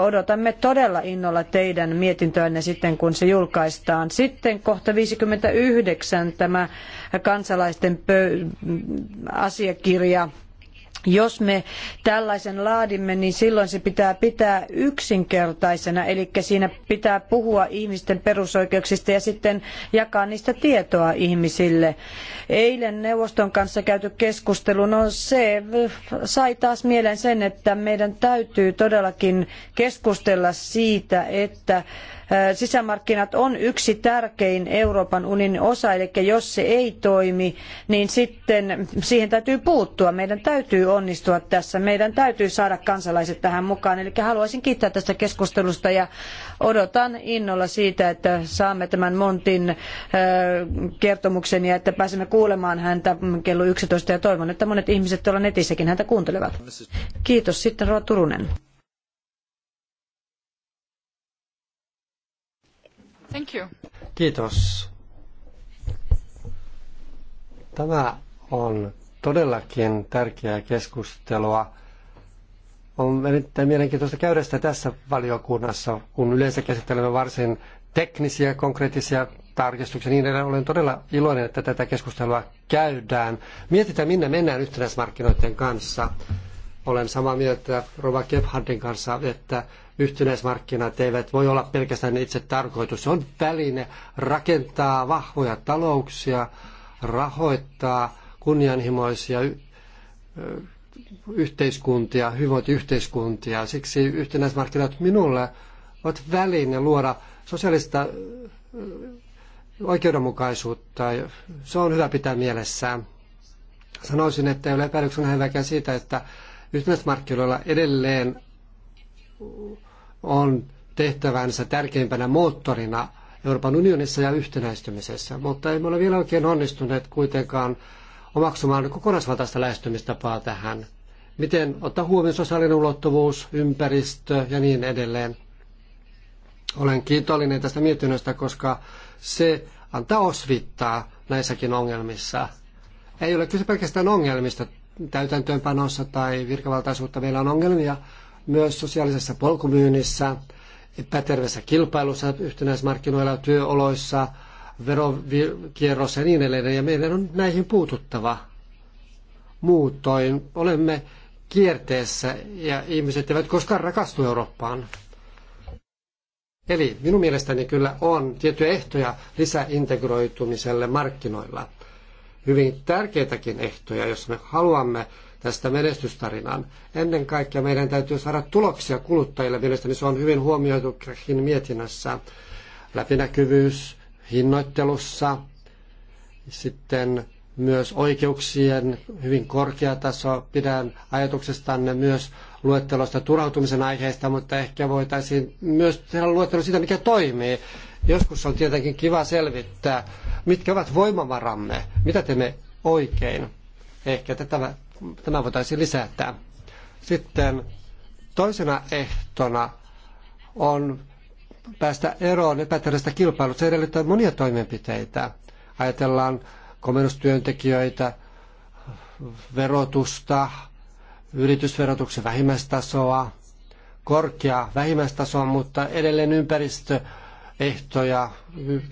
Odotamme todella innolla teidän mietintöänne sitten, kun se julkaistaan. Sitten kohta 59 tämä kansalaisten asiakirja jos me tällaisen laadimme, niin silloin se pitää pitää yksinkertaisena, eli siinä pitää puhua ihmisten perusoikeuksista ja sitten jakaa niistä tietoa ihmisille. Eilen neuvoston kanssa käyty keskustelu, no se sai taas mieleen sen, että meidän täytyy todellakin keskustella siitä, että Sisämarkkinat on yksi tärkein Euroopan unionin osa, eli jos se ei toimi, niin sitten siihen täytyy puuttua. Meidän täytyy onnistua tässä. Meidän täytyy saada kansalaiset tähän mukaan. Eli haluaisin kiittää tästä keskustelusta ja odotan innolla siitä, että saamme tämän Montin kertomuksen ja että pääsemme kuulemaan häntä kello 11 ja toivon, että monet ihmiset tuolla netissäkin häntä kuuntelevat. Kiitos. Sitten Roa Turunen.
Thank you. Kiitos. Tämä on todellakin tärkeää keskustelua. On erittäin mielenkiintoista käydä sitä tässä valiokunnassa, kun yleensä käsittelemme varsin teknisiä, konkreettisia tarkistuksia. Niin edelleen olen todella iloinen, että tätä keskustelua käydään. Mietitään, minne mennään yhtenäismarkkinoiden kanssa. Olen samaa mieltä Rova Gebhardin kanssa, että yhtenäismarkkinat eivät voi olla pelkästään itse tarkoitus. Se on väline rakentaa vahvoja talouksia, rahoittaa kunnianhimoisia yhteiskuntia, hyvinvointiyhteiskuntia. Siksi yhtenäismarkkinat minulle ovat väline luoda sosiaalista oikeudenmukaisuutta. Se on hyvä pitää mielessään. Sanoisin, että ei ole epäilyksen siitä, että yhtenäismarkkinoilla edelleen on tehtävänsä tärkeimpänä moottorina Euroopan unionissa ja yhtenäistymisessä, mutta emme ole vielä oikein onnistuneet kuitenkaan omaksumaan kokonaisvaltaista lähestymistapaa tähän. Miten ottaa huomioon sosiaalinen ulottuvuus, ympäristö ja niin edelleen. Olen kiitollinen tästä mietinnöstä, koska se antaa osvittaa näissäkin ongelmissa. Ei ole kyse pelkästään ongelmista täytäntöönpanossa tai virkavaltaisuutta. Meillä on ongelmia myös sosiaalisessa polkumyynnissä, epäterveessä kilpailussa, yhtenäismarkkinoilla, työoloissa, verokierros ja niin edelleen. Ja meidän on näihin puututtava. Muutoin olemme kierteessä ja ihmiset eivät koskaan rakastu Eurooppaan. Eli minun mielestäni kyllä on tiettyjä ehtoja lisäintegroitumiselle markkinoilla. Hyvin tärkeitäkin ehtoja, jos me haluamme tästä menestystarinan. Ennen kaikkea meidän täytyy saada tuloksia kuluttajille. Mielestäni se on hyvin huomioitu Krekin mietinnässä. Läpinäkyvyys hinnoittelussa, sitten myös oikeuksien hyvin korkea taso. Pidän ajatuksestanne myös luettelosta turhautumisen aiheista, mutta ehkä voitaisiin myös tehdä luettelo siitä, mikä toimii. Joskus on tietenkin kiva selvittää, mitkä ovat voimavaramme, mitä teemme oikein. Ehkä tätä tämä voitaisiin lisätä. Sitten toisena ehtona on päästä eroon epäterveistä kilpailusta. Se edellyttää monia toimenpiteitä. Ajatellaan komennustyöntekijöitä, verotusta, yritysverotuksen vähimmäistasoa, korkeaa vähimmäistasoa, mutta edelleen ympäristöehtoja,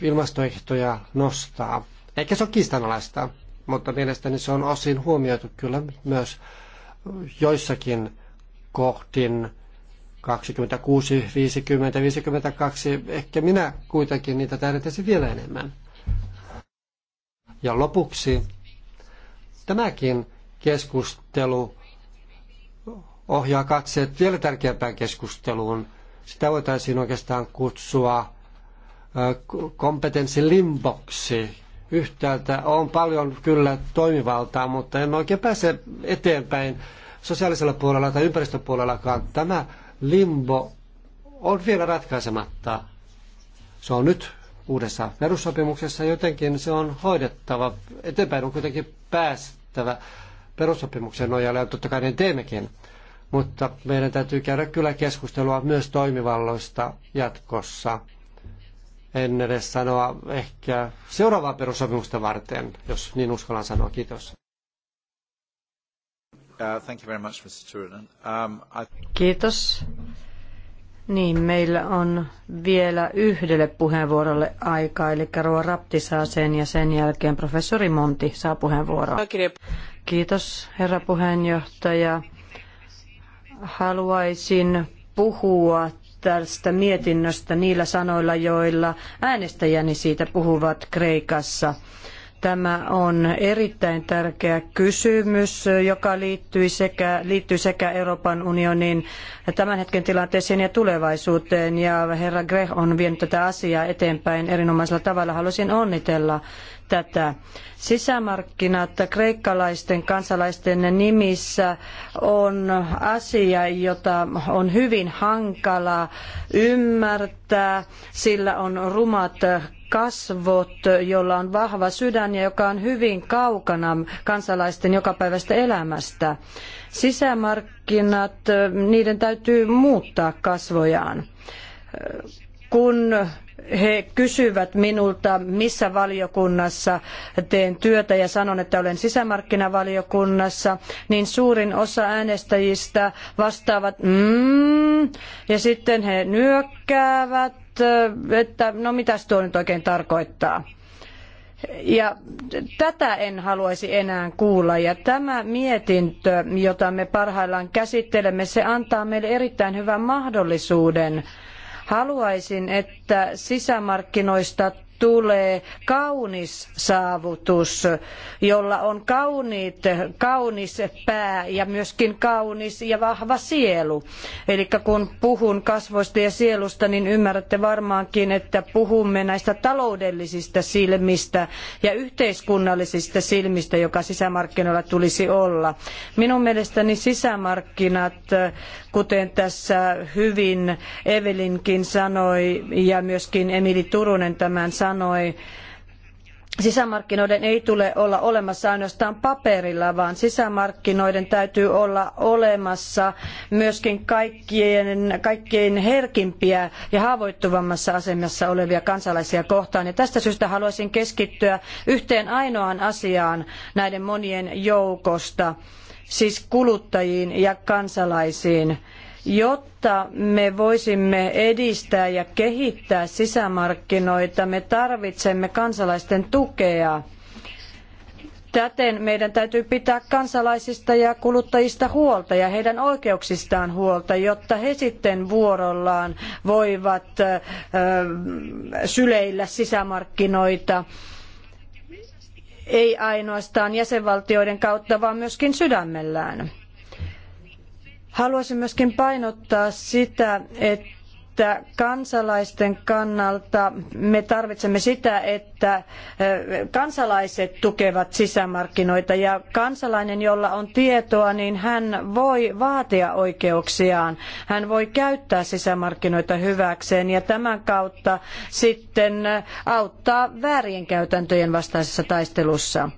ilmastoehtoja nostaa. Eikä se ole kiistanalaista mutta mielestäni se on osin huomioitu kyllä myös joissakin kohtin 26, 50, 52. Ehkä minä kuitenkin niitä tähdentäisin vielä enemmän. Ja lopuksi tämäkin keskustelu ohjaa katseet vielä tärkeämpään keskusteluun. Sitä voitaisiin oikeastaan kutsua kompetenssilimboksi, yhtäältä on paljon kyllä toimivaltaa, mutta emme oikein pääse eteenpäin sosiaalisella puolella tai ympäristöpuolellakaan. Tämä limbo on vielä ratkaisematta. Se on nyt uudessa perussopimuksessa, jotenkin se on hoidettava. Eteenpäin on kuitenkin päästävä perussopimuksen nojalla, ja totta kai ne niin teemmekin. Mutta meidän täytyy käydä kyllä keskustelua myös toimivalloista jatkossa en edes sanoa ehkä seuraavaa perussopimusta varten, jos niin uskallan sanoa. Kiitos.
Uh, um,
Kiitos. Niin, meillä on vielä yhdelle puheenvuorolle aikaa, eli Roa Rapti saa sen ja sen jälkeen professori Monti saa puheenvuoron. Kiitos herra puheenjohtaja. Haluaisin puhua tästä mietinnöstä niillä sanoilla, joilla äänestäjäni siitä puhuvat Kreikassa – Tämä on erittäin tärkeä kysymys, joka liittyy sekä, liittyy sekä Euroopan unionin tämän hetken tilanteeseen ja tulevaisuuteen. Ja herra Greh on vienyt tätä asiaa eteenpäin erinomaisella tavalla. Haluaisin onnitella tätä. Sisämarkkinat kreikkalaisten kansalaisten nimissä on asia, jota on hyvin hankala ymmärtää. Sillä on rumat kasvot, jolla on vahva sydän ja joka on hyvin kaukana kansalaisten jokapäiväistä elämästä. Sisämarkkinat, niiden täytyy muuttaa kasvojaan. Kun he kysyvät minulta, missä valiokunnassa teen työtä ja sanon, että olen sisämarkkinavaliokunnassa, niin suurin osa äänestäjistä vastaavat mm, ja sitten he nyökkäävät että no mitäs tuo nyt oikein tarkoittaa. Ja tätä en haluaisi enää kuulla. Ja tämä mietintö, jota me parhaillaan käsittelemme, se antaa meille erittäin hyvän mahdollisuuden. Haluaisin, että sisämarkkinoista tulee kaunis saavutus, jolla on kauniit, kaunis pää ja myöskin kaunis ja vahva sielu. Eli kun puhun kasvoista ja sielusta, niin ymmärrätte varmaankin, että puhumme näistä taloudellisista silmistä ja yhteiskunnallisista silmistä, joka sisämarkkinoilla tulisi olla. Minun mielestäni sisämarkkinat, kuten tässä hyvin Evelinkin sanoi ja myöskin Emili Turunen tämän sanoi, sanoi, Sisämarkkinoiden ei tule olla olemassa ainoastaan paperilla, vaan sisämarkkinoiden täytyy olla olemassa myöskin kaikkien, kaikkein herkimpiä ja haavoittuvammassa asemassa olevia kansalaisia kohtaan. Ja tästä syystä haluaisin keskittyä yhteen ainoaan asiaan näiden monien joukosta, siis kuluttajiin ja kansalaisiin Jotta me voisimme edistää ja kehittää sisämarkkinoita, me tarvitsemme kansalaisten tukea. Täten meidän täytyy pitää kansalaisista ja kuluttajista huolta ja heidän oikeuksistaan huolta, jotta he sitten vuorollaan voivat syleillä sisämarkkinoita ei ainoastaan jäsenvaltioiden kautta, vaan myöskin sydämellään. Haluaisin myöskin painottaa sitä, että kansalaisten kannalta me tarvitsemme sitä, että kansalaiset tukevat sisämarkkinoita ja kansalainen, jolla on tietoa, niin hän voi vaatia oikeuksiaan. Hän voi käyttää sisämarkkinoita hyväkseen ja tämän kautta sitten auttaa väärien käytäntöjen vastaisessa taistelussa.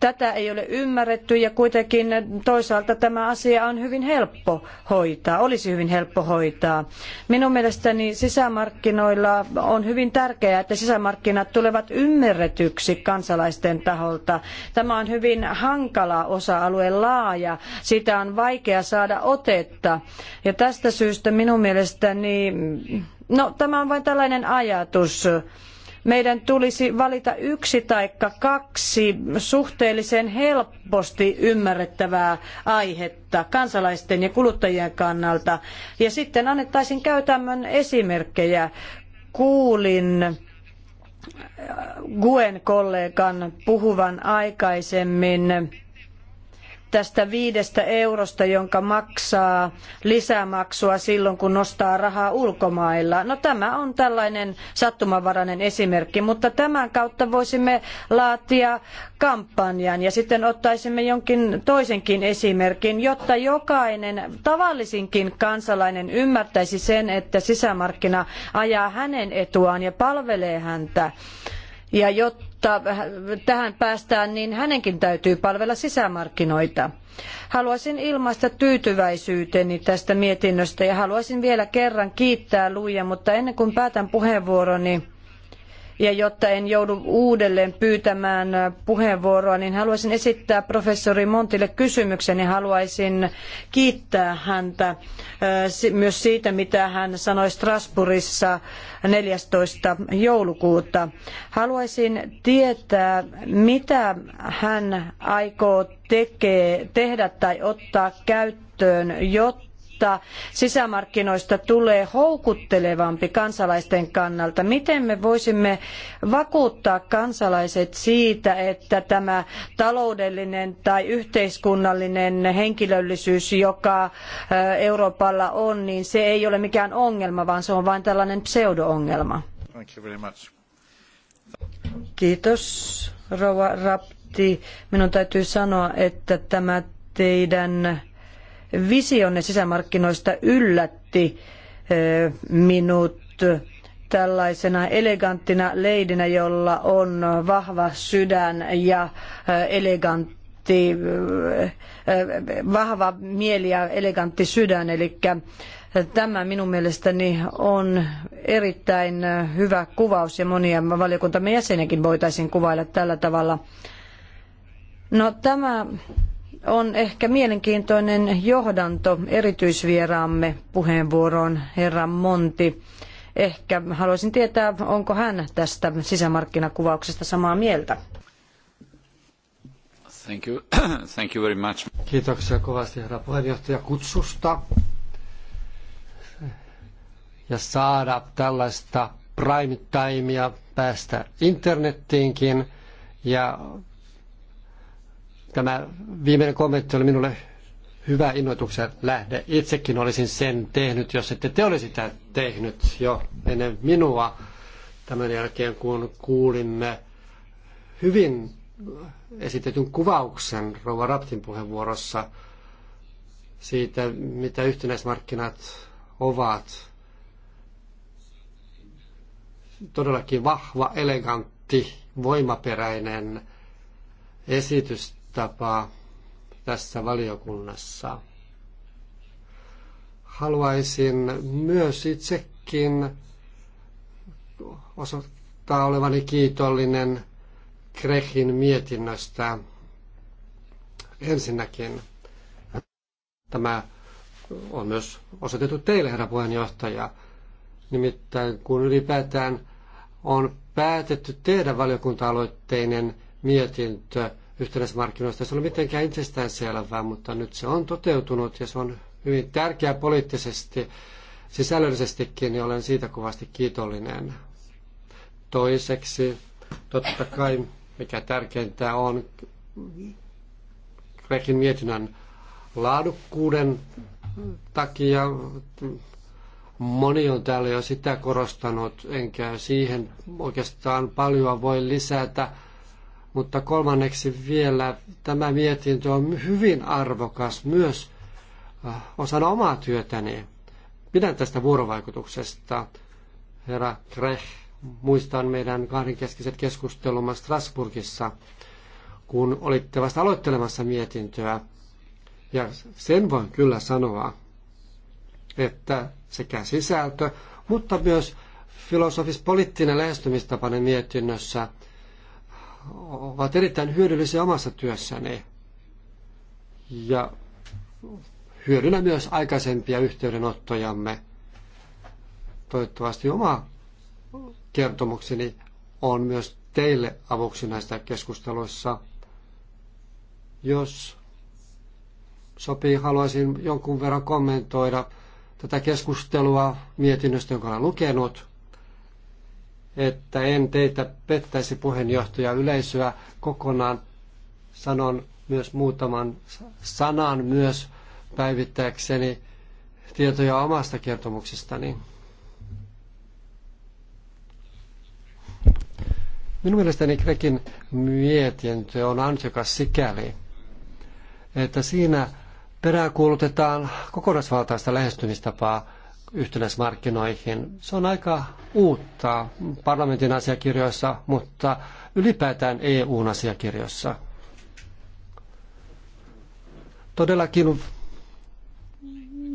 Tätä ei ole ymmärretty ja kuitenkin toisaalta tämä asia on hyvin helppo hoitaa, olisi hyvin helppo hoitaa. Minun mielestäni sisämarkkinoilla on hyvin tärkeää, että sisämarkkinat tulevat ymmärretyksi kansalaisten taholta. Tämä on hyvin hankala osa-alue laaja, siitä on vaikea saada otetta ja tästä syystä minun mielestäni, no tämä on vain tällainen ajatus, meidän tulisi valita yksi tai kaksi suhteellisen helposti ymmärrettävää aihetta kansalaisten ja kuluttajien kannalta. Ja sitten annettaisiin käytännön esimerkkejä. Kuulin äh, Guen kollegan puhuvan aikaisemmin tästä viidestä eurosta, jonka maksaa lisämaksua silloin, kun nostaa rahaa ulkomailla. No tämä on tällainen sattumanvarainen esimerkki, mutta tämän kautta voisimme laatia kampanjan ja sitten ottaisimme jonkin toisenkin esimerkin, jotta jokainen tavallisinkin kansalainen ymmärtäisi sen, että sisämarkkina ajaa hänen etuaan ja palvelee häntä. Ja jotta jotta tähän päästään, niin hänenkin täytyy palvella sisämarkkinoita. Haluaisin ilmaista tyytyväisyyteni tästä mietinnöstä ja haluaisin vielä kerran kiittää Luija, mutta ennen kuin päätän puheenvuoroni, ja jotta en joudu uudelleen pyytämään puheenvuoroa, niin haluaisin esittää professori Montille kysymyksen ja haluaisin kiittää häntä myös siitä, mitä hän sanoi Strasbourgissa 14. joulukuuta. Haluaisin tietää, mitä hän aikoo tekee, tehdä tai ottaa käyttöön, jotta jotta sisämarkkinoista tulee houkuttelevampi kansalaisten kannalta? Miten me voisimme vakuuttaa kansalaiset siitä, että tämä taloudellinen tai yhteiskunnallinen henkilöllisyys, joka Euroopalla on, niin se ei ole mikään ongelma, vaan se on vain tällainen pseudo-ongelma? Kiitos, Rova Rapti. Minun täytyy sanoa, että tämä teidän visionne sisämarkkinoista yllätti minut tällaisena eleganttina leidinä, jolla on vahva sydän ja elegantti, vahva mieli ja elegantti sydän. Eli tämä minun mielestäni on erittäin hyvä kuvaus ja monia valiokuntamme jäseniäkin voitaisiin kuvailla tällä tavalla. No tämä on ehkä mielenkiintoinen johdanto erityisvieraamme puheenvuoroon, herra Monti. Ehkä haluaisin tietää, onko hän tästä sisämarkkinakuvauksesta samaa mieltä.
Thank you. Thank you very much.
Kiitoksia kovasti herra puheenjohtaja kutsusta ja saada tällaista prime timea päästä internettiinkin ja Tämä viimeinen kommentti oli minulle hyvä innoituksen lähde. Itsekin olisin sen tehnyt, jos ette te olisi sitä tehnyt jo ennen minua tämän jälkeen, kun kuulimme hyvin esitetyn kuvauksen Rouva Raptin puheenvuorossa siitä, mitä yhtenäismarkkinat ovat. Todellakin vahva, elegantti, voimaperäinen esitys tapa tässä valiokunnassa. Haluaisin myös itsekin osoittaa olevani kiitollinen Krehin mietinnöstä. Ensinnäkin tämä on myös osoitettu teille, herra puheenjohtaja. Nimittäin kun ylipäätään on päätetty tehdä valiokunta-aloitteinen mietintö, yhtenäismarkkinoista. Se on mitenkään itsestään selvää, mutta nyt se on toteutunut ja se on hyvin tärkeää poliittisesti, sisällöllisestikin, niin olen siitä kovasti kiitollinen. Toiseksi, totta kai, mikä tärkeintä on, Grekin mietinnän laadukkuuden takia moni on täällä jo sitä korostanut, enkä siihen oikeastaan paljon voi lisätä mutta kolmanneksi vielä tämä mietintö on hyvin arvokas myös äh, osana omaa työtäni. Pidän tästä vuorovaikutuksesta. Herra Krech muistan meidän kahdenkeskiset keskustelumme Strasburgissa, kun olitte vasta aloittelemassa mietintöä. Ja sen voin kyllä sanoa, että sekä sisältö, mutta myös filosofis-poliittinen lähestymistapainen mietinnössä ovat erittäin hyödyllisiä omassa työssäni. Ja hyödynnä myös aikaisempia yhteydenottojamme. Toivottavasti oma kertomukseni on myös teille avuksi näistä keskusteluissa. Jos sopii, haluaisin jonkun verran kommentoida tätä keskustelua mietinnöstä, jonka olen lukenut että en teitä pettäisi puheenjohtaja yleisöä kokonaan. Sanon myös muutaman sanan myös päivittääkseni tietoja omasta kertomuksestani. Minun mielestäni Grekin mietintö on ansiokas sikäli, että siinä peräänkuulutetaan kokonaisvaltaista lähestymistapaa yhtenäismarkkinoihin. Se on aika uutta parlamentin asiakirjoissa, mutta ylipäätään EUn asiakirjoissa. Todellakin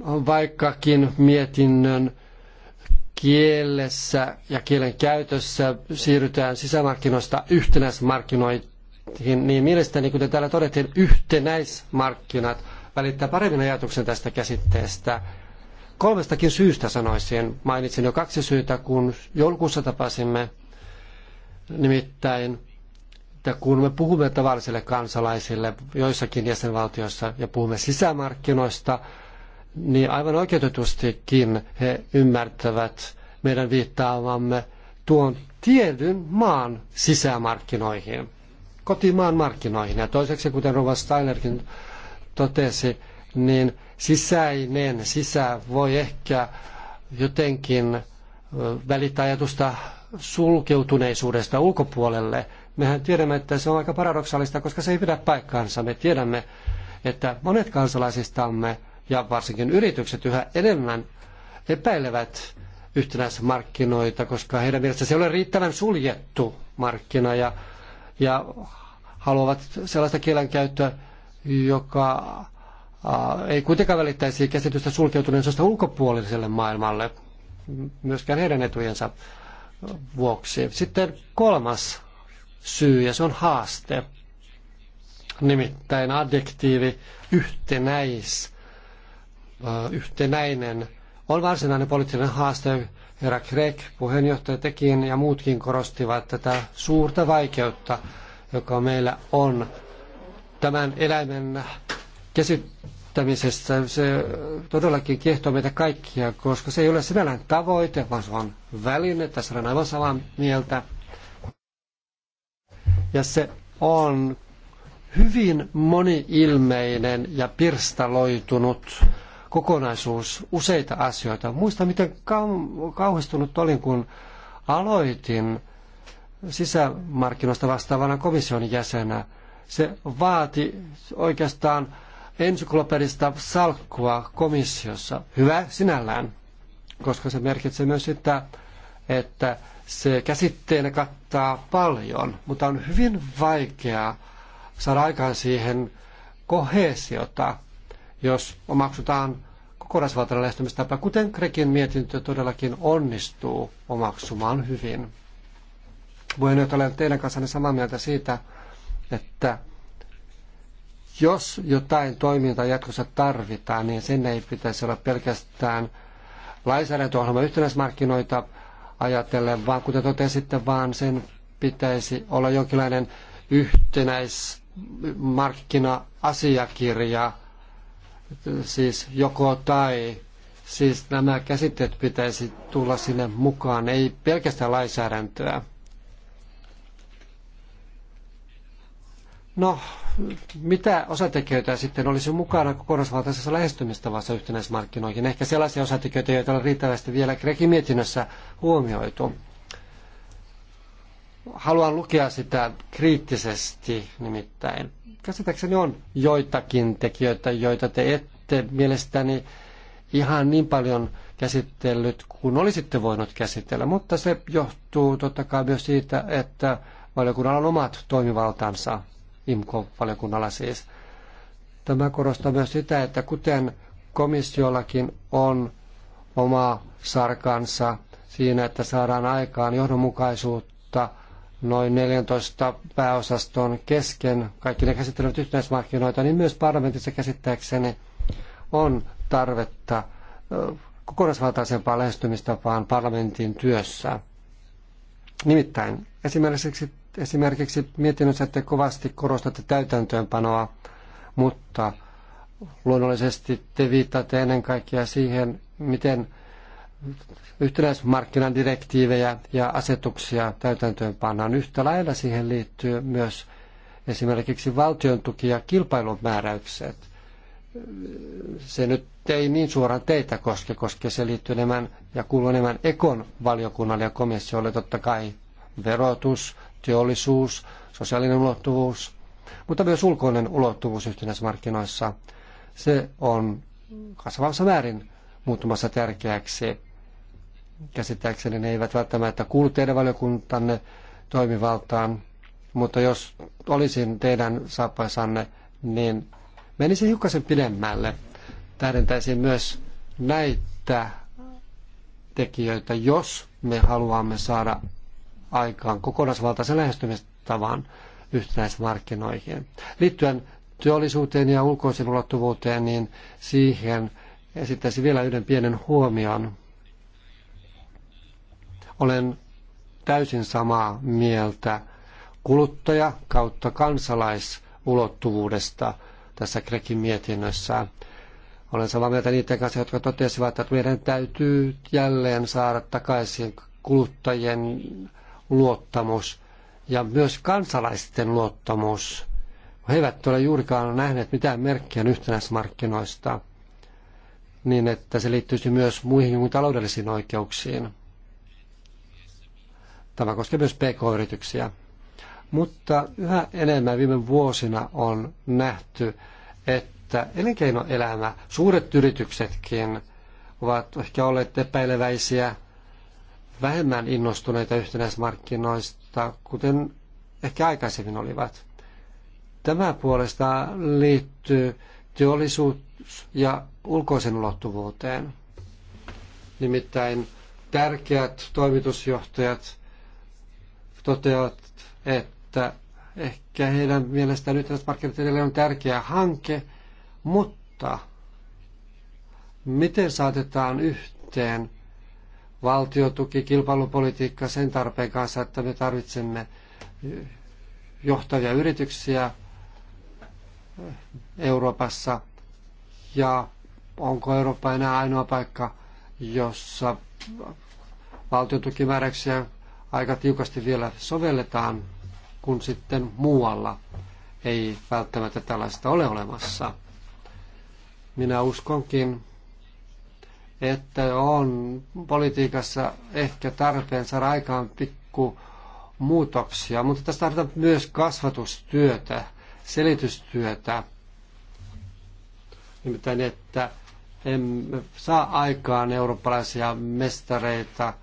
vaikkakin mietinnön kielessä ja kielen käytössä siirrytään sisämarkkinoista yhtenäismarkkinoihin, niin mielestäni, kuten täällä todettiin, yhtenäismarkkinat välittää paremmin ajatuksen tästä käsitteestä – Kolmestakin syystä sanoisin. Mainitsin jo kaksi syytä, kun joulukuussa tapasimme. Nimittäin, että kun me puhumme tavallisille kansalaisille joissakin jäsenvaltioissa ja puhumme sisämarkkinoista, niin aivan oikeutetustikin he ymmärtävät meidän viittaavamme tuon tietyn maan sisämarkkinoihin, kotimaan markkinoihin. Ja toiseksi, kuten Rova Steinerkin totesi, niin sisäinen sisä voi ehkä jotenkin välittää ajatusta sulkeutuneisuudesta ulkopuolelle. Mehän tiedämme, että se on aika paradoksaalista, koska se ei pidä paikkaansa. Me tiedämme, että monet kansalaisistamme ja varsinkin yritykset yhä enemmän epäilevät yhtenäismarkkinoita, koska heidän mielestään se ei ole riittävän suljettu markkina ja, ja haluavat sellaista kielenkäyttöä, joka ei kuitenkaan välittäisi käsitystä sulkeutuneen ulkopuoliselle maailmalle, myöskään heidän etujensa vuoksi. Sitten kolmas syy, ja se on haaste, nimittäin adjektiivi yhtenäis, yhtenäinen, on varsinainen poliittinen haaste. Herra Greg, puheenjohtaja tekin ja muutkin korostivat tätä suurta vaikeutta, joka meillä on tämän eläimen käsittelyyn kehittämisestä. Se todellakin kiehtoo meitä kaikkia, koska se ei ole sinällään tavoite, vaan se on väline. Tässä on aivan samaa mieltä. Ja se on hyvin moniilmeinen ja pirstaloitunut kokonaisuus, useita asioita. Muistan, miten kauhistunut olin, kun aloitin sisämarkkinoista vastaavana komission jäsenä. Se vaati oikeastaan ensiklopedista salkkua komissiossa. Hyvä sinällään, koska se merkitsee myös sitä, että se käsitteenä kattaa paljon, mutta on hyvin vaikeaa saada aikaan siihen kohesiota, jos omaksutaan kokonaisvaltainen lähestymistapa, kuten Krekin mietintö todellakin onnistuu omaksumaan hyvin. nyt olla teidän kanssanne samaa mieltä siitä, että jos jotain toimintaa jatkossa tarvitaan, niin sen ei pitäisi olla pelkästään lainsäädäntöohjelma yhtenäismarkkinoita ajatellen, vaan kuten totesitte, vaan sen pitäisi olla jonkinlainen yhtenäismarkkina-asiakirja, siis joko tai. Siis nämä käsitteet pitäisi tulla sinne mukaan, ei pelkästään lainsäädäntöä. No, mitä osatekijöitä sitten olisi mukana kokonaisvaltaisessa lähestymistavassa yhtenäismarkkinoihin? Ehkä sellaisia osatekijöitä, joita on riittävästi vielä Grekin mietinnössä huomioitu. Haluan lukea sitä kriittisesti nimittäin. Käsitäkseni on joitakin tekijöitä, joita te ette mielestäni ihan niin paljon käsitellyt kuin olisitte voinut käsitellä, mutta se johtuu totta kai myös siitä, että valiokunnalla on omat toimivaltansa IMCO-valiokunnalla siis. Tämä korostaa myös sitä, että kuten komissiollakin on oma sarkansa siinä, että saadaan aikaan johdonmukaisuutta noin 14 pääosaston kesken, kaikki ne käsittelevät yhteismarkkinoita, niin myös parlamentissa käsittääkseni on tarvetta kokonaisvaltaisempaan lähestymistapaan parlamentin työssä. Nimittäin esimerkiksi esimerkiksi mietinnössä te kovasti korostatte täytäntöönpanoa, mutta luonnollisesti te viittaatte ennen kaikkea siihen, miten yhtenäismarkkinadirektiivejä ja asetuksia täytäntöönpannaan. Yhtä lailla siihen liittyy myös esimerkiksi valtion tuki- ja kilpailumääräykset. Se nyt ei niin suoraan teitä koske, koska se liittyy enemmän ja kuuluu enemmän ekon valiokunnalle ja komissiolle totta kai verotus, teollisuus, sosiaalinen ulottuvuus, mutta myös ulkoinen ulottuvuus markkinoissa. Se on kasvavassa määrin muuttumassa tärkeäksi. Käsittääkseni ne eivät välttämättä kuulu teidän valiokuntanne toimivaltaan, mutta jos olisin teidän saapaisanne, niin menisin hiukkasen pidemmälle. Tähdentäisin myös näitä tekijöitä, jos me haluamme saada aikaan kokonaisvaltaisen lähestymistavan yhtenäismarkkinoihin. Liittyen työllisyyteen ja ulkoisen ulottuvuuteen, niin siihen esittäisin vielä yhden pienen huomion. Olen täysin samaa mieltä kuluttaja kautta kansalaisulottuvuudesta tässä Krekin mietinnössä. Olen samaa mieltä niiden kanssa, jotka totesivat, että meidän täytyy jälleen saada takaisin kuluttajien luottamus ja myös kansalaisten luottamus. He eivät ole juurikaan nähneet mitään merkkiä yhtenäismarkkinoista, niin että se liittyisi myös muihin kuin taloudellisiin oikeuksiin. Tämä koskee myös pk-yrityksiä. Mutta yhä enemmän viime vuosina on nähty, että elinkeinoelämä, suuret yrityksetkin ovat ehkä olleet epäileväisiä vähemmän innostuneita yhtenäismarkkinoista, kuten ehkä aikaisemmin olivat. Tämä puolesta liittyy teollisuus- ja ulkoisen ulottuvuuteen. Nimittäin tärkeät toimitusjohtajat toteavat, että ehkä heidän mielestään nyt edelleen on tärkeä hanke, mutta miten saatetaan yhteen valtiotuki, kilpailupolitiikka sen tarpeen kanssa, että me tarvitsemme johtavia yrityksiä eh, Euroopassa ja onko Eurooppa enää ainoa paikka, jossa valtiotukimääräyksiä aika tiukasti vielä sovelletaan, kun sitten muualla ei välttämättä tällaista ole olemassa. Minä uskonkin, että on politiikassa ehkä tarpeen saada aikaan pikku muutoksia, mutta tässä tarvitaan myös kasvatustyötä, selitystyötä. Nimittäin, että emme saa aikaan eurooppalaisia mestareita,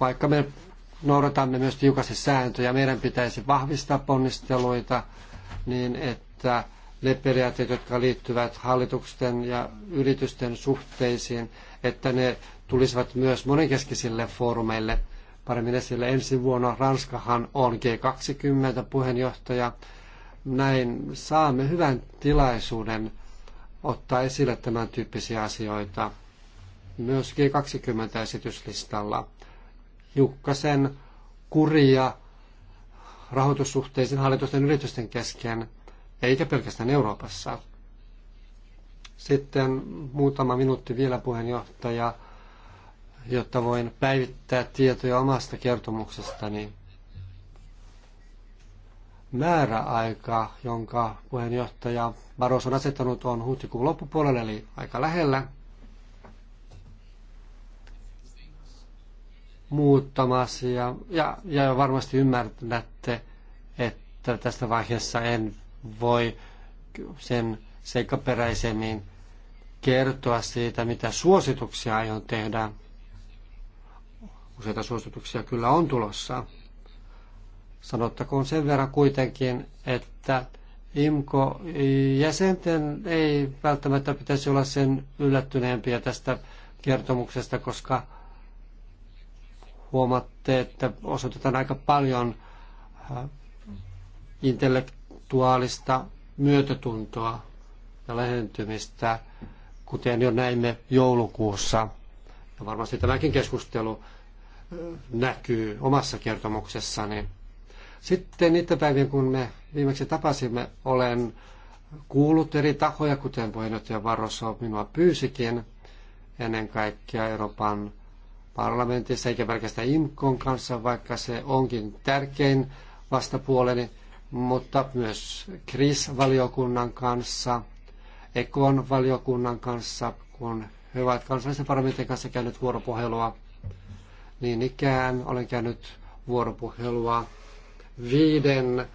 vaikka me noudatamme myös tiukasti sääntöjä. Meidän pitäisi vahvistaa ponnisteluita niin, että ne periaatteet, jotka liittyvät hallituksen ja yritysten suhteisiin, että ne tulisivat myös monenkeskisille foorumeille paremmin esille. Ensi vuonna Ranskahan on G20 puheenjohtaja. Näin saamme hyvän tilaisuuden ottaa esille tämän tyyppisiä asioita myös G20-esityslistalla. Hiukkasen kuria rahoitussuhteisiin hallitusten yritysten kesken – eikä pelkästään Euroopassa. Sitten muutama minuutti vielä puheenjohtaja, jotta voin päivittää tietoja omasta kertomuksestani. Määräaika, jonka puheenjohtaja Baros on asettanut, on huhtikuun loppupuolelle, eli aika lähellä. Muutama asia, ja, ja varmasti ymmärrätte, että tästä vaiheessa en voi sen seikkaperäisemmin kertoa siitä, mitä suosituksia aion tehdä. Useita suosituksia kyllä on tulossa. Sanottakoon sen verran kuitenkin, että IMKO-jäsenten ei välttämättä pitäisi olla sen yllättyneempiä tästä kertomuksesta, koska huomatte, että osoitetaan aika paljon äh, intellektuaalista mutuaalista myötätuntoa ja lähentymistä, kuten jo näimme joulukuussa. Ja varmasti tämäkin keskustelu näkyy omassa kertomuksessani. Sitten niitä päiviä, kun me viimeksi tapasimme, olen kuullut eri tahoja, kuten puheenjohtaja Varoso minua pyysikin, ennen kaikkea Euroopan parlamentissa, eikä pelkästään IMKon kanssa, vaikka se onkin tärkein vastapuoleni mutta myös KRIS-valiokunnan kanssa, EKON valiokunnan kanssa, kun he ovat kansallisen parlamentin kanssa käynyt vuoropuhelua. Niin ikään olen käynyt vuoropuhelua viiden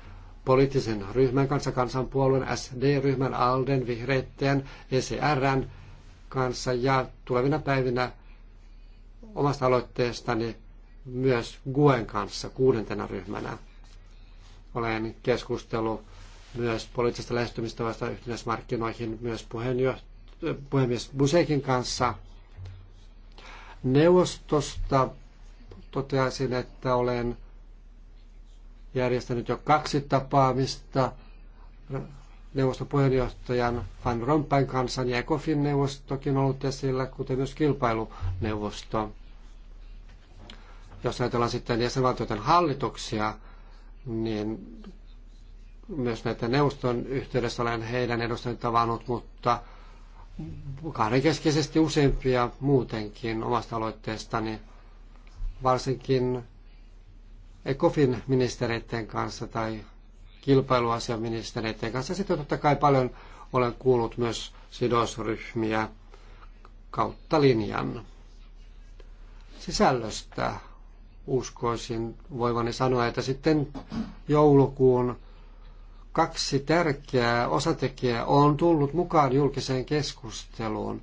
poliittisen ryhmän kanssa, kansanpuolueen, SD-ryhmän, ALDEn, Vihreitten, ECRn kanssa ja tulevina päivinä omasta aloitteestani myös GUEn kanssa kuudentena ryhmänä. Olen keskustellut myös poliittisesta lähestymistä vasta yhteismarkkinoihin myös puhemies Busekin kanssa. Neuvostosta toteaisin, että olen järjestänyt jo kaksi tapaamista neuvoston puheenjohtajan Van Rompain kanssa, ja niin ECOFIN neuvostokin ollut esillä, kuten myös kilpailuneuvosto. Jos ajatellaan sitten jäsenvaltioiden hallituksia, niin myös näitä neuvoston yhteydessä olen heidän edustajan tavannut, mutta kahdenkeskeisesti useampia muutenkin omasta aloitteestani, varsinkin ECOFin ministereiden kanssa tai kilpailuasiaministereiden kanssa. Sitten totta kai paljon olen kuullut myös sidosryhmiä kautta linjan sisällöstä uskoisin voivani sanoa, että sitten joulukuun kaksi tärkeää osatekijää on tullut mukaan julkiseen keskusteluun,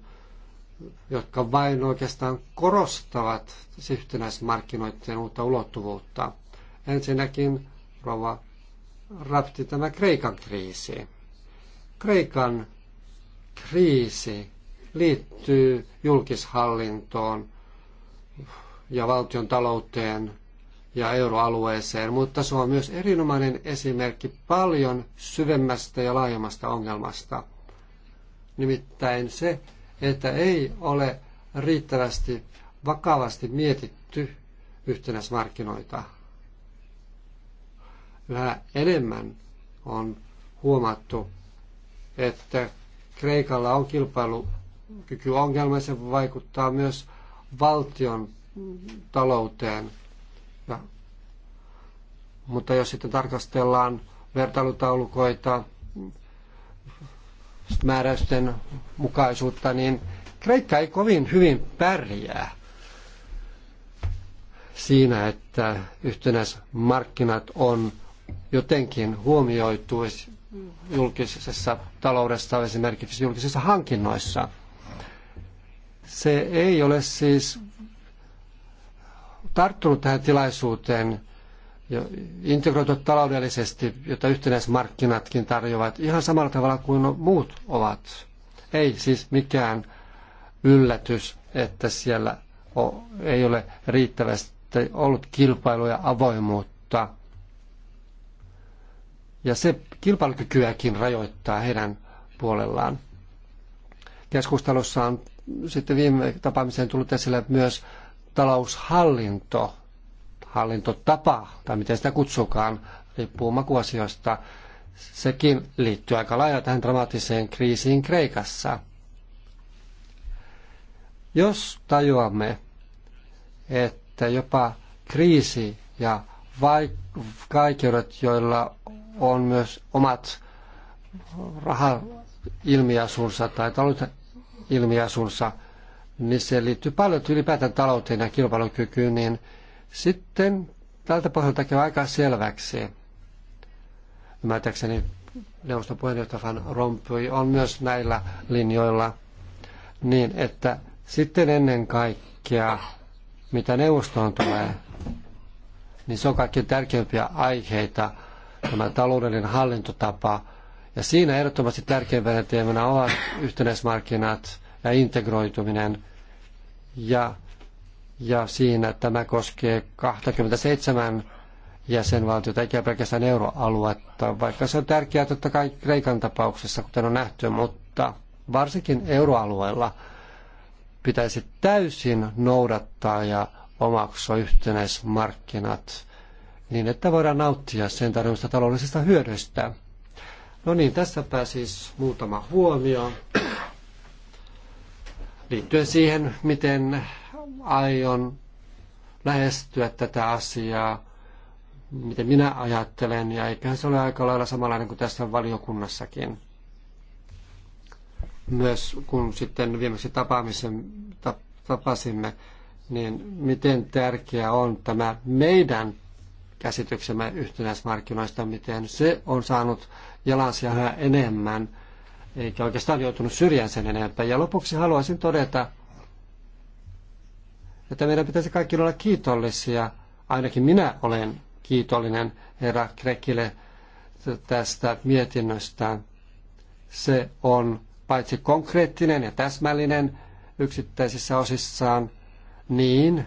jotka vain oikeastaan korostavat yhtenäismarkkinoiden uutta ulottuvuutta. Ensinnäkin rova rapti tämä Kreikan kriisi. Kreikan kriisi liittyy julkishallintoon, ja valtion talouteen ja euroalueeseen, mutta se on myös erinomainen esimerkki paljon syvemmästä ja laajemmasta ongelmasta. Nimittäin se, että ei ole riittävästi vakavasti mietitty yhtenäismarkkinoita. Yhä enemmän on huomattu, että Kreikalla on kilpailukykyongelma ja se vaikuttaa myös valtion talouteen. Ja, mutta jos sitten tarkastellaan vertailutaulukoita, määräysten mukaisuutta, niin Kreikka ei kovin hyvin pärjää siinä, että yhtenäismarkkinat on jotenkin huomioitu julkisessa taloudessa, esimerkiksi julkisissa hankinnoissa. Se ei ole siis tarttunut tähän tilaisuuteen ja integroitu taloudellisesti, jota yhtenäismarkkinatkin tarjoavat ihan samalla tavalla kuin muut ovat. Ei siis mikään yllätys, että siellä ei ole riittävästi ollut kilpailua ja avoimuutta. Ja se kilpailukykyäkin rajoittaa heidän puolellaan. Keskustelussa on sitten viime tapaamiseen tullut esille myös taloushallinto, hallintotapa, tai miten sitä kutsukaan, riippuu makuasioista, sekin liittyy aika lailla tähän dramaattiseen kriisiin Kreikassa. Jos tajuamme, että jopa kriisi ja vaikeudet, joilla on myös omat rahailmiasunsa tai talousilmiasunsa, missä niin liittyy paljon ylipäätään talouteen ja kilpailukykyyn, niin sitten tältä pohjalta käy aika selväksi. Ymmärtääkseni neuvoston puheenjohtaja Van Rompuy on myös näillä linjoilla niin, että sitten ennen kaikkea, mitä neuvostoon tulee, niin se on kaikkein tärkeimpiä aiheita, tämä taloudellinen hallintotapa. Ja siinä ehdottomasti tärkeimpänä teemana ovat yhtenäismarkkinat, ja integroituminen. Ja, ja siinä tämä koskee 27 jäsenvaltiota, eikä pelkästään euroaluetta, vaikka se on tärkeää totta kai Kreikan tapauksessa, kuten on nähty, mutta varsinkin euroalueella pitäisi täysin noudattaa ja omaksua yhtenäismarkkinat niin, että voidaan nauttia sen tarjoamista taloudellisista hyödyistä. No niin, tässäpä siis muutama huomio liittyen siihen, miten aion lähestyä tätä asiaa, miten minä ajattelen, ja eiköhän se ole aika lailla samanlainen kuin tässä valiokunnassakin. Myös kun sitten viimeksi tapaamisen, tapasimme, niin miten tärkeä on tämä meidän käsityksemme yhtenäismarkkinoista, miten se on saanut jalansia enemmän – eikä oikeastaan joutunut syrjään sen enempää. Ja lopuksi haluaisin todeta, että meidän pitäisi kaikki olla kiitollisia. Ainakin minä olen kiitollinen herra Krekille tästä mietinnöstä. Se on paitsi konkreettinen ja täsmällinen yksittäisissä osissaan, niin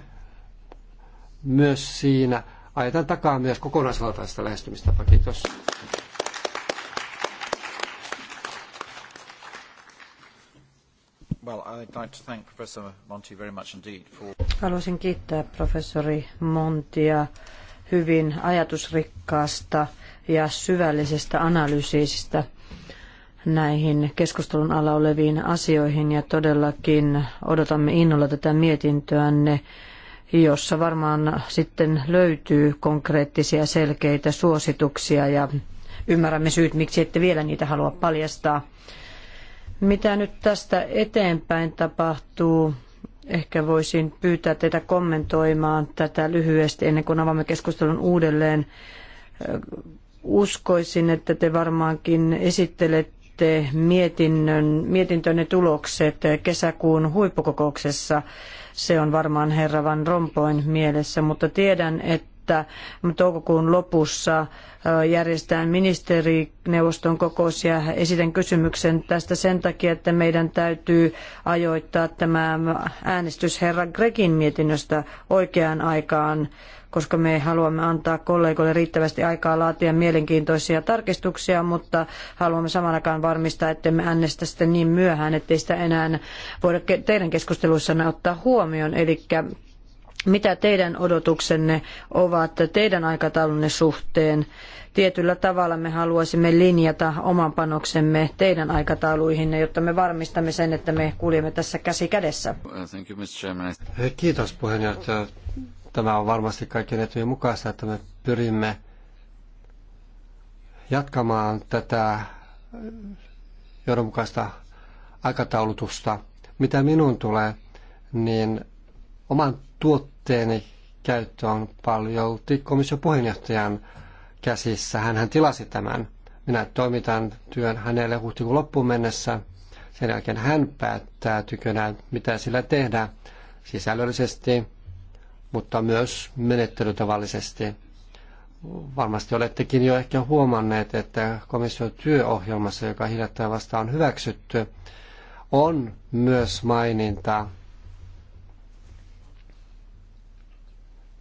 myös siinä ajetaan takaa myös kokonaisvaltaista lähestymistapaa. Kiitos.
Well, I'd like to thank Professor Monti very much indeed for...
Haluaisin kiittää professori Montia hyvin ajatusrikkaasta ja syvällisestä analyysistä näihin keskustelun alla oleviin asioihin ja todellakin odotamme innolla tätä mietintöänne, jossa varmaan sitten löytyy konkreettisia selkeitä suosituksia ja ymmärrämme syyt, miksi ette vielä niitä halua paljastaa. Mitä nyt tästä eteenpäin tapahtuu? Ehkä voisin pyytää teitä kommentoimaan tätä lyhyesti ennen kuin avaamme keskustelun uudelleen. Uskoisin, että te varmaankin esittelette mietinnön, mietintönne tulokset kesäkuun huippukokouksessa. Se on varmaan herra Van Rompoin mielessä, mutta tiedän, että että toukokuun lopussa järjestetään ministerineuvoston kokous ja esitän kysymyksen tästä sen takia, että meidän täytyy ajoittaa tämä äänestys herra Grekin mietinnöstä oikeaan aikaan koska me haluamme antaa kollegoille riittävästi aikaa laatia mielenkiintoisia tarkistuksia, mutta haluamme samanakaan varmistaa, että me äänestä sitten niin myöhään, ettei sitä enää voida teidän keskusteluissanne ottaa huomioon. Eli mitä teidän odotuksenne ovat teidän aikataulunne suhteen. Tietyllä tavalla me haluaisimme linjata oman panoksemme teidän aikatauluihinne, jotta me varmistamme sen, että me kuljemme tässä käsi kädessä.
Kiitos puheenjohtaja. Tämä on varmasti kaikkien etujen mukaista, että me pyrimme jatkamaan tätä johdonmukaista aikataulutusta. Mitä minun tulee, niin oman tuot käsitteen käyttö on paljon komission puheenjohtajan käsissä. Hän tilasi tämän. Minä toimitan työn hänelle huhtikuun loppuun mennessä. Sen jälkeen hän päättää tykönään, mitä sillä tehdään sisällöllisesti, mutta myös menettelytavallisesti. Varmasti olettekin jo ehkä huomanneet, että komission työohjelmassa, joka hiljattain vasta on hyväksytty, on myös maininta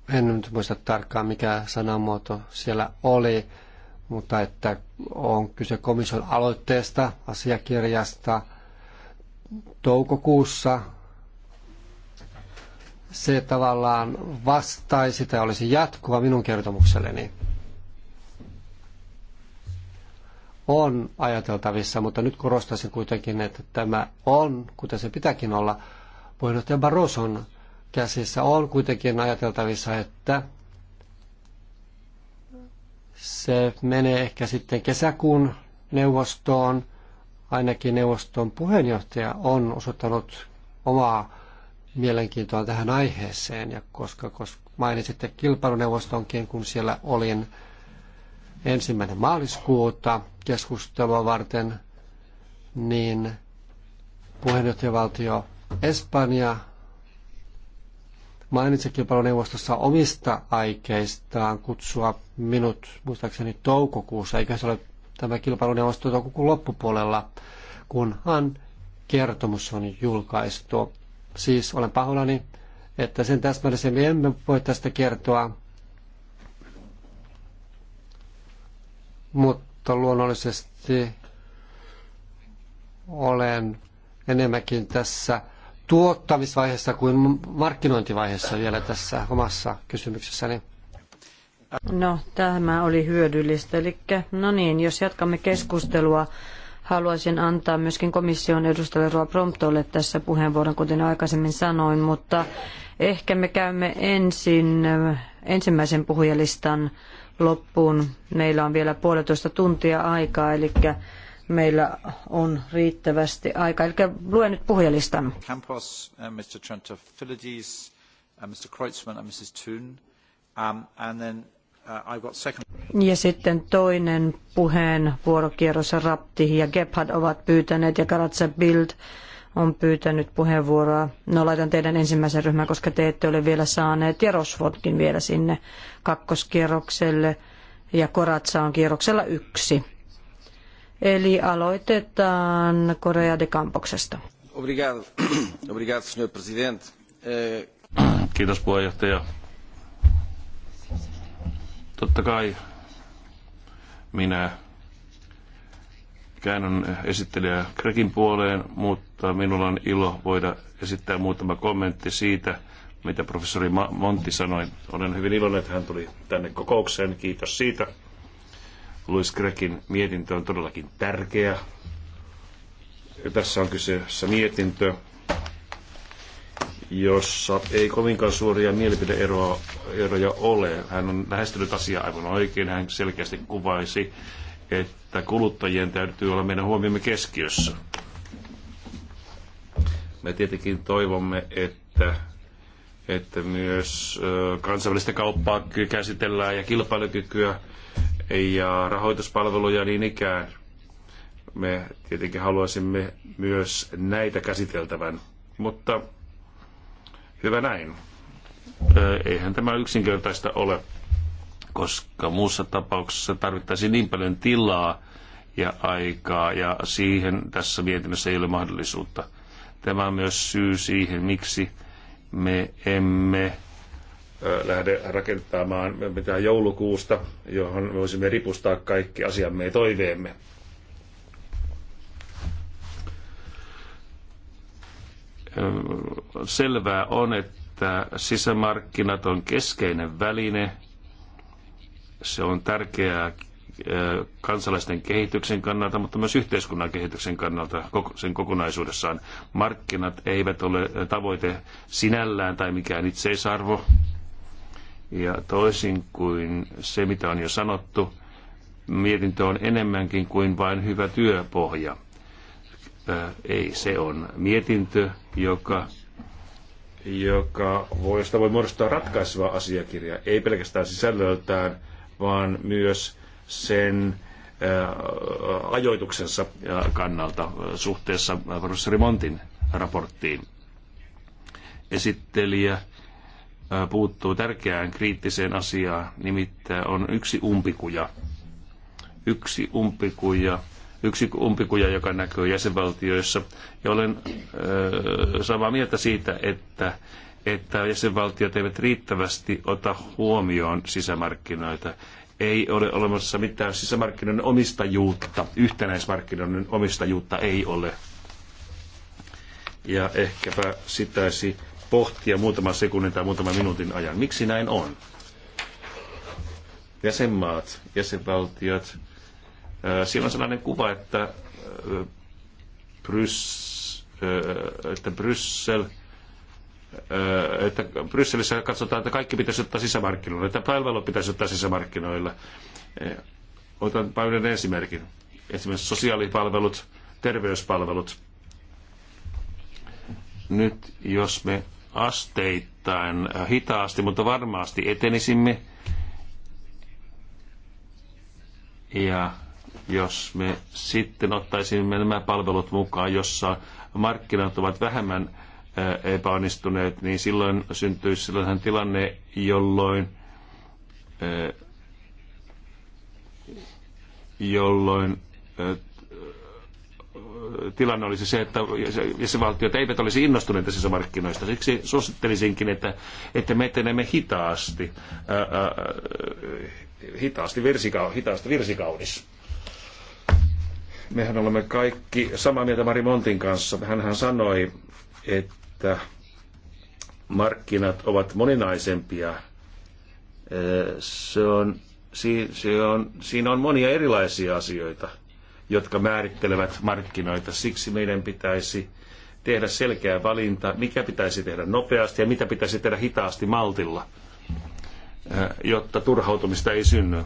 en nyt muista tarkkaan mikä sanamuoto siellä oli, mutta että on kyse komission aloitteesta, asiakirjasta toukokuussa. Se tavallaan vastaisi tai olisi jatkuva minun kertomukselleni. On ajateltavissa, mutta nyt korostaisin kuitenkin, että tämä on, kuten se pitääkin olla, puheenjohtaja Barroson käsissä on kuitenkin ajateltavissa, että se menee ehkä sitten kesäkuun neuvostoon. Ainakin neuvoston puheenjohtaja on osoittanut omaa mielenkiintoa tähän aiheeseen. Ja koska, koska mainitsitte kilpailuneuvostonkin, kun siellä olin ensimmäinen maaliskuuta keskustelua varten, niin puheenjohtajavaltio Espanja mainitsi kilpailuneuvostossa omista aikeistaan kutsua minut muistaakseni toukokuussa, eikä se ole tämä kilpailuneuvosto toukokuun loppupuolella, kunhan kertomus on julkaistu. Siis olen pahoillani, että sen täsmällisemmin emme voi tästä kertoa, mutta luonnollisesti olen enemmänkin tässä – tuottamisvaiheessa kuin markkinointivaiheessa vielä tässä omassa kysymyksessäni.
No, tämä oli hyödyllistä. Eli no niin, jos jatkamme keskustelua, haluaisin antaa myöskin komission edustajalle Roa Promptolle tässä puheenvuoron, kuten aikaisemmin sanoin, mutta ehkä me käymme ensin ensimmäisen puhujalistan loppuun. Meillä on vielä puolitoista tuntia aikaa, eli meillä on riittävästi aikaa. Eli luen nyt puhujalistan. Campos,
uh, Mr. Trento Philides, uh, Mr. Kreutzmann and Mrs. Thun. Um, and then uh, I've got second...
Ja sitten toinen puheenvuorokierros Rapti ja Gebhard ovat pyytäneet ja Karatsa Bild on pyytänyt puheenvuoroa. No laitan teidän ensimmäisen ryhmän, koska te ette ole vielä saaneet. Ja Rosvotkin vielä sinne kakkoskierrokselle. Ja Koratsa on kierroksella yksi. Eli aloitetaan Korea de Campoksesta.
Obrigado. Obrigado, eh, Kiitos puheenjohtaja. Totta kai minä käännön esittelijä Krekin puoleen, mutta minulla on ilo voida esittää muutama kommentti siitä, mitä professori Montti sanoi. Olen hyvin iloinen, että hän tuli tänne kokoukseen. Kiitos siitä. Louis Grekin mietintö on todellakin tärkeä. Ja tässä on kyseessä mietintö, jossa ei kovinkaan suoria mielipideeroja ole. Hän on lähestynyt asiaa aivan oikein. Hän selkeästi kuvaisi, että kuluttajien täytyy olla meidän huomiomme keskiössä. Me tietenkin toivomme, että, että myös kansainvälistä kauppaa käsitellään ja kilpailukykyä ja rahoituspalveluja niin ikään. Me tietenkin haluaisimme myös näitä käsiteltävän, mutta hyvä näin. Eihän tämä yksinkertaista ole, koska muussa tapauksessa tarvittaisiin niin paljon tilaa ja aikaa, ja siihen tässä mietinnössä ei ole mahdollisuutta. Tämä on myös syy siihen, miksi me emme lähde rakentamaan mitään joulukuusta, johon voisimme ripustaa kaikki asiamme ja toiveemme. Selvää on, että sisämarkkinat on keskeinen väline. Se on tärkeää kansalaisten kehityksen kannalta, mutta myös yhteiskunnan kehityksen kannalta sen kokonaisuudessaan. Markkinat eivät ole tavoite sinällään tai mikään itseisarvo ja toisin kuin se, mitä on jo sanottu, mietintö on enemmänkin kuin vain hyvä työpohja. Ei, se on mietintö, joka, joka voi, sitä voi muodostaa ratkaiseva asiakirja, ei pelkästään sisällöltään, vaan myös sen ajoituksensa kannalta suhteessa professori Montin raporttiin. Esittelijä puuttuu tärkeään kriittiseen asiaan, nimittäin on yksi umpikuja. Yksi umpikuja, yksi umpikuja joka näkyy jäsenvaltioissa. Ja olen ö, samaa mieltä siitä, että, että jäsenvaltiot eivät riittävästi ota huomioon sisämarkkinoita. Ei ole olemassa mitään sisämarkkinoiden omistajuutta, yhtenäismarkkinoiden omistajuutta ei ole. Ja ehkäpä sitäisi pohtia muutaman sekunnin tai muutaman minuutin ajan. Miksi näin on? Jäsenmaat, jäsenvaltiot, siinä on sellainen kuva, että, Brys, että Bryssel että Brysselissä katsotaan, että kaikki pitäisi ottaa sisämarkkinoille, että palvelut pitäisi ottaa sisämarkkinoille. Otan paljon esimerkin. Esimerkiksi sosiaalipalvelut, terveyspalvelut. Nyt jos me asteittain äh, hitaasti, mutta varmasti etenisimme. Ja jos me sitten ottaisimme nämä palvelut mukaan, jossa markkinat ovat vähemmän äh, epäonnistuneet, niin silloin syntyisi sellainen tilanne, jolloin äh, jolloin tilanne olisi se, että jäsenvaltiot eivät olisi innostuneita sisämarkkinoista. Siksi suosittelisinkin, että, että me etenemme hitaasti, ää, ää, hitaasti, virsika, hitaasti virsikaunis. Mehän olemme kaikki samaa mieltä Mari Montin kanssa. Hänhän sanoi, että markkinat ovat moninaisempia. Se on, se on, siinä on monia erilaisia asioita – jotka määrittelevät markkinoita. Siksi meidän pitäisi tehdä selkeä valinta, mikä pitäisi tehdä nopeasti ja mitä pitäisi tehdä hitaasti maltilla, eh, jotta turhautumista ei synny.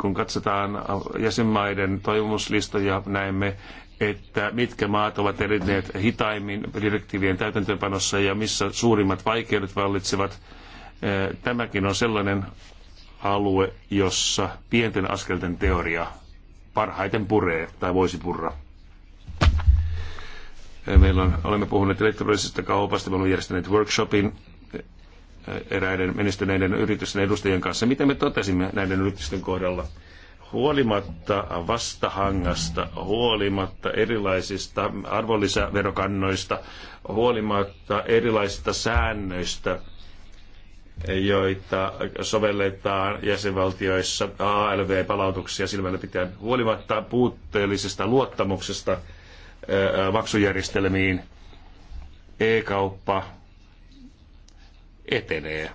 Kun katsotaan jäsenmaiden toivomuslistoja, näemme, että mitkä maat ovat edenneet hitaimmin direktiivien täytäntöönpanossa ja missä suurimmat vaikeudet vallitsevat. Eh, tämäkin on sellainen alue, jossa pienten askelten teoria parhaiten puree tai voisi purra. Meillä on, olemme puhuneet elektronisesta kaupasta, me olemme järjestäneet workshopin eräiden menestyneiden yritysten edustajien kanssa. Miten me totesimme näiden yritysten kohdalla? Huolimatta vastahangasta, huolimatta erilaisista arvonlisäverokannoista, huolimatta erilaisista säännöistä – joita sovelletaan jäsenvaltioissa ALV-palautuksia silmällä pitäen huolimatta puutteellisesta luottamuksesta maksujärjestelmiin e-kauppa etenee,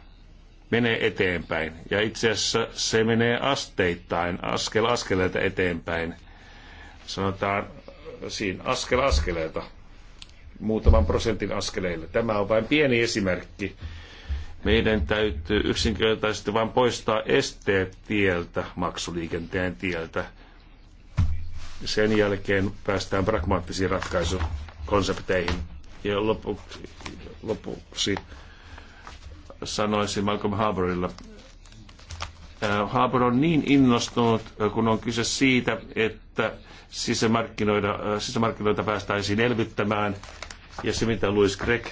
menee eteenpäin. Ja itse asiassa se menee asteittain, askel askeleelta eteenpäin. Sanotaan siinä askel askeleelta, muutaman prosentin askeleille. Tämä on vain pieni esimerkki meidän täytyy yksinkertaisesti vain poistaa esteet tieltä, maksuliikenteen tieltä. Sen jälkeen päästään pragmaattisiin ratkaisukonsepteihin. Ja lopuksi, lopuksi sanoisin Malcolm Harbourilla, äh, Harbor on niin innostunut, äh, kun on kyse siitä, että sisämarkkinoita, äh, sisämarkkinoita päästäisiin elvyttämään. Ja se, mitä Louis Gregg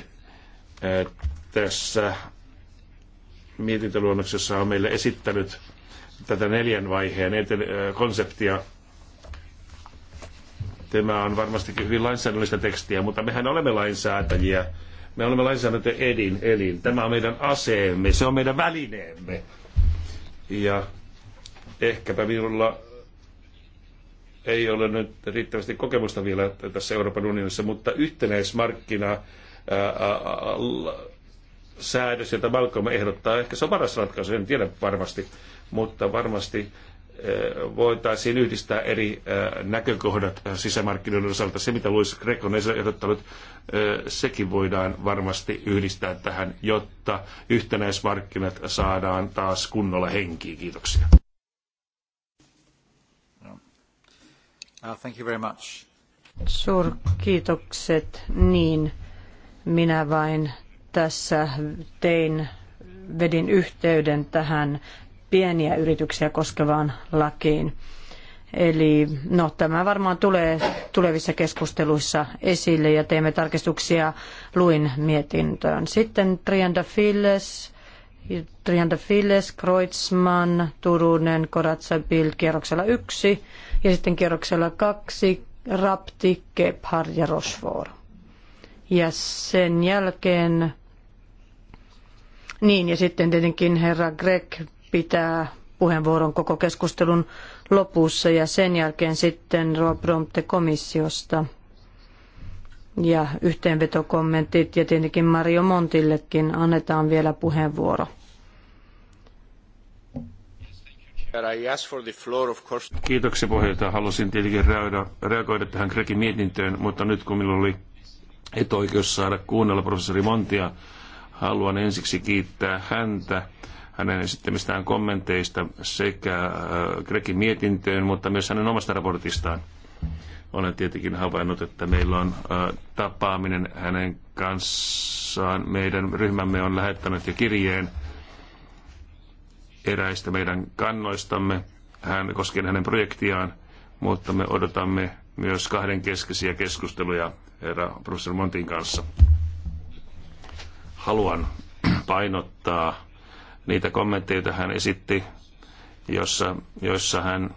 tässä mietintöluonnoksessa on meille esittänyt tätä neljän vaiheen konseptia. Tämä on varmastikin hyvin lainsäädännöllistä tekstiä, mutta mehän olemme lainsäätäjiä. Me olemme lainsäädäntö edin, elin. Tämä on meidän aseemme, se on meidän välineemme. Ja ehkäpä minulla ei ole nyt riittävästi kokemusta vielä tässä Euroopan unionissa, mutta yhtenäismarkkina säädös, jota Malcolm ehdottaa, ehkä se on paras ratkaisu, en tiedä varmasti, mutta varmasti eh, voitaisiin yhdistää eri eh, näkökohdat eh, sisämarkkinoiden osalta. Se, mitä Louis Greco on ehdottanut, sekin voidaan varmasti yhdistää tähän, jotta yhtenäismarkkinat saadaan taas kunnolla henkiin. Kiitoksia.
Uh, thank you very much.
Suurkiitokset. Niin, minä vain tässä tein, vedin yhteyden tähän pieniä yrityksiä koskevaan lakiin. Eli no, tämä varmaan tulee tulevissa keskusteluissa esille ja teemme tarkistuksia luin mietintöön. Sitten Trianda Filles, Trianda Filles, Kreutzmann, Turunen, Koratsabil kierroksella yksi ja sitten kierroksella kaksi Rapti, Gebhard ja Rochefort. Ja sen jälkeen niin, ja sitten tietenkin herra Greg pitää puheenvuoron koko keskustelun lopussa ja sen jälkeen sitten Rob komissiosta ja yhteenvetokommentit ja tietenkin Mario Montillekin annetaan vielä puheenvuoro.
Kiitoksia puheenjohtaja. Halusin tietenkin reagoida tähän Grekin mietintöön, mutta nyt kun minulla oli etuoikeus saada kuunnella professori Montia, Haluan ensiksi kiittää häntä hänen esittämistään kommenteista sekä äh, Grekin mietintöön, mutta myös hänen omasta raportistaan. Olen tietenkin havainnut, että meillä on äh, tapaaminen hänen kanssaan. Meidän ryhmämme on lähettänyt jo kirjeen eräistä meidän kannoistamme hän, koskien hänen projektiaan, mutta me odotamme myös kahdenkeskeisiä keskusteluja herra professori Montin kanssa haluan painottaa niitä kommentteja, joita hän esitti, jossa, jossa hän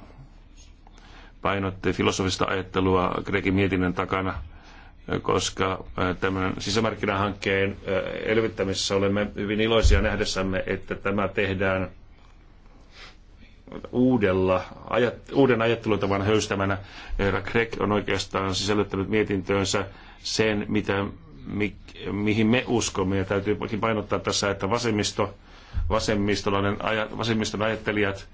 painotti filosofista ajattelua Grekin mietinnön takana, koska äh, tämän sisämarkkinahankkeen äh, elvyttämisessä olemme hyvin iloisia nähdessämme, että tämä tehdään uudella, ajat, uuden ajattelutavan höystämänä. Herra Greg on oikeastaan sisällyttänyt mietintöönsä sen, mitä mi, mihin me uskomme. Ja täytyy painottaa tässä, että vasemmisto, vasemmistolainen, vasemmiston ajattelijat,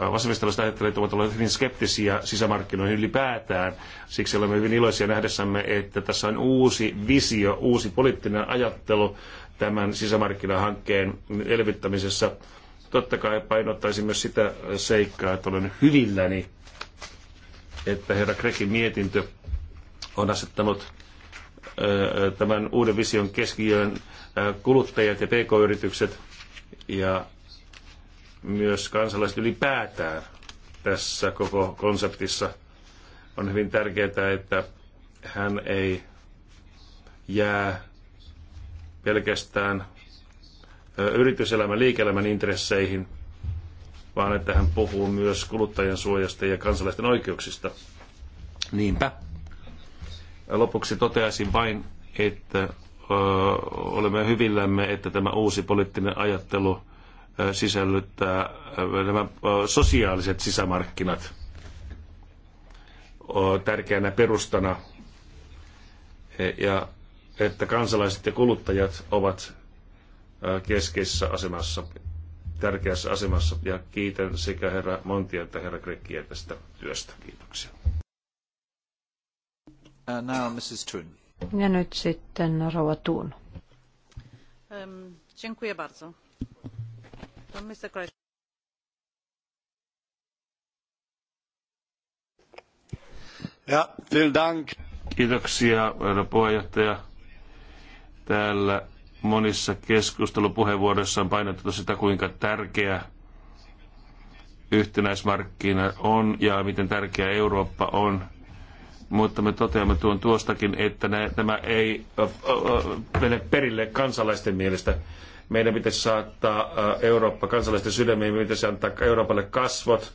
vasemmistolaiset ajattelijat ovat olleet hyvin skeptisiä sisämarkkinoihin ylipäätään. Siksi olemme hyvin iloisia nähdessämme, että tässä on uusi visio, uusi poliittinen ajattelu tämän sisämarkkinahankkeen elvyttämisessä. Totta kai painottaisin myös sitä seikkaa, että olen hyvilläni, että herra Krekin mietintö on asettanut tämän uuden vision keskiöön kuluttajat ja pk-yritykset ja myös kansalaiset ylipäätään tässä koko konseptissa. On hyvin tärkeää, että hän ei jää pelkästään yrityselämän, liike-elämän intresseihin, vaan että hän puhuu myös kuluttajien suojasta ja kansalaisten oikeuksista. Niinpä Lopuksi toteaisin vain, että olemme hyvillämme, että tämä uusi poliittinen ajattelu sisällyttää nämä sosiaaliset sisämarkkinat tärkeänä perustana e, ja että kansalaiset ja kuluttajat ovat keskeisessä asemassa, tärkeässä asemassa ja kiitän sekä herra Montia että herra Krekkiä tästä työstä. Kiitoksia. Uh, now Mrs. Thun.
Ja nyt sitten Rouva Thun. Um, dziękuję bardzo. To Mr.
Ja, vielen Dank. Kiitoksia, herra puheenjohtaja. Täällä monissa keskustelupuheenvuoroissa on painotettu sitä, kuinka tärkeä yhtenäismarkkina on ja miten tärkeä Eurooppa on mutta me toteamme tuon tuostakin, että ne nämä ei mene perille kansalaisten mielestä. Meidän pitäisi saattaa Eurooppa kansalaisten sydämiin, meidän pitäisi antaa Euroopalle kasvot.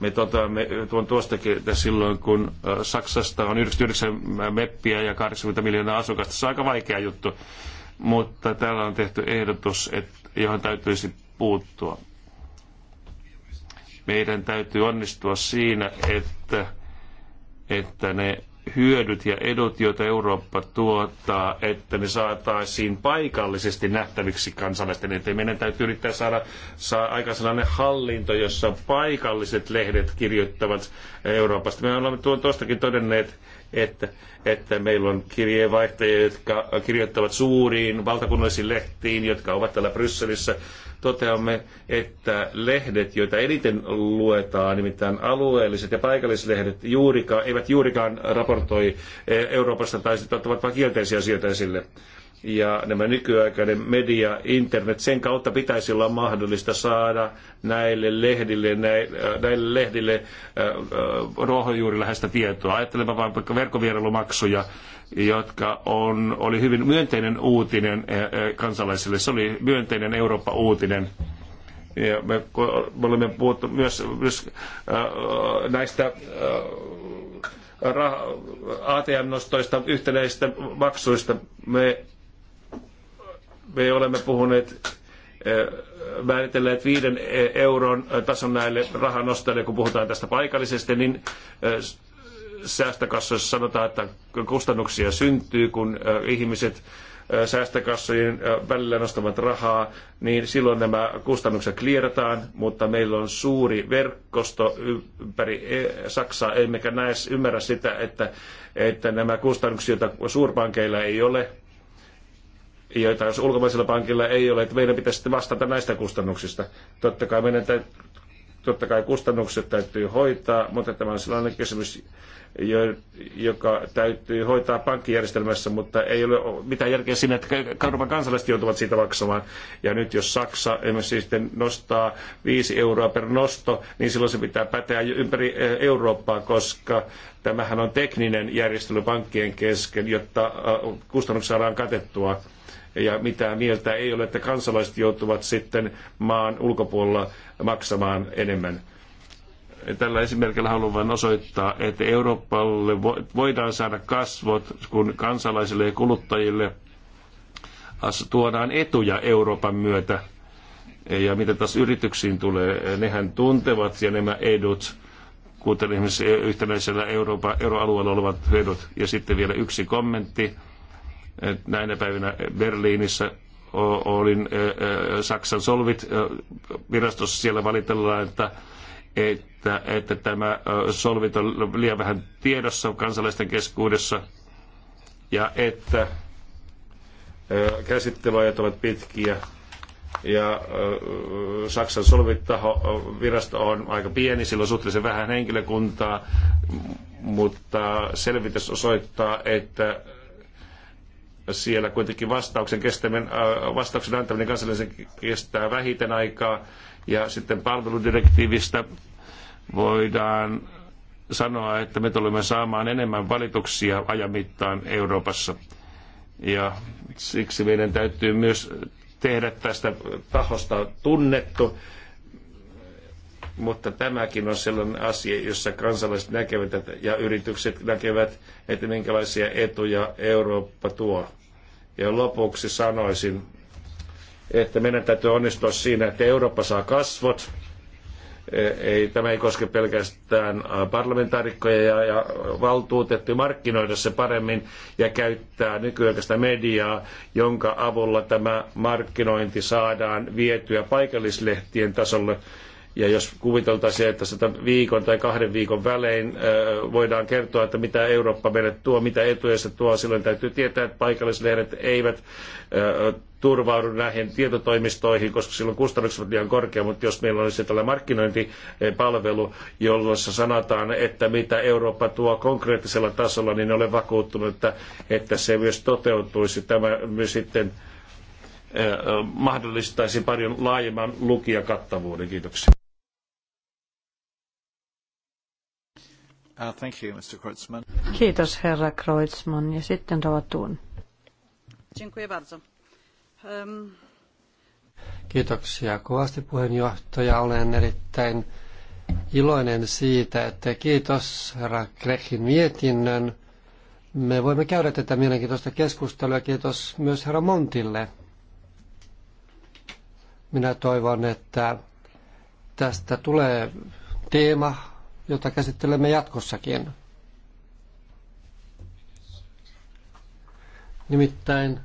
Me toteamme tuon tuostakin, että silloin kun Saksasta on 99 meppiä ja 80 miljoonaa asukasta, se on aika vaikea juttu. Mutta täällä on tehty ehdotus, että, johon täytyisi puuttua. Meidän täytyy onnistua siinä, että että ne hyödyt ja edut, joita Eurooppa tuottaa, että ne saataisiin paikallisesti nähtäviksi kansalaisten eteen. Meidän täytyy yrittää saada, saa aika sellainen hallinto, jossa paikalliset lehdet kirjoittavat Euroopasta. Me olemme tuon tuostakin todenneet, että, että meillä on kirjeenvaihtajia, jotka kirjoittavat suuriin valtakunnallisiin lehtiin, jotka ovat täällä Brysselissä. Toteamme, että lehdet, joita eniten luetaan, nimittäin alueelliset ja paikallislehdet, juurikaan, eivät juurikaan raportoi eh, Euroopasta tai sitten ottavat vain kielteisiä asioita esille ja nämä nykyaikainen media, internet, sen kautta pitäisi olla mahdollista saada näille lehdille, äh, näille lehdille äh, äh, ruohonjuuriläheistä tietoa. Ajattelemme vain vaikka verkkovierailumaksuja, jotka on, oli hyvin myönteinen uutinen kansalaisille. Se oli myönteinen Eurooppa-uutinen. Ja me, me olemme puhuttu myös, myös äh, näistä äh, ATM-nostoista, yhtenäisistä maksuista. Me me olemme puhuneet eh, määritelleet viiden e-, euron eh, tason näille rahanostajille, kun puhutaan tästä paikallisesti, niin eh, säästökassoissa sanotaan, että kustannuksia syntyy, kun ihmiset säästökassojen välillä nostavat rahaa, niin silloin nämä kustannukset klierataan, mutta meillä on suuri verkosto ympäri e-, Saksaa, emmekä näe ymmärrä sitä, että, että nämä kustannukset, joita suurpankeilla ei ole, joita jos ulkomaisella pankilla ei ole, että meidän pitäisi vastata näistä kustannuksista. Totta kai, meidän täytyy, totta kai kustannukset täytyy hoitaa, mutta tämä on sellainen kysymys, joka täytyy hoitaa pankkijärjestelmässä, mutta ei ole mitään järkeä siinä, että Euroopan kansalaiset joutuvat siitä maksamaan. Ja nyt jos Saksa esimerkiksi sitten nostaa 5 euroa per nosto, niin silloin se pitää päteä ympäri eh, Eurooppaa, koska tämähän on tekninen järjestely pankkien kesken, jotta eh, kustannukset saadaan katettua ja mitä mieltä ei ole, että kansalaiset joutuvat sitten maan ulkopuolella maksamaan enemmän. Tällä esimerkillä haluan vain osoittaa, että Euroopalle voidaan saada kasvot, kun kansalaisille ja kuluttajille tuodaan etuja Euroopan myötä. Ja mitä taas yrityksiin tulee, nehän tuntevat ja nämä edut, kuten esimerkiksi e-, yhtenäisellä Euroopan, euroalueella olevat edut. Ja sitten vielä yksi kommentti näinä päivinä Berliinissä olin Saksan solvit virastossa siellä valitellaan, että että, että tämä solvit on liian vähän tiedossa kansalaisten keskuudessa ja että käsittelyajat ovat pitkiä ja Saksan solvittaho virasto on aika pieni, sillä on suhteellisen vähän henkilökuntaa, mutta selvitys osoittaa, että siellä kuitenkin vastauksen, kestäminen, äh, vastauksen antaminen kansallisen kestää vähiten aikaa. Ja sitten palveludirektiivistä voidaan sanoa, että me tulemme saamaan enemmän valituksia ajan mittaan Euroopassa. Ja siksi meidän täytyy myös tehdä tästä tahosta tunnettu mutta tämäkin on sellainen asia, jossa kansalaiset näkevät että, ja yritykset näkevät, että minkälaisia etuja Eurooppa tuo. Ja lopuksi sanoisin, että meidän täytyy onnistua siinä, että Eurooppa saa kasvot. E, ei, tämä ei koske pelkästään parlamentaarikkoja ja, ja valtuutettu markkinoida se paremmin ja käyttää nykyaikaista mediaa, jonka avulla tämä markkinointi saadaan vietyä paikallislehtien tasolle ja jos kuviteltaisiin, että sitä viikon tai kahden viikon välein voidaan kertoa, että mitä Eurooppa meille tuo, mitä etuja se tuo, silloin täytyy tietää, että paikallislehdet eivät turvaudu näihin tietotoimistoihin, koska silloin kustannukset ovat liian korkeat, mutta jos meillä olisi tällainen markkinointipalvelu, jossa sanotaan, että mitä Eurooppa tuo konkreettisella tasolla, niin olen vakuuttunut, että, että se myös toteutuisi. Tämä myös sitten mahdollistaisi paljon laajemman lukijakattavuuden. Kiitoksia.
Uh, thank you, Mr. Kreutzmann.
Kiitos, herra Kreutzmann. Ja sitten Rova Dziękuję bardzo. Um... Kiitoksia
kovasti puheenjohtaja. Olen erittäin iloinen siitä, että kiitos herra Krechin mietinnön. Me voimme käydä tätä mielenkiintoista keskustelua. Kiitos myös herra Montille. Minä toivon, että tästä tulee teema jota käsittelemme jatkossakin. Nimittäin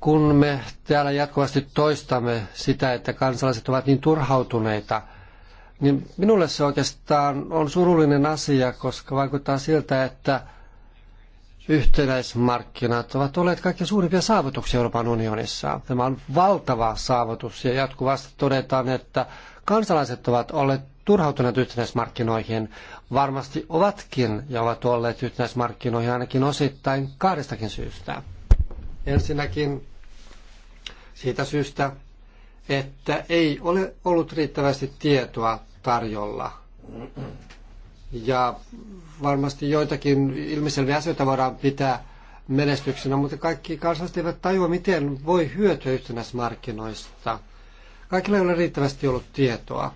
kun me täällä jatkuvasti toistamme sitä, että kansalaiset ovat niin turhautuneita, niin minulle se oikeastaan on surullinen asia, koska vaikuttaa siltä, että yhtenäismarkkinat ovat olleet kaikkein suurimpia saavutuksia Euroopan unionissa. Tämä on valtava saavutus ja jatkuvasti todetaan, että kansalaiset ovat olleet turhautuneet yhtenäismarkkinoihin varmasti ovatkin ja ovat olleet yhtenäismarkkinoihin ainakin osittain kahdestakin syystä. Ensinnäkin siitä syystä, että ei ole ollut riittävästi tietoa tarjolla. Ja varmasti joitakin ilmiselviä asioita voidaan pitää menestyksenä, mutta kaikki kansalaiset eivät tajua, miten voi hyötyä yhtenäismarkkinoista. Kaikilla ei ole riittävästi ollut tietoa.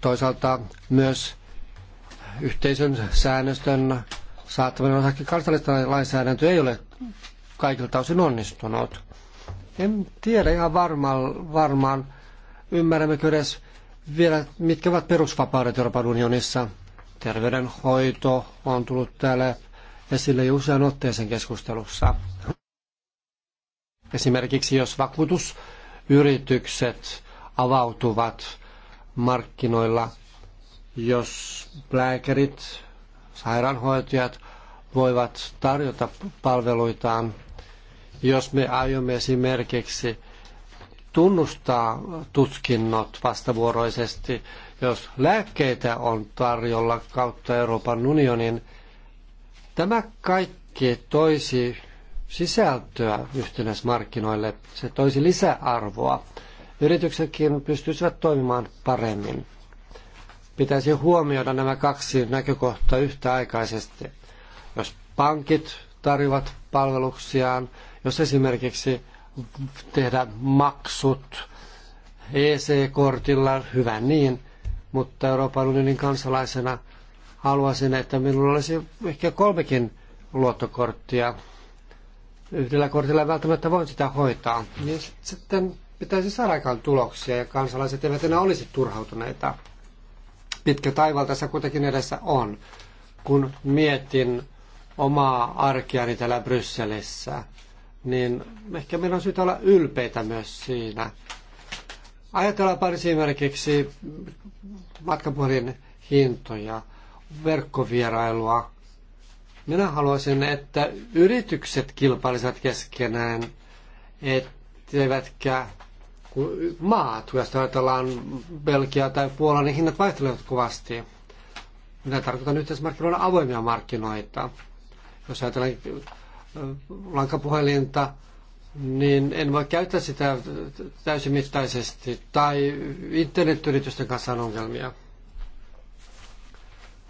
Toisaalta myös yhteisön säännöstön saattaminen osaksi kansallista lainsäädäntöä ei ole kaikilta osin onnistunut. En tiedä ihan varmaan, varmaan ymmärrämmekö edes vielä, mitkä ovat perusvapaudet Euroopan unionissa. Terveydenhoito on tullut täällä esille jo usean otteeseen keskustelussa. Esimerkiksi jos vakuutusyritykset avautuvat markkinoilla, jos lääkärit, sairaanhoitajat voivat tarjota palveluitaan. Jos me aiomme esimerkiksi tunnustaa tutkinnot vastavuoroisesti, jos lääkkeitä on tarjolla kautta Euroopan unionin, tämä kaikki toisi sisältöä yhtenäismarkkinoille. Se toisi lisäarvoa yrityksetkin pystyisivät toimimaan paremmin. Pitäisi huomioida nämä kaksi näkökohtaa yhtäaikaisesti. Jos pankit tarjoavat palveluksiaan, jos esimerkiksi tehdä maksut EC-kortilla, hyvä niin, mutta Euroopan unionin kansalaisena haluaisin, että minulla olisi ehkä kolmekin luottokorttia. Yhdellä kortilla ei välttämättä voi sitä hoitaa. Niin sitten pitäisi saada aikaan tuloksia ja kansalaiset eivät enää olisi turhautuneita. Pitkä taivaalta tässä kuitenkin edessä on, kun mietin omaa arkiani täällä Brysselissä, niin ehkä meidän on syytä olla ylpeitä myös siinä. Ajatellaanpa esimerkiksi matkapuhelin hintoja, verkkovierailua. Minä haluaisin, että yritykset kilpailisivat keskenään, et maat. Jos ajatellaan Belgia tai Puola, niin hinnat vaihtelevat kovasti. Minä tarkoitan yhteismarkkinoilla avoimia markkinoita. Jos ajatellaan äh, lankapuhelinta, niin en voi käyttää sitä täysimittaisesti. Tai internetyritysten kanssa on ongelmia.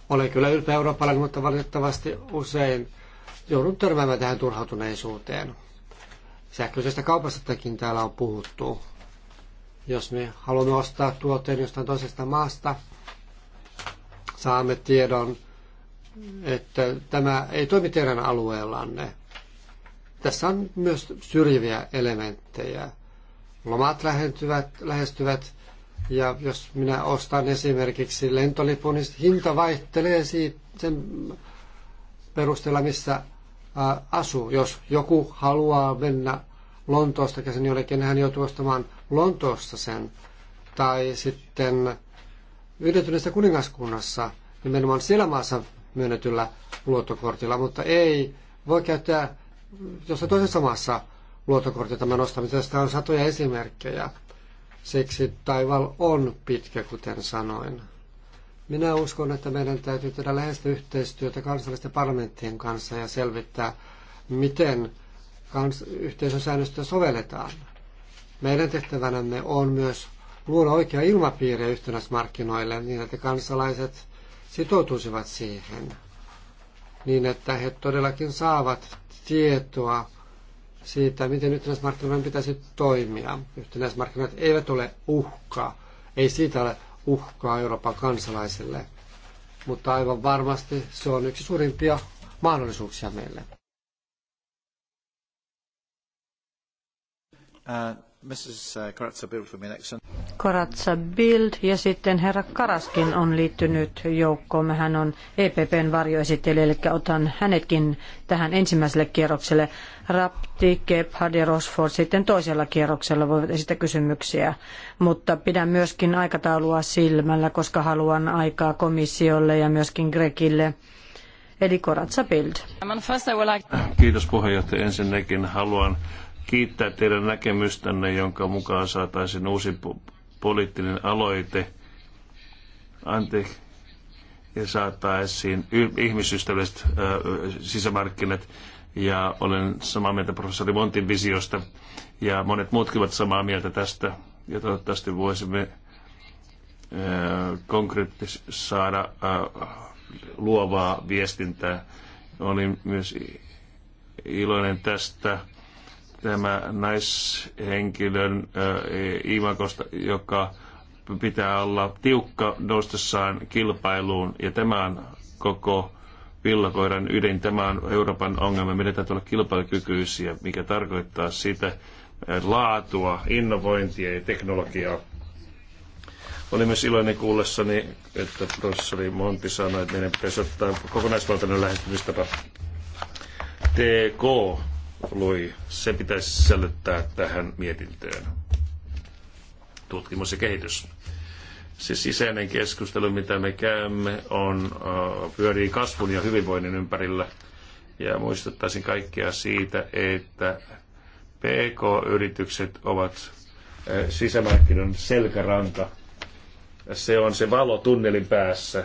Olen kyllä ylpeä eurooppalainen, mutta valitettavasti usein joudun törmäämään tähän turhautuneisuuteen. Sähköisestä kaupastakin täällä on puhuttu. Jos me haluamme ostaa tuotteen jostain toisesta maasta, saamme tiedon, että tämä ei toimi teidän alueellanne. Tässä on myös syrjiviä elementtejä. Lomat lähentyvät, lähestyvät ja jos minä ostan esimerkiksi lentolipun, niin hinta vaihtelee siitä, sen perusteella, missä asuu. Jos joku haluaa mennä Lontoosta käsin jollekin, niin hän joutuu ostamaan Lontoossa sen, tai sitten yhdentyneessä kuningaskunnassa nimenomaan siellä maassa myönnetyllä luottokortilla, mutta ei voi käyttää jossain toisessa maassa luottokortin tämän ostamisesta on satoja esimerkkejä. Siksi taival on pitkä, kuten sanoin. Minä uskon, että meidän täytyy tehdä läheistä yhteistyötä kansallisten parlamenttien kanssa ja selvittää, miten kans- yhteisön säännöstä sovelletaan. Meidän tehtävänämme on myös luoda oikea ilmapiiri yhtenäismarkkinoille niin, että kansalaiset sitoutuisivat siihen, niin että he todellakin saavat tietoa siitä, miten yhtenäismarkkinoiden pitäisi toimia. Yhtenäismarkkinat eivät ole uhkaa, ei siitä ole uhkaa Euroopan kansalaisille, mutta aivan varmasti se on yksi suurimpia mahdollisuuksia meille.
Uh. Mrs. Karatsa uh, Bild
Karatsa Bild ja sitten herra Karaskin on liittynyt joukkoomme. Hän on EPPn varjoesittelijä, eli otan hänetkin tähän ensimmäiselle kierrokselle. Rapti, Gebhard ja Rosford sitten toisella kierroksella voivat esittää kysymyksiä, mutta pidän myöskin aikataulua silmällä, koska haluan aikaa komissiolle ja myöskin Grekille eli Koratsa Bild.
Kiitos puheenjohtaja. Ensinnäkin haluan kiittää teidän näkemystänne, jonka mukaan saataisiin uusi poliittinen aloite. Anteeksi ja saataisiin ihmisystävälliset sisämarkkinat. Ja olen samaa mieltä professori Montin visiosta ja monet muutkin ovat samaa mieltä tästä. Ja toivottavasti voisimme konkreettisesti saada luovaa viestintää. Olin myös iloinen tästä tämä naishenkilön imakosta, joka pitää olla tiukka noustessaan kilpailuun, ja tämä on koko villakoiran ydin, tämä on Euroopan ongelma. Meidän täytyy olla kilpailukykyisiä, mikä tarkoittaa sitä laatua, innovointia ja teknologiaa. Olin myös iloinen kuullessani, että professori Monti sanoi, että meidän pitäisi ottaa kokonaisvaltainen lähestymistapa. TK lui, se pitäisi sisällyttää tähän mietintöön. Tutkimus ja kehitys. Se sisäinen keskustelu, mitä me käymme, on, äh, pyörii kasvun ja hyvinvoinnin ympärillä. Ja muistuttaisin kaikkea siitä, että PK-yritykset ovat äh, sisämarkkinoiden selkäranta. Se on se valo tunnelin päässä.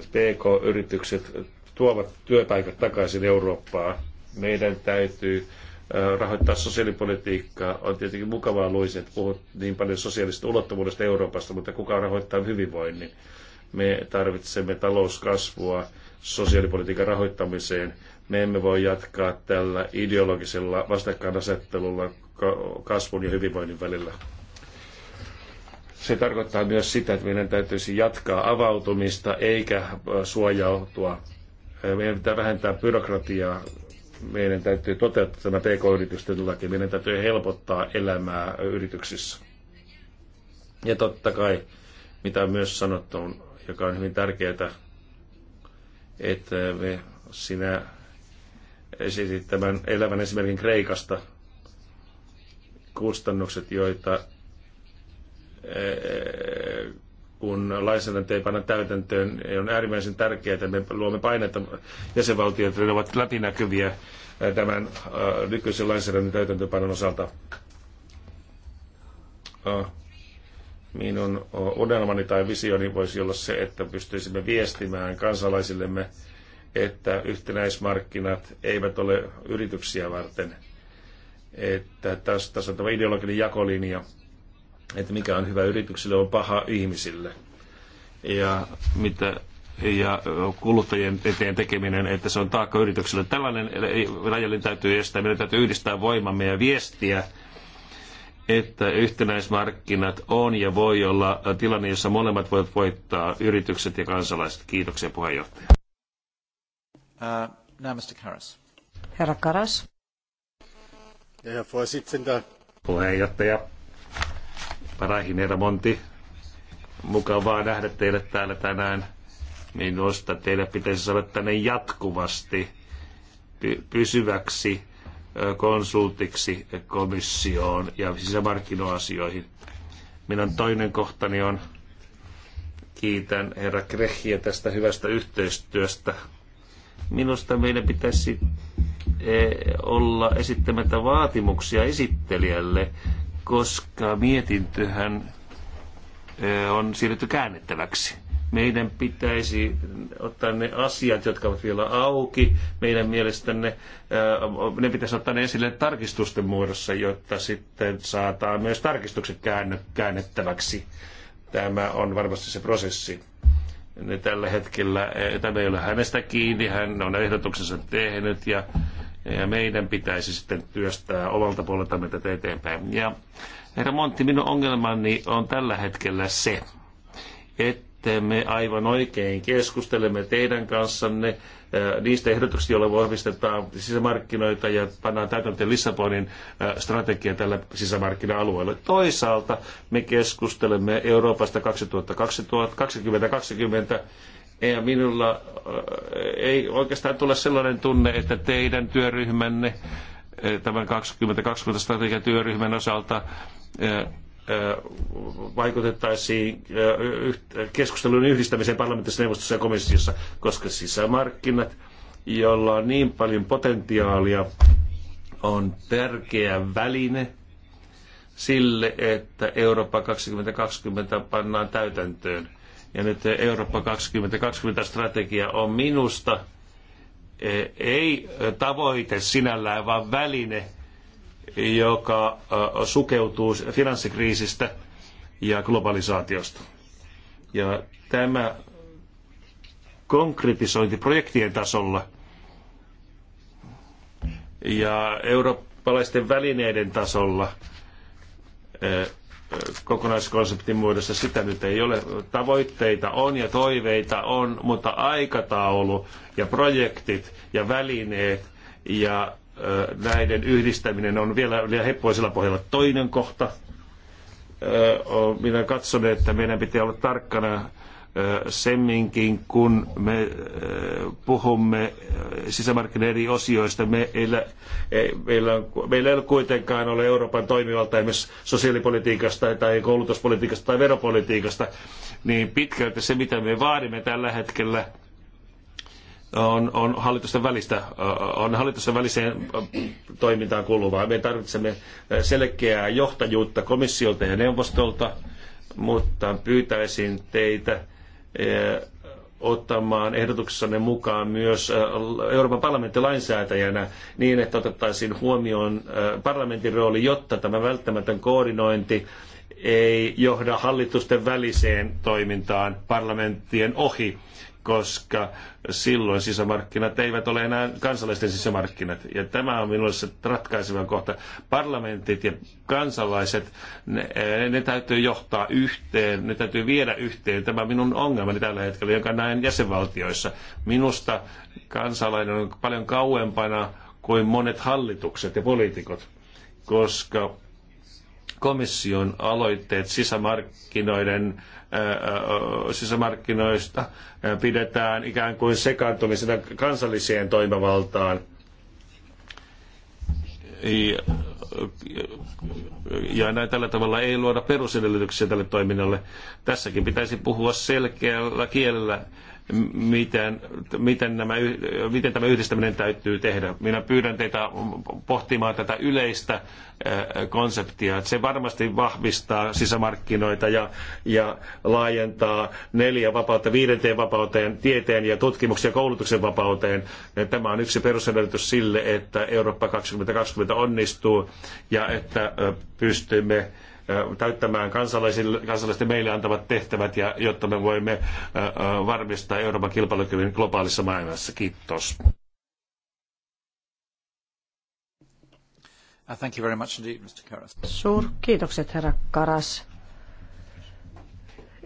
PK-yritykset tuovat työpaikat takaisin Eurooppaan meidän täytyy rahoittaa sosiaalipolitiikkaa. On tietenkin mukavaa, Luisi, että puhut niin paljon sosiaalista ulottuvuudesta Euroopasta, mutta kuka rahoittaa hyvinvoinnin? Me tarvitsemme talouskasvua sosiaalipolitiikan rahoittamiseen. Me emme voi jatkaa tällä ideologisella vastakkainasettelulla kasvun ja hyvinvoinnin välillä. Se tarkoittaa myös sitä, että meidän täytyisi jatkaa avautumista eikä suojautua. Meidän pitää vähentää byrokratiaa meidän täytyy toteuttaa tämä pk-yritysten laki, meidän täytyy helpottaa elämää yrityksissä. Ja totta kai, mitä on myös sanottu, joka on hyvin tärkeää, että me, sinä esitit tämän elävän esimerkin Kreikasta kustannukset, joita eh, kun lainsäädäntö ei panna täytäntöön, niin on äärimmäisen tärkeää, että me luomme painetta jäsenvaltioita, ne ovat läpinäkyviä eh, tämän eh, nykyisen lainsäädännön täytäntöönpanon osalta. Eh, minun unelmani tai visioni voisi olla se, että pystyisimme viestimään kansalaisillemme, että yhtenäismarkkinat eivät ole yrityksiä varten, että tässä, tässä on tämä ideologinen jakolinja – että mikä on hyvä yrityksille, on paha ihmisille. Ja mitä ja kuluttajien eteen tekeminen, että se on taakka yrityksille. Tällainen rajallinen täytyy estää. Meidän täytyy yhdistää voimamme ja viestiä, että yhtenäismarkkinat on ja voi olla tilanne, jossa molemmat voivat voittaa, yritykset ja kansalaiset. Kiitoksia puheenjohtaja.
Uh, now Mr. Karas. Herra Karas.
Ja
puheenjohtaja. Parahin Monti. Mukavaa nähdä teille täällä tänään. Minusta teille pitäisi saada tänne jatkuvasti pysyväksi konsultiksi komissioon ja sisämarkkinoasioihin. Minun toinen kohtani on, kiitän herra Krehiä tästä hyvästä yhteistyöstä. Minusta meidän pitäisi e, olla esittämättä vaatimuksia esittelijälle koska mietintöhän eh, on siirretty käännettäväksi. Meidän pitäisi ottaa ne asiat, jotka ovat vielä auki. Meidän mielestämme eh, ne pitäisi ottaa ne esille tarkistusten muodossa, jotta sitten saataan myös tarkistukset käännettäväksi. Tämä on varmasti se prosessi. Ne tällä hetkellä, eh, tämä ei ole hänestä kiinni, hän on ehdotuksensa tehnyt ja ja meidän pitäisi sitten työstää omalta puoleltamme tätä eteenpäin. Ja herra Montti, minun ongelmani on tällä hetkellä se, että me aivan oikein keskustelemme teidän kanssanne niistä ehdotuksista, joilla vahvistetaan sisämarkkinoita ja pannaan täytäntöön Lissabonin strategia tällä sisämarkkina-alueella. Toisaalta me keskustelemme Euroopasta 2020, 2020 ja minulla äh, ei oikeastaan tule sellainen tunne, että teidän työryhmänne, äh, tämän 2020 strategian työryhmän osalta, äh, vaikutettaisiin keskustelun yhdistämiseen parlamentissa, neuvostossa ja komissiossa, koska sisämarkkinat, jolla on niin paljon potentiaalia, on tärkeä väline sille, että Eurooppa 2020 pannaan täytäntöön ja nyt Eurooppa 2020 strategia on minusta e, ei tavoite sinällään, vaan väline, joka sukeutuu finanssikriisistä ja globalisaatiosta. Ja tämä konkretisointi projektien tasolla ja eurooppalaisten välineiden tasolla kokonaiskonseptin muodossa. Sitä nyt ei ole. Tavoitteita on ja toiveita on, mutta aikataulu ja projektit ja välineet ja näiden yhdistäminen on vielä, vielä heppoisella pohjalla. Toinen kohta, minä katson, että meidän pitää olla tarkkana semminkin, kun me puhumme sisämarkkinoiden eri osioista, meillä, meillä, on, meillä ei ole kuitenkaan ole Euroopan toimivalta esimerkiksi sosiaalipolitiikasta tai koulutuspolitiikasta tai veropolitiikasta, niin pitkälti se, mitä me vaadimme tällä hetkellä, on, on, hallitusten välistä, on hallitusten väliseen toimintaan kuuluvaa. Me tarvitsemme selkeää johtajuutta komissiolta ja neuvostolta, mutta pyytäisin teitä Eh, ottamaan ehdotuksessanne mukaan myös eh, Euroopan parlamentin lainsäätäjänä niin, että otettaisiin huomioon eh, parlamentin rooli, jotta tämä välttämätön koordinointi ei johda hallitusten väliseen toimintaan parlamenttien ohi koska silloin sisämarkkinat eivät ole enää kansalaisten sisämarkkinat. Ja tämä on minulle se ratkaiseva kohta. Parlamentit ja kansalaiset, ne, eh, ne täytyy johtaa yhteen, ne täytyy viedä yhteen. Tämä on minun ongelmani tällä hetkellä, jonka näen jäsenvaltioissa. Minusta kansalainen on paljon kauempana kuin monet hallitukset ja poliitikot, koska komission aloitteet sisämarkkinoiden sisämarkkinoista pidetään ikään kuin sekaantumisena kansalliseen toimivaltaan. Ja näin tällä tavalla ei luoda perusedellytyksiä tälle toiminnalle. Tässäkin pitäisi puhua selkeällä kielellä miten, miten, nämä, miten tämä yhdistäminen täytyy tehdä. Minä pyydän teitä pohtimaan tätä yleistä konseptia. Se varmasti vahvistaa sisämarkkinoita ja, ja laajentaa neljä vapautta, viidenteen vapauteen, tieteen ja tutkimuksen ja koulutuksen vapauteen. Tämä on yksi perusedellytys sille, että Eurooppa 2020 onnistuu ja että pystymme täyttämään kansalaisten meille antavat tehtävät, ja jotta me voimme varmistaa Euroopan kilpailukyvyn globaalissa maailmassa. Kiitos.
Uh, thank you very much indeed, Mr. Karas. Suur
kiitokset, herra Karas.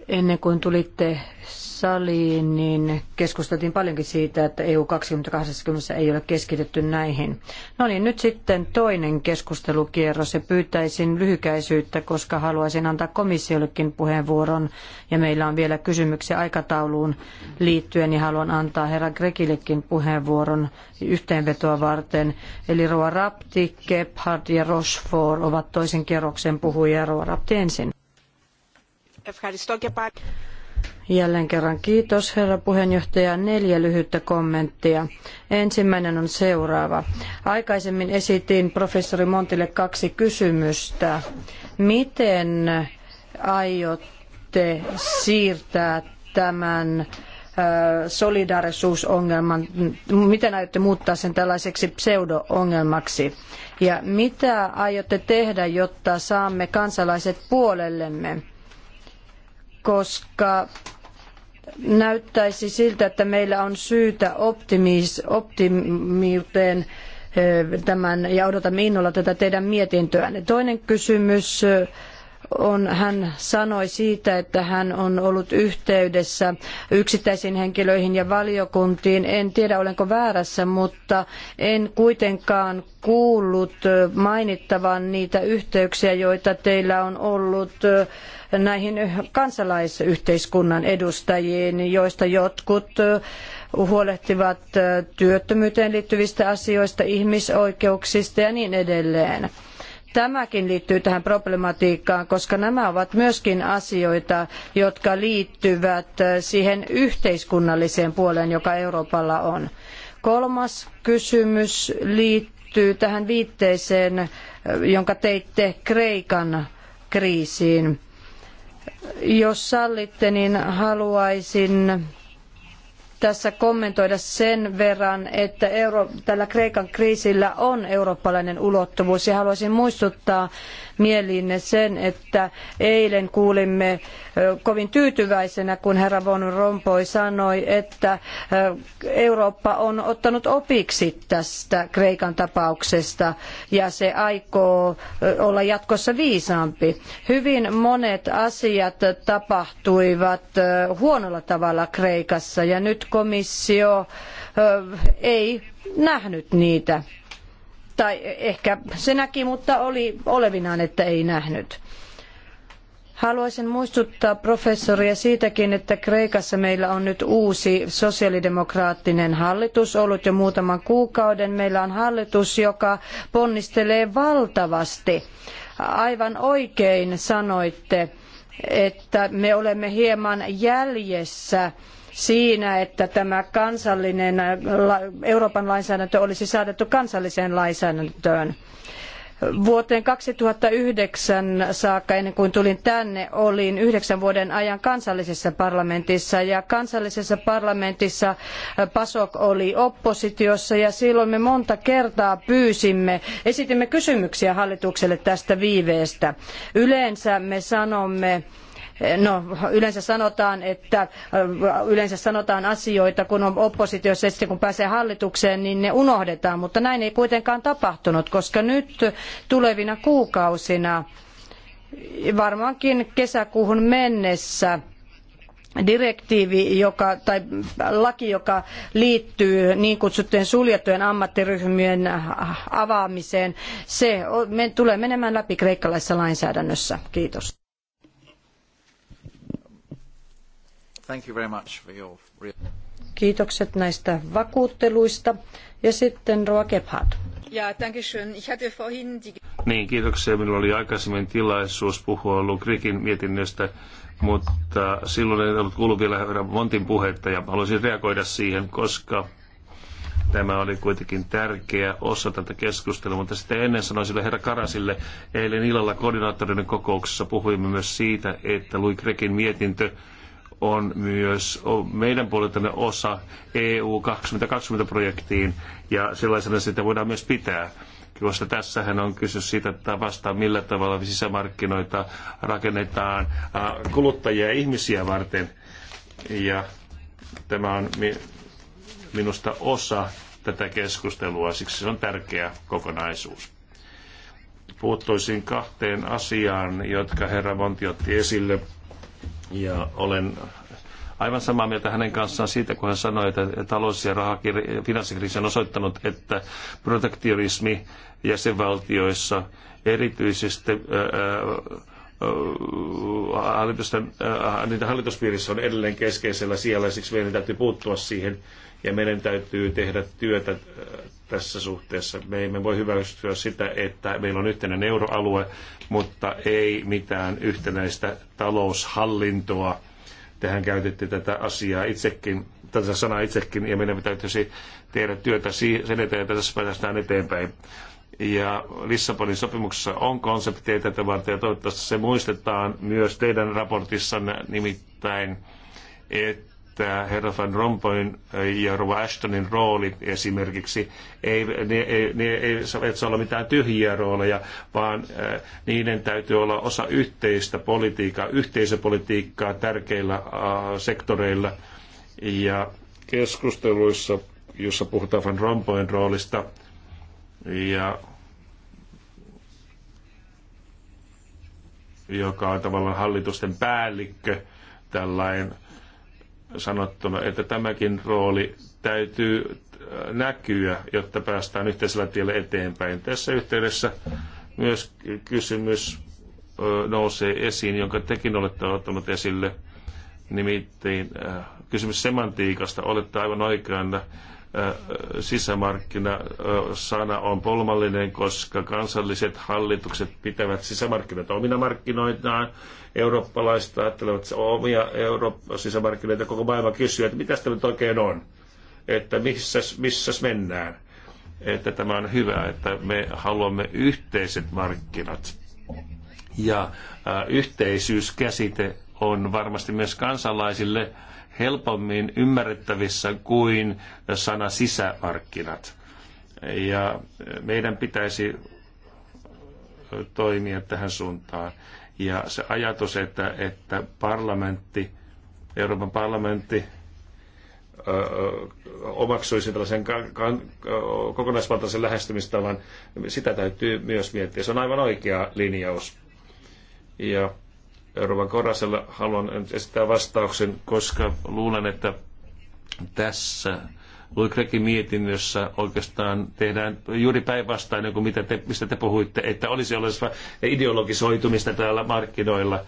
Ennen kuin tulitte saliin, niin keskusteltiin paljonkin siitä, että EU 2020 ei ole keskitetty näihin. No niin, nyt sitten toinen keskustelukierros ja pyytäisin lyhykäisyyttä, koska haluaisin antaa komissiollekin puheenvuoron ja meillä on vielä kysymyksiä aikatauluun liittyen, niin haluan antaa herra Grekillekin puheenvuoron yhteenvetoa varten. Eli Roa Rapti, Gebhardt ja Rochefort ovat toisen kierroksen puhujia. Roa Rapti ensin. Jälleen kerran kiitos, herra puheenjohtaja. Neljä lyhyttä kommenttia. Ensimmäinen on seuraava. Aikaisemmin esitin professori Montille kaksi kysymystä. Miten aiotte siirtää tämän solidaarisuusongelman, miten aiotte muuttaa sen tällaiseksi pseudo-ongelmaksi? Ja mitä aiotte tehdä, jotta saamme kansalaiset puolellemme? koska näyttäisi siltä, että meillä on syytä optimis, optimiuteen tämän, ja odotamme innolla tätä teidän mietintöänne. Toinen kysymys on, hän sanoi siitä, että hän on ollut yhteydessä yksittäisiin henkilöihin ja valiokuntiin. En tiedä, olenko väärässä, mutta en kuitenkaan kuullut mainittavan niitä yhteyksiä, joita teillä on ollut näihin kansalaisyhteiskunnan edustajiin, joista jotkut huolehtivat työttömyyteen liittyvistä asioista, ihmisoikeuksista ja niin edelleen tämäkin liittyy tähän problematiikkaan, koska nämä ovat myöskin asioita, jotka liittyvät siihen yhteiskunnalliseen puoleen, joka Euroopalla on. Kolmas kysymys liittyy tähän viitteeseen, jonka teitte Kreikan kriisiin jos sallitte, niin haluaisin tässä kommentoida sen verran, että Euro, tällä Kreikan kriisillä on eurooppalainen ulottuvuus ja haluaisin muistuttaa mieliinne sen, että eilen kuulimme kovin tyytyväisenä, kun herra Von Rompuy sanoi, että Eurooppa on ottanut opiksi tästä Kreikan tapauksesta ja se aikoo olla jatkossa viisaampi. Hyvin monet asiat tapahtuivat huonolla tavalla Kreikassa ja nyt komissio ei nähnyt niitä tai ehkä se näki, mutta oli olevinaan, että ei nähnyt. Haluaisin muistuttaa professoria siitäkin, että Kreikassa meillä on nyt uusi sosiaalidemokraattinen hallitus ollut jo muutaman kuukauden. Meillä on hallitus, joka ponnistelee valtavasti. Aivan oikein sanoitte, että me olemme hieman jäljessä äh, siinä, että tämä kansallinen Euroopan lainsäädäntö olisi säädetty kansalliseen lainsäädäntöön vuoteen 2009 saakka, ennen kuin tulin tänne, olin yhdeksän vuoden ajan kansallisessa parlamentissa. Ja kansallisessa parlamentissa äh, PASOK oli oppositiossa ja silloin me monta kertaa pyysimme, esitimme kysymyksiä hallitukselle tästä viiveestä. Yleensä me sanomme, No, yleensä sanotaan, että yleensä sanotaan asioita, kun on oppositiossa ja sitten kun pääsee hallitukseen, niin ne unohdetaan, mutta näin ei kuitenkaan tapahtunut, koska nyt tulevina kuukausina varmaankin kesäkuuhun mennessä direktiivi joka, tai laki, joka liittyy niin kutsuttujen suljettujen ammattiryhmien avaamiseen, se tulee menemään läpi kreikkalaisessa lainsäädännössä. Kiitos. Kiitokset näistä vakuutteluista. Ja sitten Roa Gebhardt.
Ja, danke schön. Ich hatte vorhin die...
Niin, kiitoksia. Minulla oli aikaisemmin tilaisuus puhua Lukrikin mietinnöstä, mutta silloin ei ollut kuullut vielä herra Montin puhetta ja haluaisin reagoida siihen, koska tämä oli kuitenkin tärkeä osa tätä keskustelua, mutta sitten ennen sanoin sille herra Karasille, eilen illalla koordinaattorinen kokouksessa puhuimme myös siitä, että Louis Grekin mietintö on myös meidän puoleltamme osa EU 2020-projektiin ja sellaisena sitä voidaan myös pitää koska tässähän on kyse siitä, että vastaan millä tavalla sisämarkkinoita rakennetaan kuluttajia ja ihmisiä varten. Ja tämä on minusta osa tätä keskustelua, siksi se on tärkeä kokonaisuus. Puuttuisin kahteen asiaan, jotka herra Monti otti esille ja olen aivan samaa mieltä hänen kanssaan siitä, kun hän sanoi, että talous- ja rahakir- finanssikriisi on osoittanut, että protektionismi jäsenvaltioissa erityisesti ää, ää, niitä hallituspiirissä on edelleen keskeisellä siellä, siksi meidän täytyy puuttua siihen ja meidän täytyy tehdä työtä äh, tässä suhteessa. Me emme voi hyväksyä sitä, että meillä on yhteinen euroalue, mutta ei mitään yhtenäistä taloushallintoa. Tähän käytettiin tätä asiaa itsekin, tätä sanaa itsekin, ja meidän täytyisi tehdä työtä sen eteen, että tässä päästään eteenpäin. Ja Lissabonin sopimuksessa on konsepteja tätä varten, ja toivottavasti se muistetaan myös teidän raportissanne nimittäin, että että herra Van Rompuyn ja rouva Ashtonin rooli esimerkiksi, ei, ne, ei, ei, ei saa olla mitään tyhjiä rooleja, vaan äh, niiden täytyy olla osa yhteistä politiikkaa, yhteisöpolitiikkaa tärkeillä äh, sektoreilla. Ja keskusteluissa, jossa puhutaan Van Rompuyn roolista, ja joka on tavallaan hallitusten päällikkö, tällainen sanottuna, että tämäkin rooli täytyy äh, näkyä, jotta päästään yhteisellä tiellä eteenpäin. Tässä yhteydessä myös kysymys nousee esiin, jonka tekin olette ottanut esille, nimittäin äh, kysymys semantiikasta. Olette aivan oikeana. Äh, Sisämarkkina-sana on polmallinen, koska kansalliset hallitukset pitävät sisämarkkinat omina markkinoitaan eurooppalaista, ajattelevat omia Eurooppa sisämarkkinoita, koko maailma kysyy, että mitä tämä nyt oikein on, että missäs missä mennään. Että tämä on hyvä, että me haluamme yhteiset markkinat. Ja ää, yhteisyyskäsite on varmasti myös kansalaisille helpommin ymmärrettävissä kuin sana sisämarkkinat. Ja meidän pitäisi toimia tähän suuntaan. Ja se ajatus, että, että parlamentti, Euroopan parlamentti omaksuisi tällaisen kokonaisvaltaisen lähestymistavan, sitä täytyy myös miettiä. Se on aivan oikea linjaus. Ja Euroopan Korasella haluan esittää vastauksen, koska luulen, että tässä Luikrekin mietinnössä oikeastaan tehdään juuri päinvastainen kuin mitä te, mistä te puhuitte, että olisi olemassa ideologisoitumista täällä markkinoilla.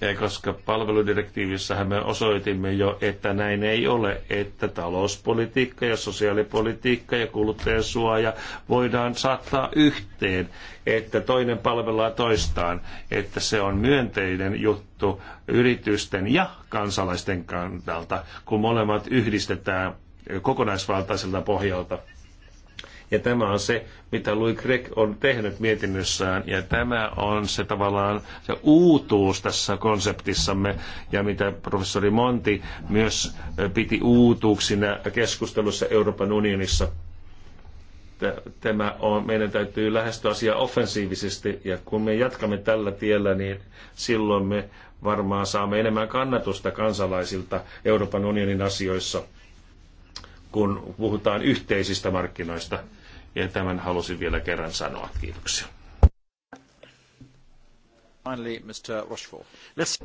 Ja koska palveludirektiivissähän me osoitimme jo, että näin ei ole, että talouspolitiikka ja sosiaalipolitiikka ja kuluttajansuoja voidaan saattaa yhteen, että toinen palvellaan toistaan, että se on myönteinen juttu yritysten ja kansalaisten kannalta, kun molemmat yhdistetään kokonaisvaltaiselta pohjalta. Ja tämä on se, mitä Louis Gregg on tehnyt mietinnössään, ja tämä on se tavallaan se uutuus tässä konseptissamme, ja mitä professori Monti myös piti uutuuksina keskustelussa Euroopan unionissa. Tämä on, meidän täytyy lähestyä asiaa offensiivisesti, ja kun me jatkamme tällä tiellä, niin silloin me varmaan saamme enemmän kannatusta kansalaisilta Euroopan unionin asioissa – kun puhutaan yhteisistä markkinoista. Ja tämän halusin vielä kerran sanoa. Kiitoksia.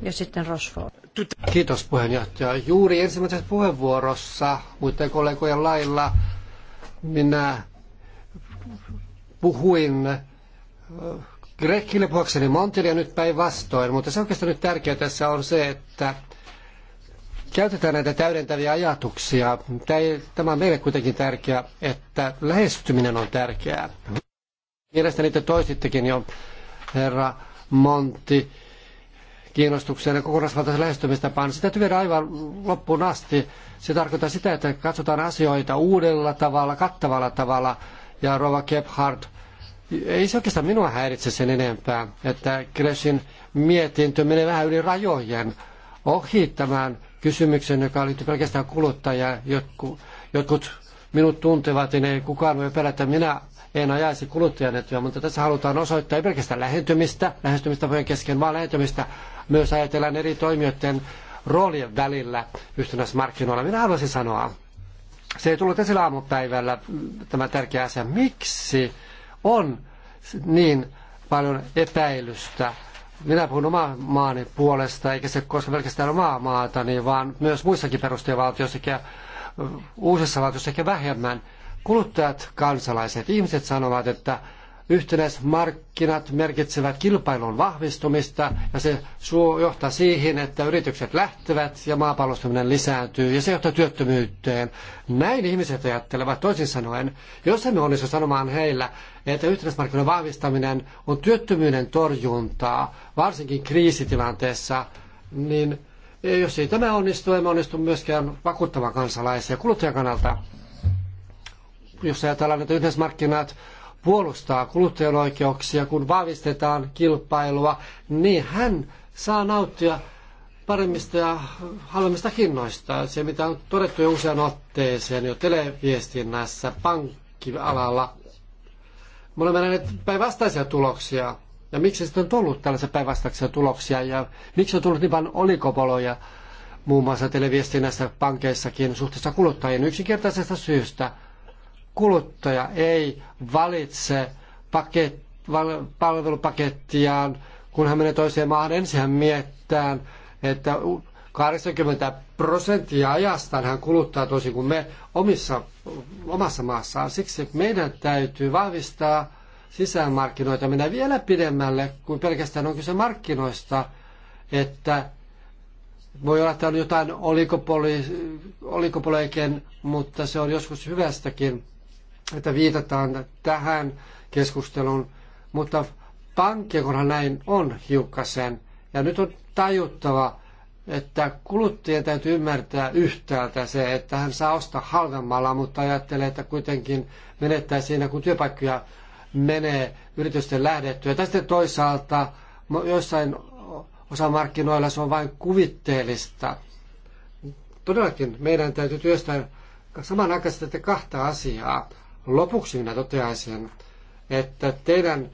Ja sitten Rochefort. Kiitos puheenjohtaja. Juuri ensimmäisessä puheenvuorossa muiden kollegojen lailla minä puhuin äh, Grekkille puhakseni ja nyt päinvastoin, mutta se oikeastaan nyt tärkeää tässä on se, että käytetään näitä täydentäviä ajatuksia. Tämä on meille kuitenkin tärkeää, että lähestyminen on tärkeää. Mielestäni te toistittekin jo, herra Monti, kiinnostukseen ja kokonaisvaltaisen lähestymistapaan. Sitä täytyy viedä aivan loppuun asti. Se tarkoittaa sitä, että katsotaan asioita uudella tavalla, kattavalla tavalla. Ja Rova Gebhardt, ei se oikeastaan minua häiritse sen enempää, että kresin mietintö menee vähän yli rajojen ohi tämän kysymyksen, joka liittyy pelkästään kuluttajia, Jotkut, jotkut minut tuntevat, niin ei kukaan voi pelätä, että minä en ajaisi kuluttajan etuja, mutta tässä halutaan osoittaa ei pelkästään lähentymistä, voi kesken, vaan lähentymistä myös ajatellaan eri toimijoiden roolien välillä markkinoilla. Minä haluaisin sanoa, se ei tullut esillä aamupäivällä tämä tärkeä asia, miksi on niin paljon epäilystä minä puhun omaa maani puolesta, eikä se koske pelkästään omaa maatani, vaan myös muissakin perustajavaltioissa, sekä uusissa valtioissa ehkä vähemmän. Kuluttajat, kansalaiset, ihmiset sanovat, että yhtenäismarkkinat merkitsevät kilpailun vahvistumista ja se johtaa siihen, että yritykset lähtevät ja maapallostuminen lisääntyy ja se johtaa työttömyyteen. Näin ihmiset ajattelevat toisin sanoen. Jos emme onnistu sanomaan heillä, että yhtenäismarkkinoiden vahvistaminen on työttömyyden torjuntaa, varsinkin kriisitilanteessa, niin jos ei tämä onnistu, emme onnistu myöskään vakuuttamaan kansalaisia kuluttajan kannalta. Jos ajatellaan, että yhtenäismarkkinat puolustaa kuluttajan oikeuksia, kun vahvistetaan kilpailua, niin hän saa nauttia paremmista ja halvemmista hinnoista. Se, mitä on todettu jo usean otteeseen jo televiestinnässä, pankkialalla, me olemme nähneet päinvastaisia tuloksia. Ja miksi sitten on tullut tällaisia päinvastaisia tuloksia ja miksi on tullut niin paljon olikopoloja muun muassa televiestinnässä pankeissakin suhteessa kuluttajien yksinkertaisesta syystä. Kuluttaja ei valitse paket, val, palvelupakettiaan, kun hän menee toiseen maahan. Ensin hän miettää, että 80 prosenttia ajastaan hän kuluttaa toisin kuin me omissa, omassa maassaan. Siksi meidän täytyy vahvistaa sisämarkkinoita, mennä vielä pidemmälle kuin pelkästään on kyse markkinoista, että voi olla, että on jotain olikopoli, olikopoleiken, mutta se on joskus hyvästäkin, että viitataan tähän keskusteluun. Mutta pankkiakohan näin on hiukkasen. Ja nyt on tajuttava, että kuluttajien täytyy ymmärtää yhtäältä se, että hän saa ostaa halvemmalla, mutta ajattelee, että kuitenkin menettää siinä, kun työpaikkoja menee yritysten lähdettyä. Tästä toisaalta joissain osamarkkinoilla se on vain kuvitteellista. Todellakin meidän täytyy työstää samanaikaisesti kahta asiaa. Lopuksi minä toteaisin, että teidän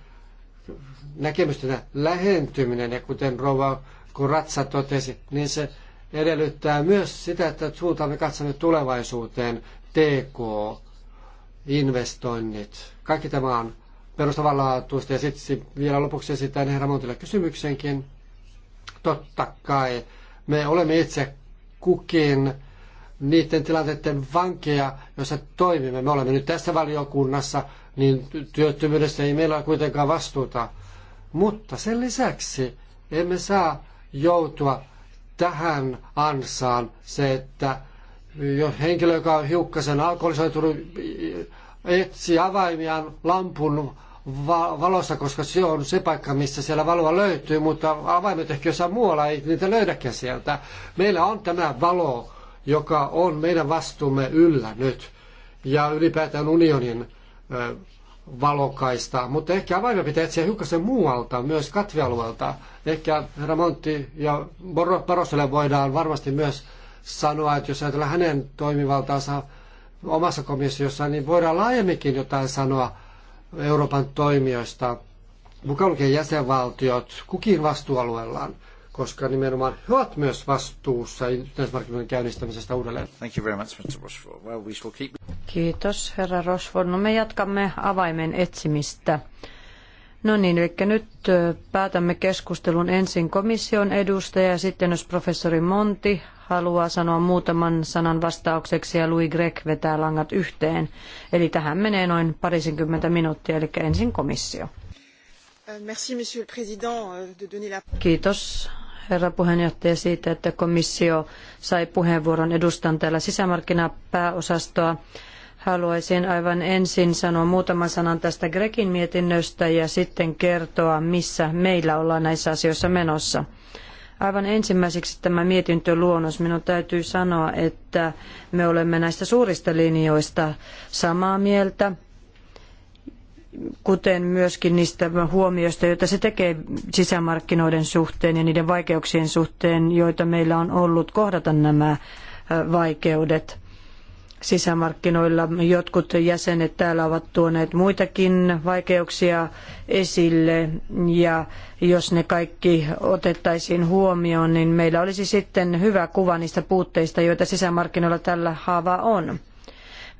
näkemystenä lähentyminen, ja kuten Rova kun Ratsa totesi, niin se edellyttää myös sitä, että suuntaamme katsomme tulevaisuuteen, TK, investoinnit. Kaikki tämä on perustavanlaatuista. Ja sitten vielä lopuksi esitän herra Montille kysymyksenkin. Totta kai me olemme itse kukin niiden tilanteiden vankeja, joissa toimimme. Me olemme nyt tässä valiokunnassa, niin työttömyydestä ei meillä ole kuitenkaan vastuuta. Mutta sen lisäksi emme saa joutua tähän ansaan se, että jos henkilö, joka on hiukkasen alkoholisoitunut, etsii avaimiaan lampun valossa, koska se on se paikka, missä siellä valoa löytyy, mutta avaimet ehkä jossain muualla ei niitä löydäkään sieltä. Meillä on tämä valo, joka on meidän vastuumme yllä nyt ja ylipäätään unionin valokaista, mutta ehkä avaimia pitää etsiä hiukkasen muualta, myös katvealueelta. Ehkä Montti ja Baroselle voidaan varmasti myös sanoa, että jos ajatellaan hänen toimivaltaansa omassa komissiossa, niin voidaan laajemminkin jotain sanoa Euroopan toimijoista, mukaan lukien jäsenvaltiot, kukin vastuualueellaan koska nimenomaan he ovat myös vastuussa yhteismarkkinoiden käynnistämisestä
uudelleen. Thank you very much, Mr. Rochefort. Well, we shall keep...
Kiitos, herra Rochefort. No me jatkamme avaimen etsimistä. No niin, eli nyt päätämme keskustelun ensin komission edustaja ja sitten jos professori Monti haluaa sanoa muutaman sanan vastaukseksi ja Louis Gregg vetää langat yhteen. Eli tähän menee noin parisinkymmentä minuuttia, eli ensin komissio. Euh, euh, Kiitos herra puheenjohtaja, siitä, että komissio sai puheenvuoron edustan täällä sisämarkkinapääosastoa. Haluaisin aivan ensin sanoa muutaman sanan tästä Grekin mietinnöstä ja sitten kertoa, missä meillä ollaan näissä asioissa menossa. Aivan ensimmäiseksi tämä mietintöluonnos. Minun täytyy sanoa, että me olemme näistä suurista linjoista samaa mieltä kuten myöskin niistä huomioista, joita se tekee sisämarkkinoiden suhteen ja niiden vaikeuksien suhteen, joita meillä on ollut kohdata nämä vaikeudet sisämarkkinoilla. Jotkut jäsenet täällä ovat tuoneet muitakin vaikeuksia esille ja jos ne kaikki otettaisiin huomioon, niin meillä olisi sitten hyvä kuva niistä puutteista, joita sisämarkkinoilla tällä haavaa on.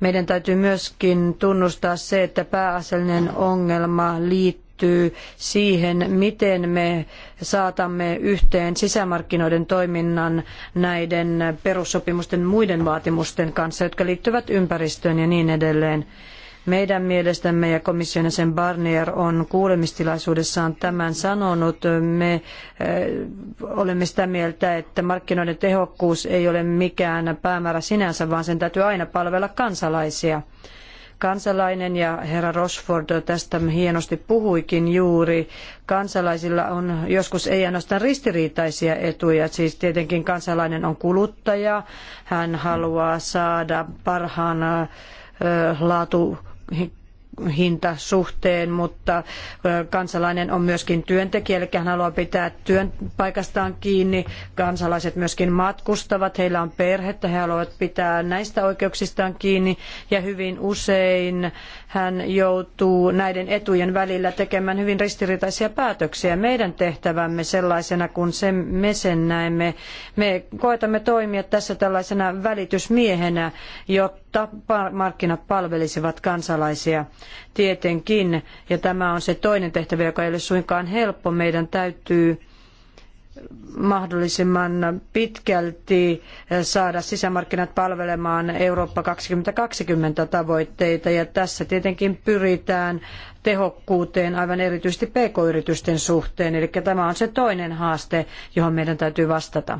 Meidän täytyy myöskin tunnustaa se, että pääasiallinen ongelma liittyy siihen, miten me saatamme yhteen sisämarkkinoiden toiminnan näiden perussopimusten muiden vaatimusten kanssa, jotka liittyvät ympäristöön ja niin edelleen. Meidän mielestämme ja komission sen Barnier on kuulemistilaisuudessaan tämän sanonut. Me eh, olemme sitä mieltä, että markkinoiden tehokkuus ei ole mikään päämäärä sinänsä, vaan sen täytyy aina palvella kansalaisia kansalainen ja herra Rosford tästä hienosti puhuikin juuri. Kansalaisilla on joskus ei ainoastaan ristiriitaisia etuja, siis tietenkin kansalainen on kuluttaja, hän haluaa saada parhaan eh, laatu hintasuhteen, mutta kansalainen on myöskin työntekijä, eli hän haluaa pitää työn paikastaan kiinni. Kansalaiset myöskin matkustavat, heillä on perhettä, he haluavat pitää näistä oikeuksistaan kiinni ja hyvin usein hän joutuu näiden etujen välillä tekemään hyvin ristiriitaisia päätöksiä. Meidän tehtävämme sellaisena kuin se, me sen näemme, me koetamme toimia tässä tällaisena välitysmiehenä, jotta markkinat palvelisivat kansalaisia tietenkin. Ja tämä on se toinen tehtävä, joka ei ole suinkaan helppo. Meidän täytyy mahdollisimman pitkälti saada sisämarkkinat palvelemaan Eurooppa 2020 tavoitteita ja tässä tietenkin pyritään tehokkuuteen aivan erityisesti pk-yritysten suhteen, eli tämä on se toinen haaste, johon meidän täytyy vastata.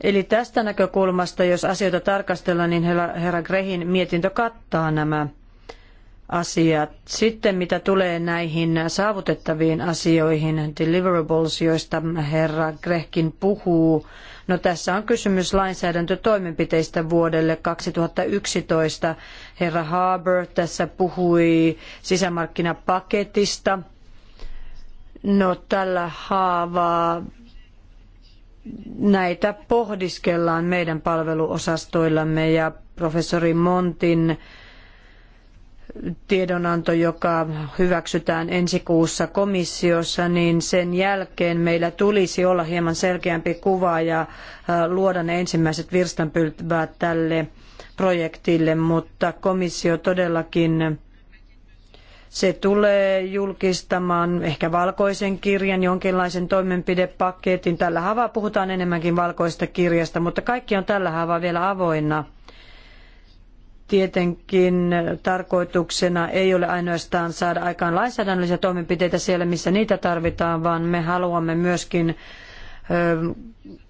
Eli tästä näkökulmasta, jos asioita tarkastellaan, niin herra Grehin mietintö kattaa nämä asiat. Sitten mitä tulee näihin saavutettaviin asioihin, deliverables, joista herra Grehkin puhuu, No tässä on kysymys lainsäädäntötoimenpiteistä vuodelle 2011. Herra Harbour tässä puhui sisämarkkinapaketista. No tällä haavaa näitä pohdiskellaan meidän palveluosastoillamme ja professori Montin tiedonanto, joka hyväksytään ensi kuussa komissiossa, niin sen jälkeen meillä tulisi olla hieman selkeämpi kuva ja äh, luoda ne ensimmäiset virstanpylväät tälle projektille, mutta komissio todellakin se tulee julkistamaan ehkä valkoisen kirjan, jonkinlaisen toimenpidepaketin. Tällä haavaa puhutaan enemmänkin valkoisesta kirjasta, mutta kaikki on tällä haavaa vielä avoinna Tietenkin tarkoituksena ei ole ainoastaan saada aikaan lainsäädännöllisiä toimenpiteitä siellä, missä niitä tarvitaan, vaan me haluamme myöskin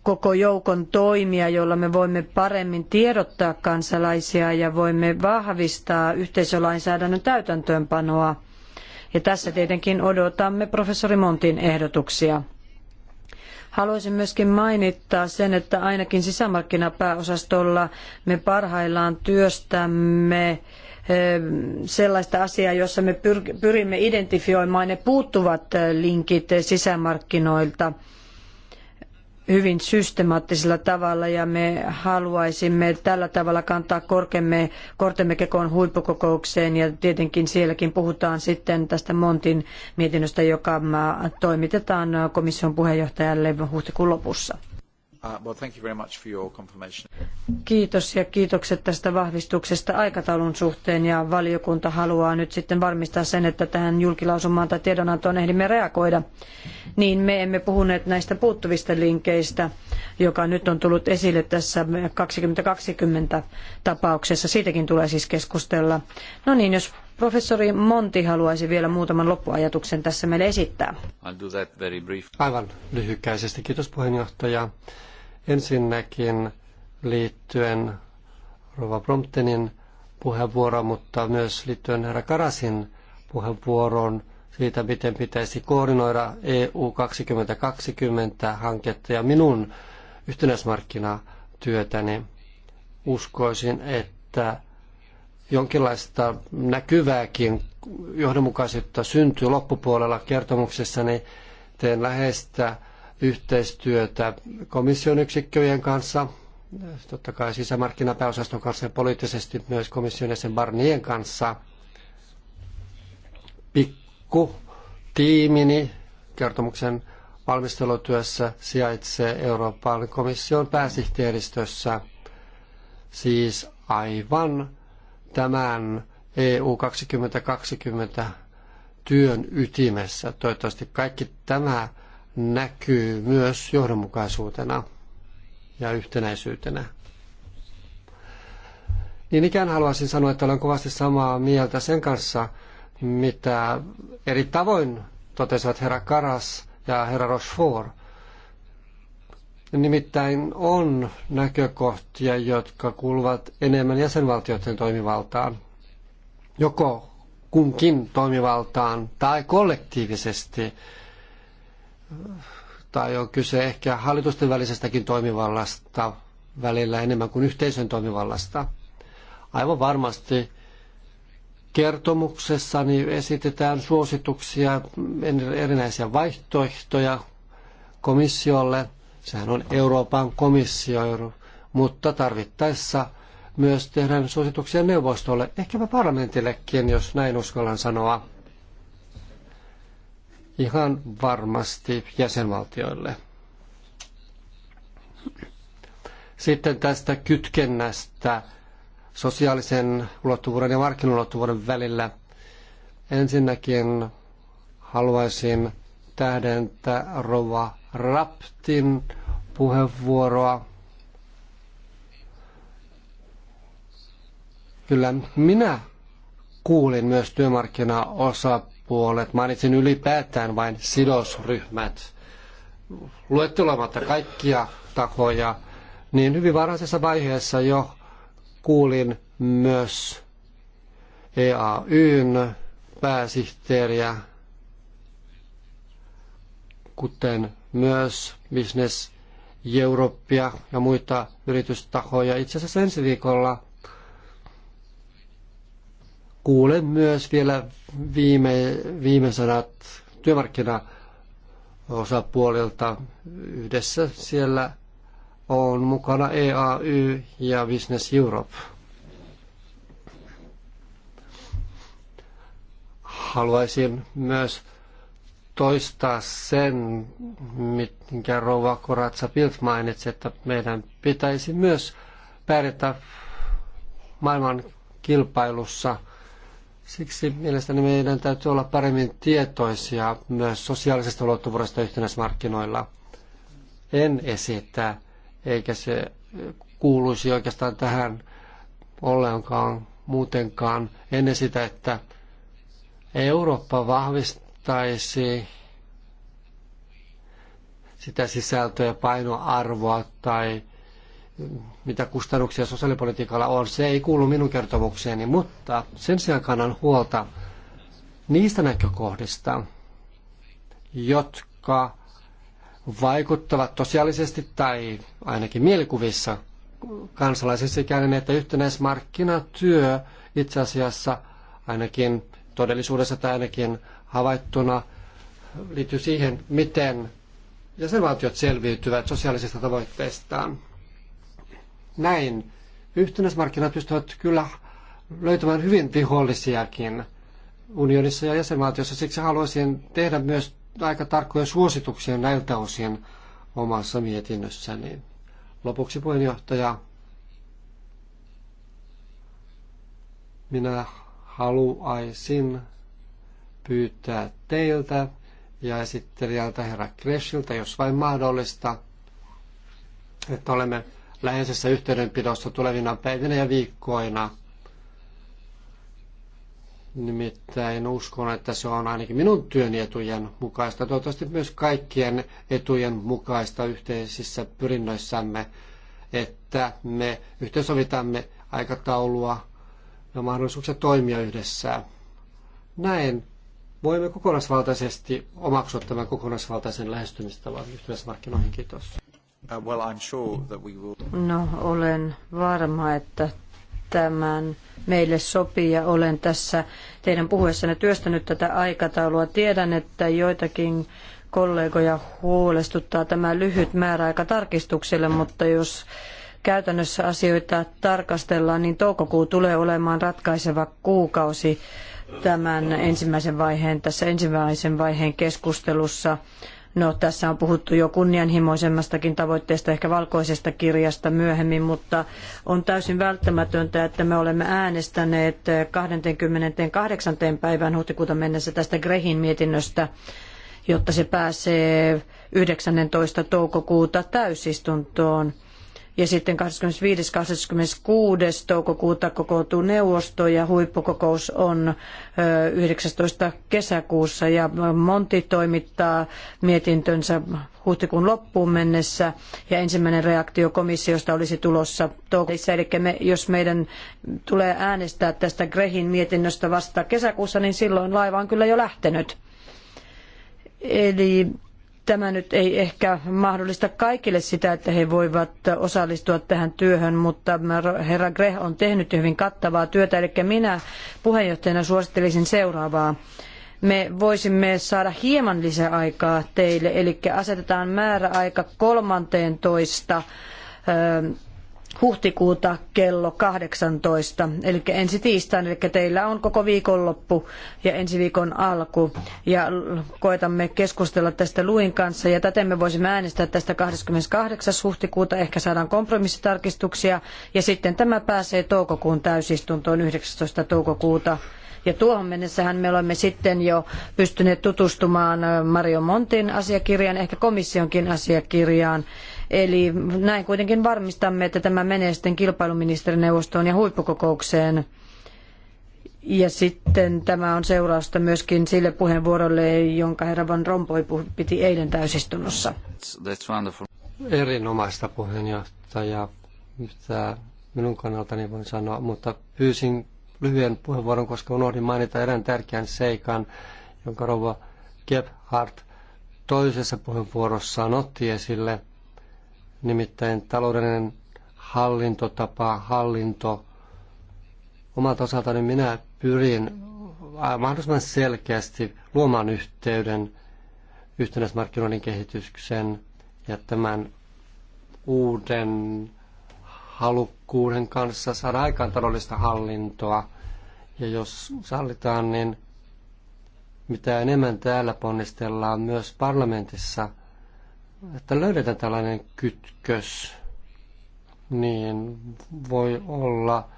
koko joukon toimia, joilla me voimme paremmin tiedottaa kansalaisia ja voimme vahvistaa yhteisölainsäädännön täytäntöönpanoa. Ja tässä tietenkin odotamme professori Montin ehdotuksia. Haluaisin myöskin mainittaa sen, että ainakin sisämarkkinapääosastolla me parhaillaan työstämme eh, sellaista asiaa, jossa me pyrimme identifioimaan ne puuttuvat eh, linkit eh, sisämarkkinoilta – hyvin systemaattisella tavalla ja me haluaisimme tällä tavalla kantaa korkemme, kortemme kekoon huippukokoukseen ja tietenkin sielläkin puhutaan sitten tästä Montin mietinnöstä, joka toimitetaan komission puheenjohtajalle huhtikuun lopussa. Uh, Kiitos ja kiitokset tästä vahvistuksesta aikataulun suhteen ja valiokunta haluaa nyt sitten varmistaa sen, että tähän julkilausumaan tai tiedonantoon ehdimme reagoida. Niin me emme puhuneet näistä puuttuvista linkeistä, joka nyt on tullut esille tässä 2020 tapauksessa. Siitäkin tulee siis keskustella. No niin, jos Professori Monti haluaisi vielä muutaman loppuajatuksen tässä meille esittää.
I'll do that very
brief. Aivan lyhykäisesti. Kiitos puheenjohtaja. Ensinnäkin liittyen Rova Promptenin puheenvuoroon, mutta myös liittyen herra Karasin puheenvuoroon siitä, miten pitäisi koordinoida EU 2020-hanketta ja minun yhtenäismarkkinatyötäni. Uskoisin, että jonkinlaista näkyvääkin johdonmukaisuutta syntyy loppupuolella kertomuksessani. Teen läheistä yhteistyötä komission yksikköjen kanssa, totta kai sisämarkkinapääosaston kanssa ja poliittisesti myös komission jäsen Barnien kanssa. Pikku tiimini kertomuksen valmistelutyössä sijaitsee Euroopan komission pääsihteeristössä, siis aivan tämän EU 2020 työn ytimessä. Toivottavasti kaikki tämä näkyy myös johdonmukaisuutena ja yhtenäisyytenä. Niin ikään haluaisin sanoa, että olen kovasti samaa mieltä sen kanssa, mitä eri tavoin totesivat herra Karas ja herra Rochefort. Nimittäin on näkökohtia, jotka kuuluvat enemmän jäsenvaltioiden toimivaltaan, joko kunkin toimivaltaan tai kollektiivisesti tai on kyse ehkä hallitusten välisestäkin toimivallasta välillä enemmän kuin yhteisön toimivallasta. Aivan varmasti kertomuksessani esitetään suosituksia, erinäisiä vaihtoehtoja komissiolle. Sehän on Euroopan komissio, mutta tarvittaessa myös tehdään suosituksia neuvostolle, ehkäpä parlamentillekin, jos näin uskallan sanoa ihan varmasti jäsenvaltioille. Sitten tästä kytkennästä sosiaalisen ulottuvuuden ja markkinoulottuvuuden välillä. Ensinnäkin haluaisin tähdentää Rova Raptin puheenvuoroa. Kyllä minä kuulin myös työmarkkinaosa puolet. mainitsin ylipäätään vain sidosryhmät, luettelematta kaikkia tahoja, niin hyvin varhaisessa vaiheessa jo kuulin myös EAYn pääsihteeriä, kuten myös Business Europea ja muita yritystahoja. Itse asiassa ensi viikolla kuulen myös vielä viime, viime sanat työmarkkinaosapuolilta. Yhdessä siellä on mukana EAY ja Business Europe. Haluaisin myös toistaa sen, mitkä Rouva Koratsa Pilt mainitsi, että meidän pitäisi myös pärjätä maailman kilpailussa – Siksi mielestäni meidän täytyy olla paremmin tietoisia myös sosiaalisesta ulottuvuudesta yhtenäismarkkinoilla. En esitä, eikä se kuuluisi oikeastaan tähän ollenkaan muutenkaan. En esitä, että Eurooppa vahvistaisi sitä sisältöä ja painoarvoa tai mitä kustannuksia sosiaalipolitiikalla on. Se ei kuulu minun kertomukseeni, mutta sen sijaan kannan huolta niistä näkökohdista, jotka vaikuttavat tosiaalisesti tai ainakin mielikuvissa kansalaisissa ikään kuin, että yhtenäismarkkinatyö itse asiassa ainakin todellisuudessa tai ainakin havaittuna liittyy siihen, miten jäsenvaltiot selviytyvät sosiaalisista tavoitteistaan. Näin yhtenäismarkkinat pystyvät kyllä löytämään hyvin vihollisiakin unionissa ja jäsenvaltiossa. Siksi haluaisin tehdä myös aika tarkkoja suosituksia näiltä osin omassa mietinnössäni. Lopuksi puheenjohtaja, minä haluaisin pyytää teiltä ja esittelijältä herra Kreshiltä, jos vain mahdollista, että olemme läheisessä yhteydenpidossa tulevina päivinä ja viikkoina. Nimittäin uskon, että se on ainakin minun työn etujen mukaista, toivottavasti myös kaikkien etujen mukaista yhteisissä pyrinnöissämme, että me yhteensovitamme aikataulua ja mahdollisuuksia toimia yhdessä. Näin voimme kokonaisvaltaisesti omaksua tämän kokonaisvaltaisen lähestymistavan yhteismarkkinoihin. Kiitos. Uh, no,
olen varma, että tämän meille sopii ja olen tässä teidän puhuessanne työstänyt tätä aikataulua. Tiedän, että joitakin kollegoja huolestuttaa tämä lyhyt määräaika tarkistukselle, mutta jos käytännössä asioita tarkastellaan, niin toukokuu tulee olemaan ratkaiseva kuukausi tämän ensimmäisen vaiheen, tässä ensimmäisen vaiheen keskustelussa No tässä on puhuttu jo kunnianhimoisemmastakin tavoitteesta, ehkä valkoisesta kirjasta myöhemmin, mutta on täysin välttämätöntä, että me olemme äänestäneet 28. päivään huhtikuuta mennessä tästä Grehin mietinnöstä, jotta se pääsee 19. toukokuuta täysistuntoon ja sitten 25-26. toukokuuta kokoutuu neuvosto ja huippukokous on 19. kesäkuussa ja Monti toimittaa mietintönsä huhtikuun loppuun mennessä ja ensimmäinen reaktio komissiosta olisi tulossa toukokuussa. Eli me, jos meidän tulee äänestää tästä Grehin mietinnöstä vasta kesäkuussa, niin silloin laiva on kyllä jo lähtenyt. Eli Tämä nyt ei ehkä mahdollista kaikille sitä, että he voivat osallistua tähän työhön, mutta herra Greh on tehnyt hyvin kattavaa työtä, eli minä puheenjohtajana suosittelisin seuraavaa me voisimme saada hieman lisäaikaa teille, eli asetetaan määräaika 13 huhtikuuta kello 18, eli ensi tiistaina, eli teillä on koko viikonloppu ja ensi viikon alku, ja koetamme keskustella tästä Luin kanssa, ja täten me voisimme äänestää tästä 28. huhtikuuta, ehkä saadaan kompromissitarkistuksia, ja sitten tämä pääsee toukokuun täysistuntoon 19. toukokuuta. Ja tuohon mennessähän me olemme sitten jo pystyneet tutustumaan Mario Montin asiakirjaan, ehkä komissionkin asiakirjaan, Eli näin kuitenkin varmistamme, että tämä menee sitten kilpailuministerineuvostoon ja huippukokoukseen. Ja sitten tämä on seurausta myöskin sille puheenvuorolle, jonka herra Van Rompuy piti eilen täysistunnossa.
That's wonderful.
Erinomaista puheenjohtaja, mitä minun kannaltani voin sanoa, mutta pyysin lyhyen puheenvuoron, koska unohdin mainita erään tärkeän seikan, jonka rouva Gebhardt toisessa puheenvuorossaan otti esille nimittäin taloudellinen hallintotapa, hallinto. Omalta osaltani minä pyrin mahdollisimman selkeästi luomaan yhteyden yhtenäismarkkinoiden kehityksen ja tämän uuden halukkuuden kanssa saada aikaan taloudellista hallintoa. Ja jos sallitaan, niin mitä enemmän täällä ponnistellaan myös parlamentissa – että löydetään tällainen kytkös, niin voi olla,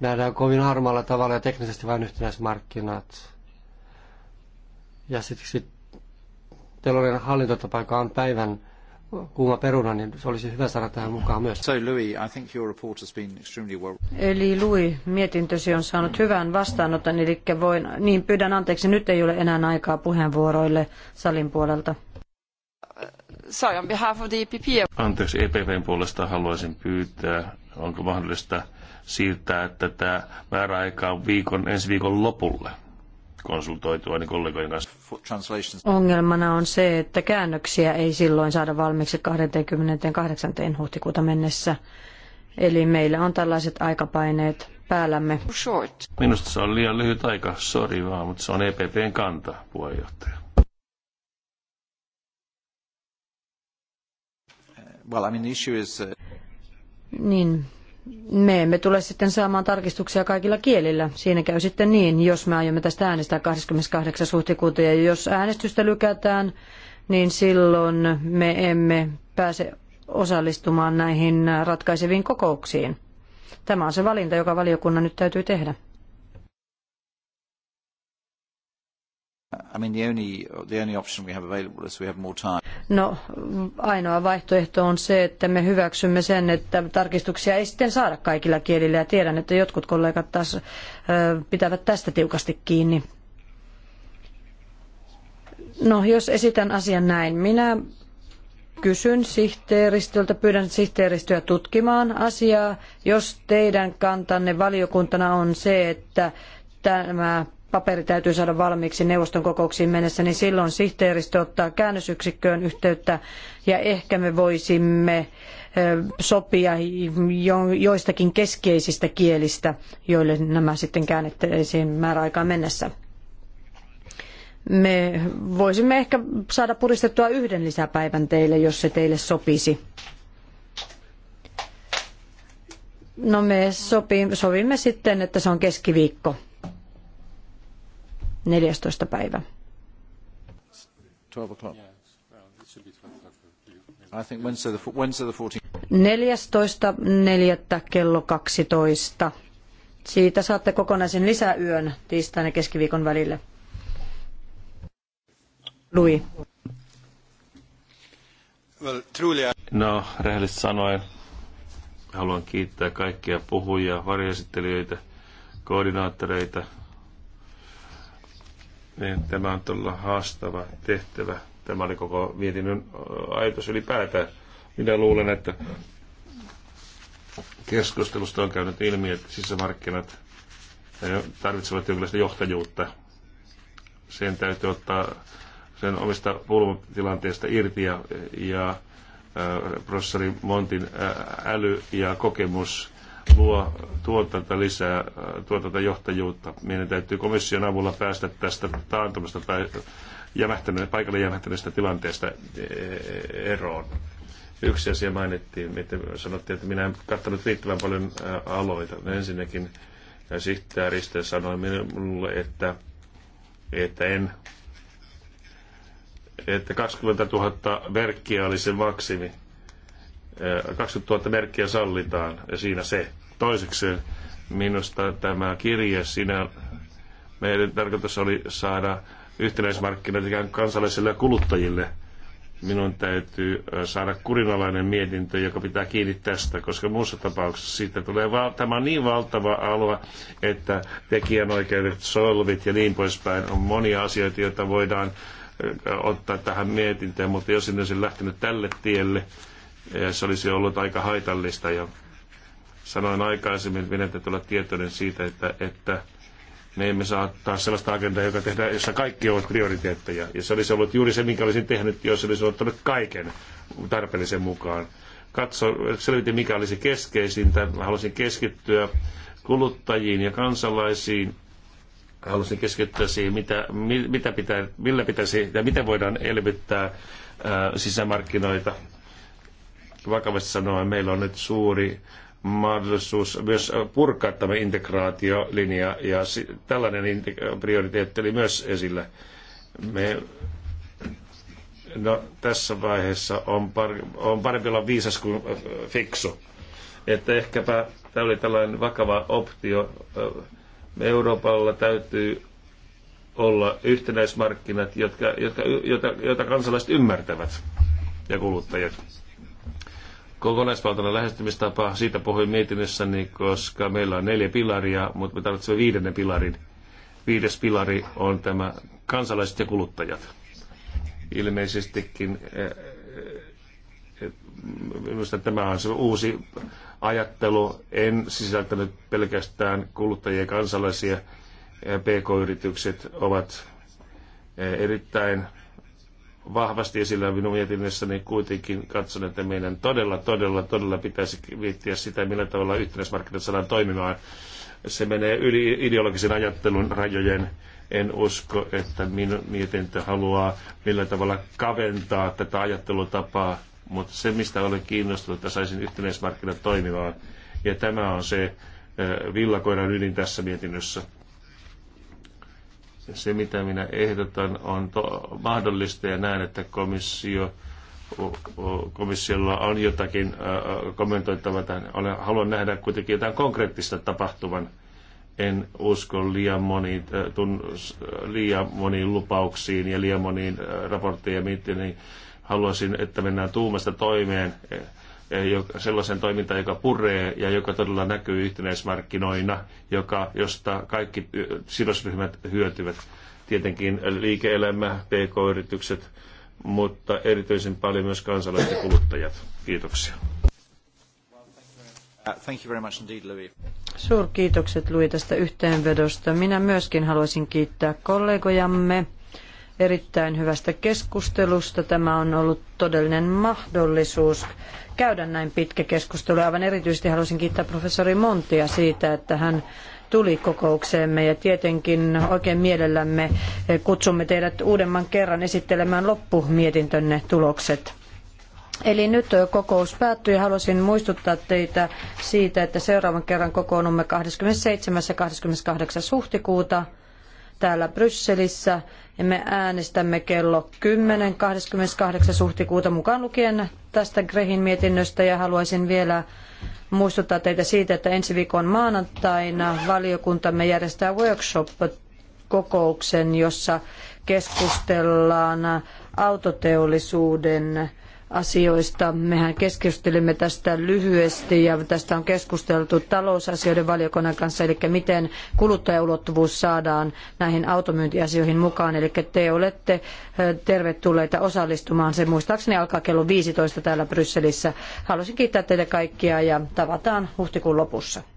nähdään kovin harmaalla tavalla ja teknisesti vain yhtenäismarkkinat. Ja siksi telollinen hallintotapa, joka on päivän kuuma peruna, niin se olisi hyvä saada tähän mukaan myös. So Louis,
I think your report has been extremely well...
Eli Louis, mietintösi on saanut hyvän vastaanoton, eli voin, niin pyydän anteeksi, nyt ei ole enää aikaa puheenvuoroille salin puolelta. Sorry, on behalf of the EPP.
Anteeksi, EPPn puolesta haluaisin pyytää, onko mahdollista siirtää tätä määräaikaa viikon, ensi viikon lopulle konsultoitua niin kollegojen kanssa.
Ongelmana on se, että käännöksiä ei silloin saada valmiiksi 28. huhtikuuta mennessä. Eli meillä on tällaiset aikapaineet päällämme.
Minusta se on liian lyhyt aika, Sorry, vaan, mutta se on EPPn kanta, puheenjohtaja. well, I mean, the issue is, uh,
Niin, me emme tule sitten saamaan tarkistuksia kaikilla kielillä. Siinä käy sitten niin, jos me aiomme tästä äänestää 28. huhtikuuta. Ja jos äänestystä lykätään, niin silloin me emme pääse osallistumaan näihin ratkaiseviin kokouksiin. Tämä on se valinta, joka valiokunnan nyt täytyy tehdä.
I mean, the only, the only option we have available is we have more time.
No, mm, ainoa vaihtoehto on se, että me hyväksymme sen, että tarkistuksia ei sitten saada kaikilla kielillä. Ja tiedän, että jotkut kollegat taas pitävät tästä tiukasti kiinni. No, jos esitän asian näin. Minä kysyn sihteeristöltä, pyydän sihteeristöä tutkimaan asiaa. Jos teidän kantanne valiokuntana on se, että tämä paperi täytyy saada valmiiksi neuvoston kokouksiin mennessä, niin silloin sihteeristö ottaa käännösyksikköön yhteyttä ja ehkä me voisimme sopia joistakin keskeisistä kielistä, joille nämä sitten käännettäisiin määräaikaan mennessä. Me voisimme ehkä saada puristettua yhden lisäpäivän teille, jos se teille sopisi. No me sopimme, sovimme sitten, että se on keskiviikko. 14. päivä. neljättä kello 12. Siitä saatte kokonaisen lisäyön tiistaina keskiviikon välille. Louis.
No, rehellisesti sanoen haluan kiittää kaikkia puhujia, varjesittelijöitä, koordinaattoreita, niin tämä on todella haastava tehtävä. Tämä oli koko mietinnön ajatus ylipäätään. Minä luulen, että keskustelusta on käynyt ilmi, että sisämarkkinat tarvitsevat jonkinlaista johtajuutta. Sen täytyy ottaa sen omista pulmatilanteista irti ja, ja professori Montin äly ja kokemus luo tuotanta lisää, äh, tuotanta johtajuutta. Meidän täytyy komission avulla päästä tästä taantumasta tai jämähtäneestä, paikalle jämähtäneestä tilanteesta e, e, eroon. Yksi asia mainittiin, miten sanottiin, että minä en katsonut riittävän paljon äh, aloita. No ensinnäkin äh, sihteeristö sanoi minulle, että, että en että 20 000 verkkiä oli se maksimi. 20 000 merkkiä sallitaan ja siinä se. Toiseksi minusta tämä kirje, siinä meidän tarkoitus oli saada yhtenäismarkkinat ikään kuin ja kuluttajille. Minun täytyy saada kurinalainen mietintö, joka pitää kiinni tästä, koska muussa tapauksessa siitä tulee val- tämä on niin valtava alue, että tekijänoikeudet, solvit ja niin poispäin on monia asioita, joita voidaan ottaa tähän mietintöön, mutta jos sinne olisi lähtenyt tälle tielle, se olisi ollut aika haitallista. Ja sanoin aikaisemmin, että meidän täytyy olla tietoinen siitä, että, että me emme saa taas sellaista agendaa, joka tehdään, jossa kaikki ovat prioriteetteja. Ja se olisi ollut juuri se, minkä olisin tehnyt, jos olisi ottanut kaiken tarpeellisen mukaan. Katso, selvitin, mikä olisi keskeisintä. Mä halusin keskittyä kuluttajiin ja kansalaisiin. Halusin keskittyä siihen, mitä, mitä pitää, millä pitäisi ja miten voidaan elvyttää sisämarkkinoita vakavasti sanoen meillä on nyt suuri mahdollisuus myös purkaa tämä integraatiolinja ja tällainen prioriteetti oli myös esillä. Me, no, tässä vaiheessa on, par, on parempi olla viisas kuin äh, fiksu. Että ehkäpä tämä oli tällainen vakava optio. me äh, Euroopalla täytyy olla yhtenäismarkkinat, jotka, jotka, jota, jota kansalaiset ymmärtävät ja kuluttajat kokonaisvaltainen lähestymistapa, siitä puhuin mietinnössäni, koska meillä on neljä pilaria, mutta me tarvitsemme viidennen pilarin. Viides pilari on tämä kansalaiset ja kuluttajat. Ilmeisestikin eh, eh, eh, minusta tämä on se uusi ajattelu. En sisältänyt pelkästään kuluttajia ja kansalaisia. PK-yritykset ovat erittäin vahvasti esillä minun mietinnässäni kuitenkin katson, että meidän todella, todella, todella pitäisi viittiä sitä, millä tavalla yhtenäismarkkinat saadaan toimimaan. Se menee yli ideologisen ajattelun rajojen. En usko, että minun mietintö haluaa millä tavalla kaventaa tätä ajattelutapaa, mutta se, mistä olen kiinnostunut, että saisin yhtenäismarkkinat toimimaan. Ja tämä on se eh, villakoiran ydin tässä mietinnössä. Se, mitä minä ehdotan, on to- mahdollista ja näen, että komissio komissiolla on jotakin kommentoitavaa tähän. Haluan nähdä kuitenkin jotain konkreettista tapahtuvan. En usko liian moniin, tun, liian moniin lupauksiin ja liian moniin raportteihin ja miettiin, niin haluaisin, että mennään tuumasta toimeen Eh, sellaisen toimintaan, joka puree ja joka todella näkyy yhtenäismarkkinoina, joka, josta kaikki eh, sidosryhmät hyötyvät. Tietenkin liike-elämä, pk-yritykset, mutta erityisen paljon myös kansalaiset ja kuluttajat. Kiitoksia. Uh,
Suurkiitokset Louis tästä yhteenvedosta. Minä myöskin haluaisin kiittää kollegojamme erittäin hyvästä keskustelusta. Tämä on ollut todellinen mahdollisuus käydä näin pitkä keskustelu. Aivan erityisesti haluaisin kiittää professori Montia siitä, että hän tuli kokoukseemme ja tietenkin oikein mielellämme kutsumme teidät uudemman kerran esittelemään loppumietintönne tulokset. Eli nyt kokous päättyy ja haluaisin muistuttaa teitä siitä, että seuraavan kerran kokoonnumme 27. ja 28. huhtikuuta täällä Brysselissä me äänestämme kello 10. 28. huhtikuuta mukaan lukien tästä Grehin mietinnöstä ja haluaisin vielä muistuttaa teitä siitä, että ensi viikon maanantaina valiokuntamme järjestää workshop-kokouksen, jossa keskustellaan autoteollisuuden asioista. Mehän keskustelimme tästä lyhyesti ja tästä on keskusteltu talousasioiden valiokunnan kanssa, eli miten kuluttajaulottuvuus saadaan näihin automyyntiasioihin mukaan. Eli te olette tervetulleita osallistumaan. Se muistaakseni alkaa kello 15 täällä Brysselissä. Haluaisin kiittää teitä kaikkia ja tavataan huhtikuun lopussa.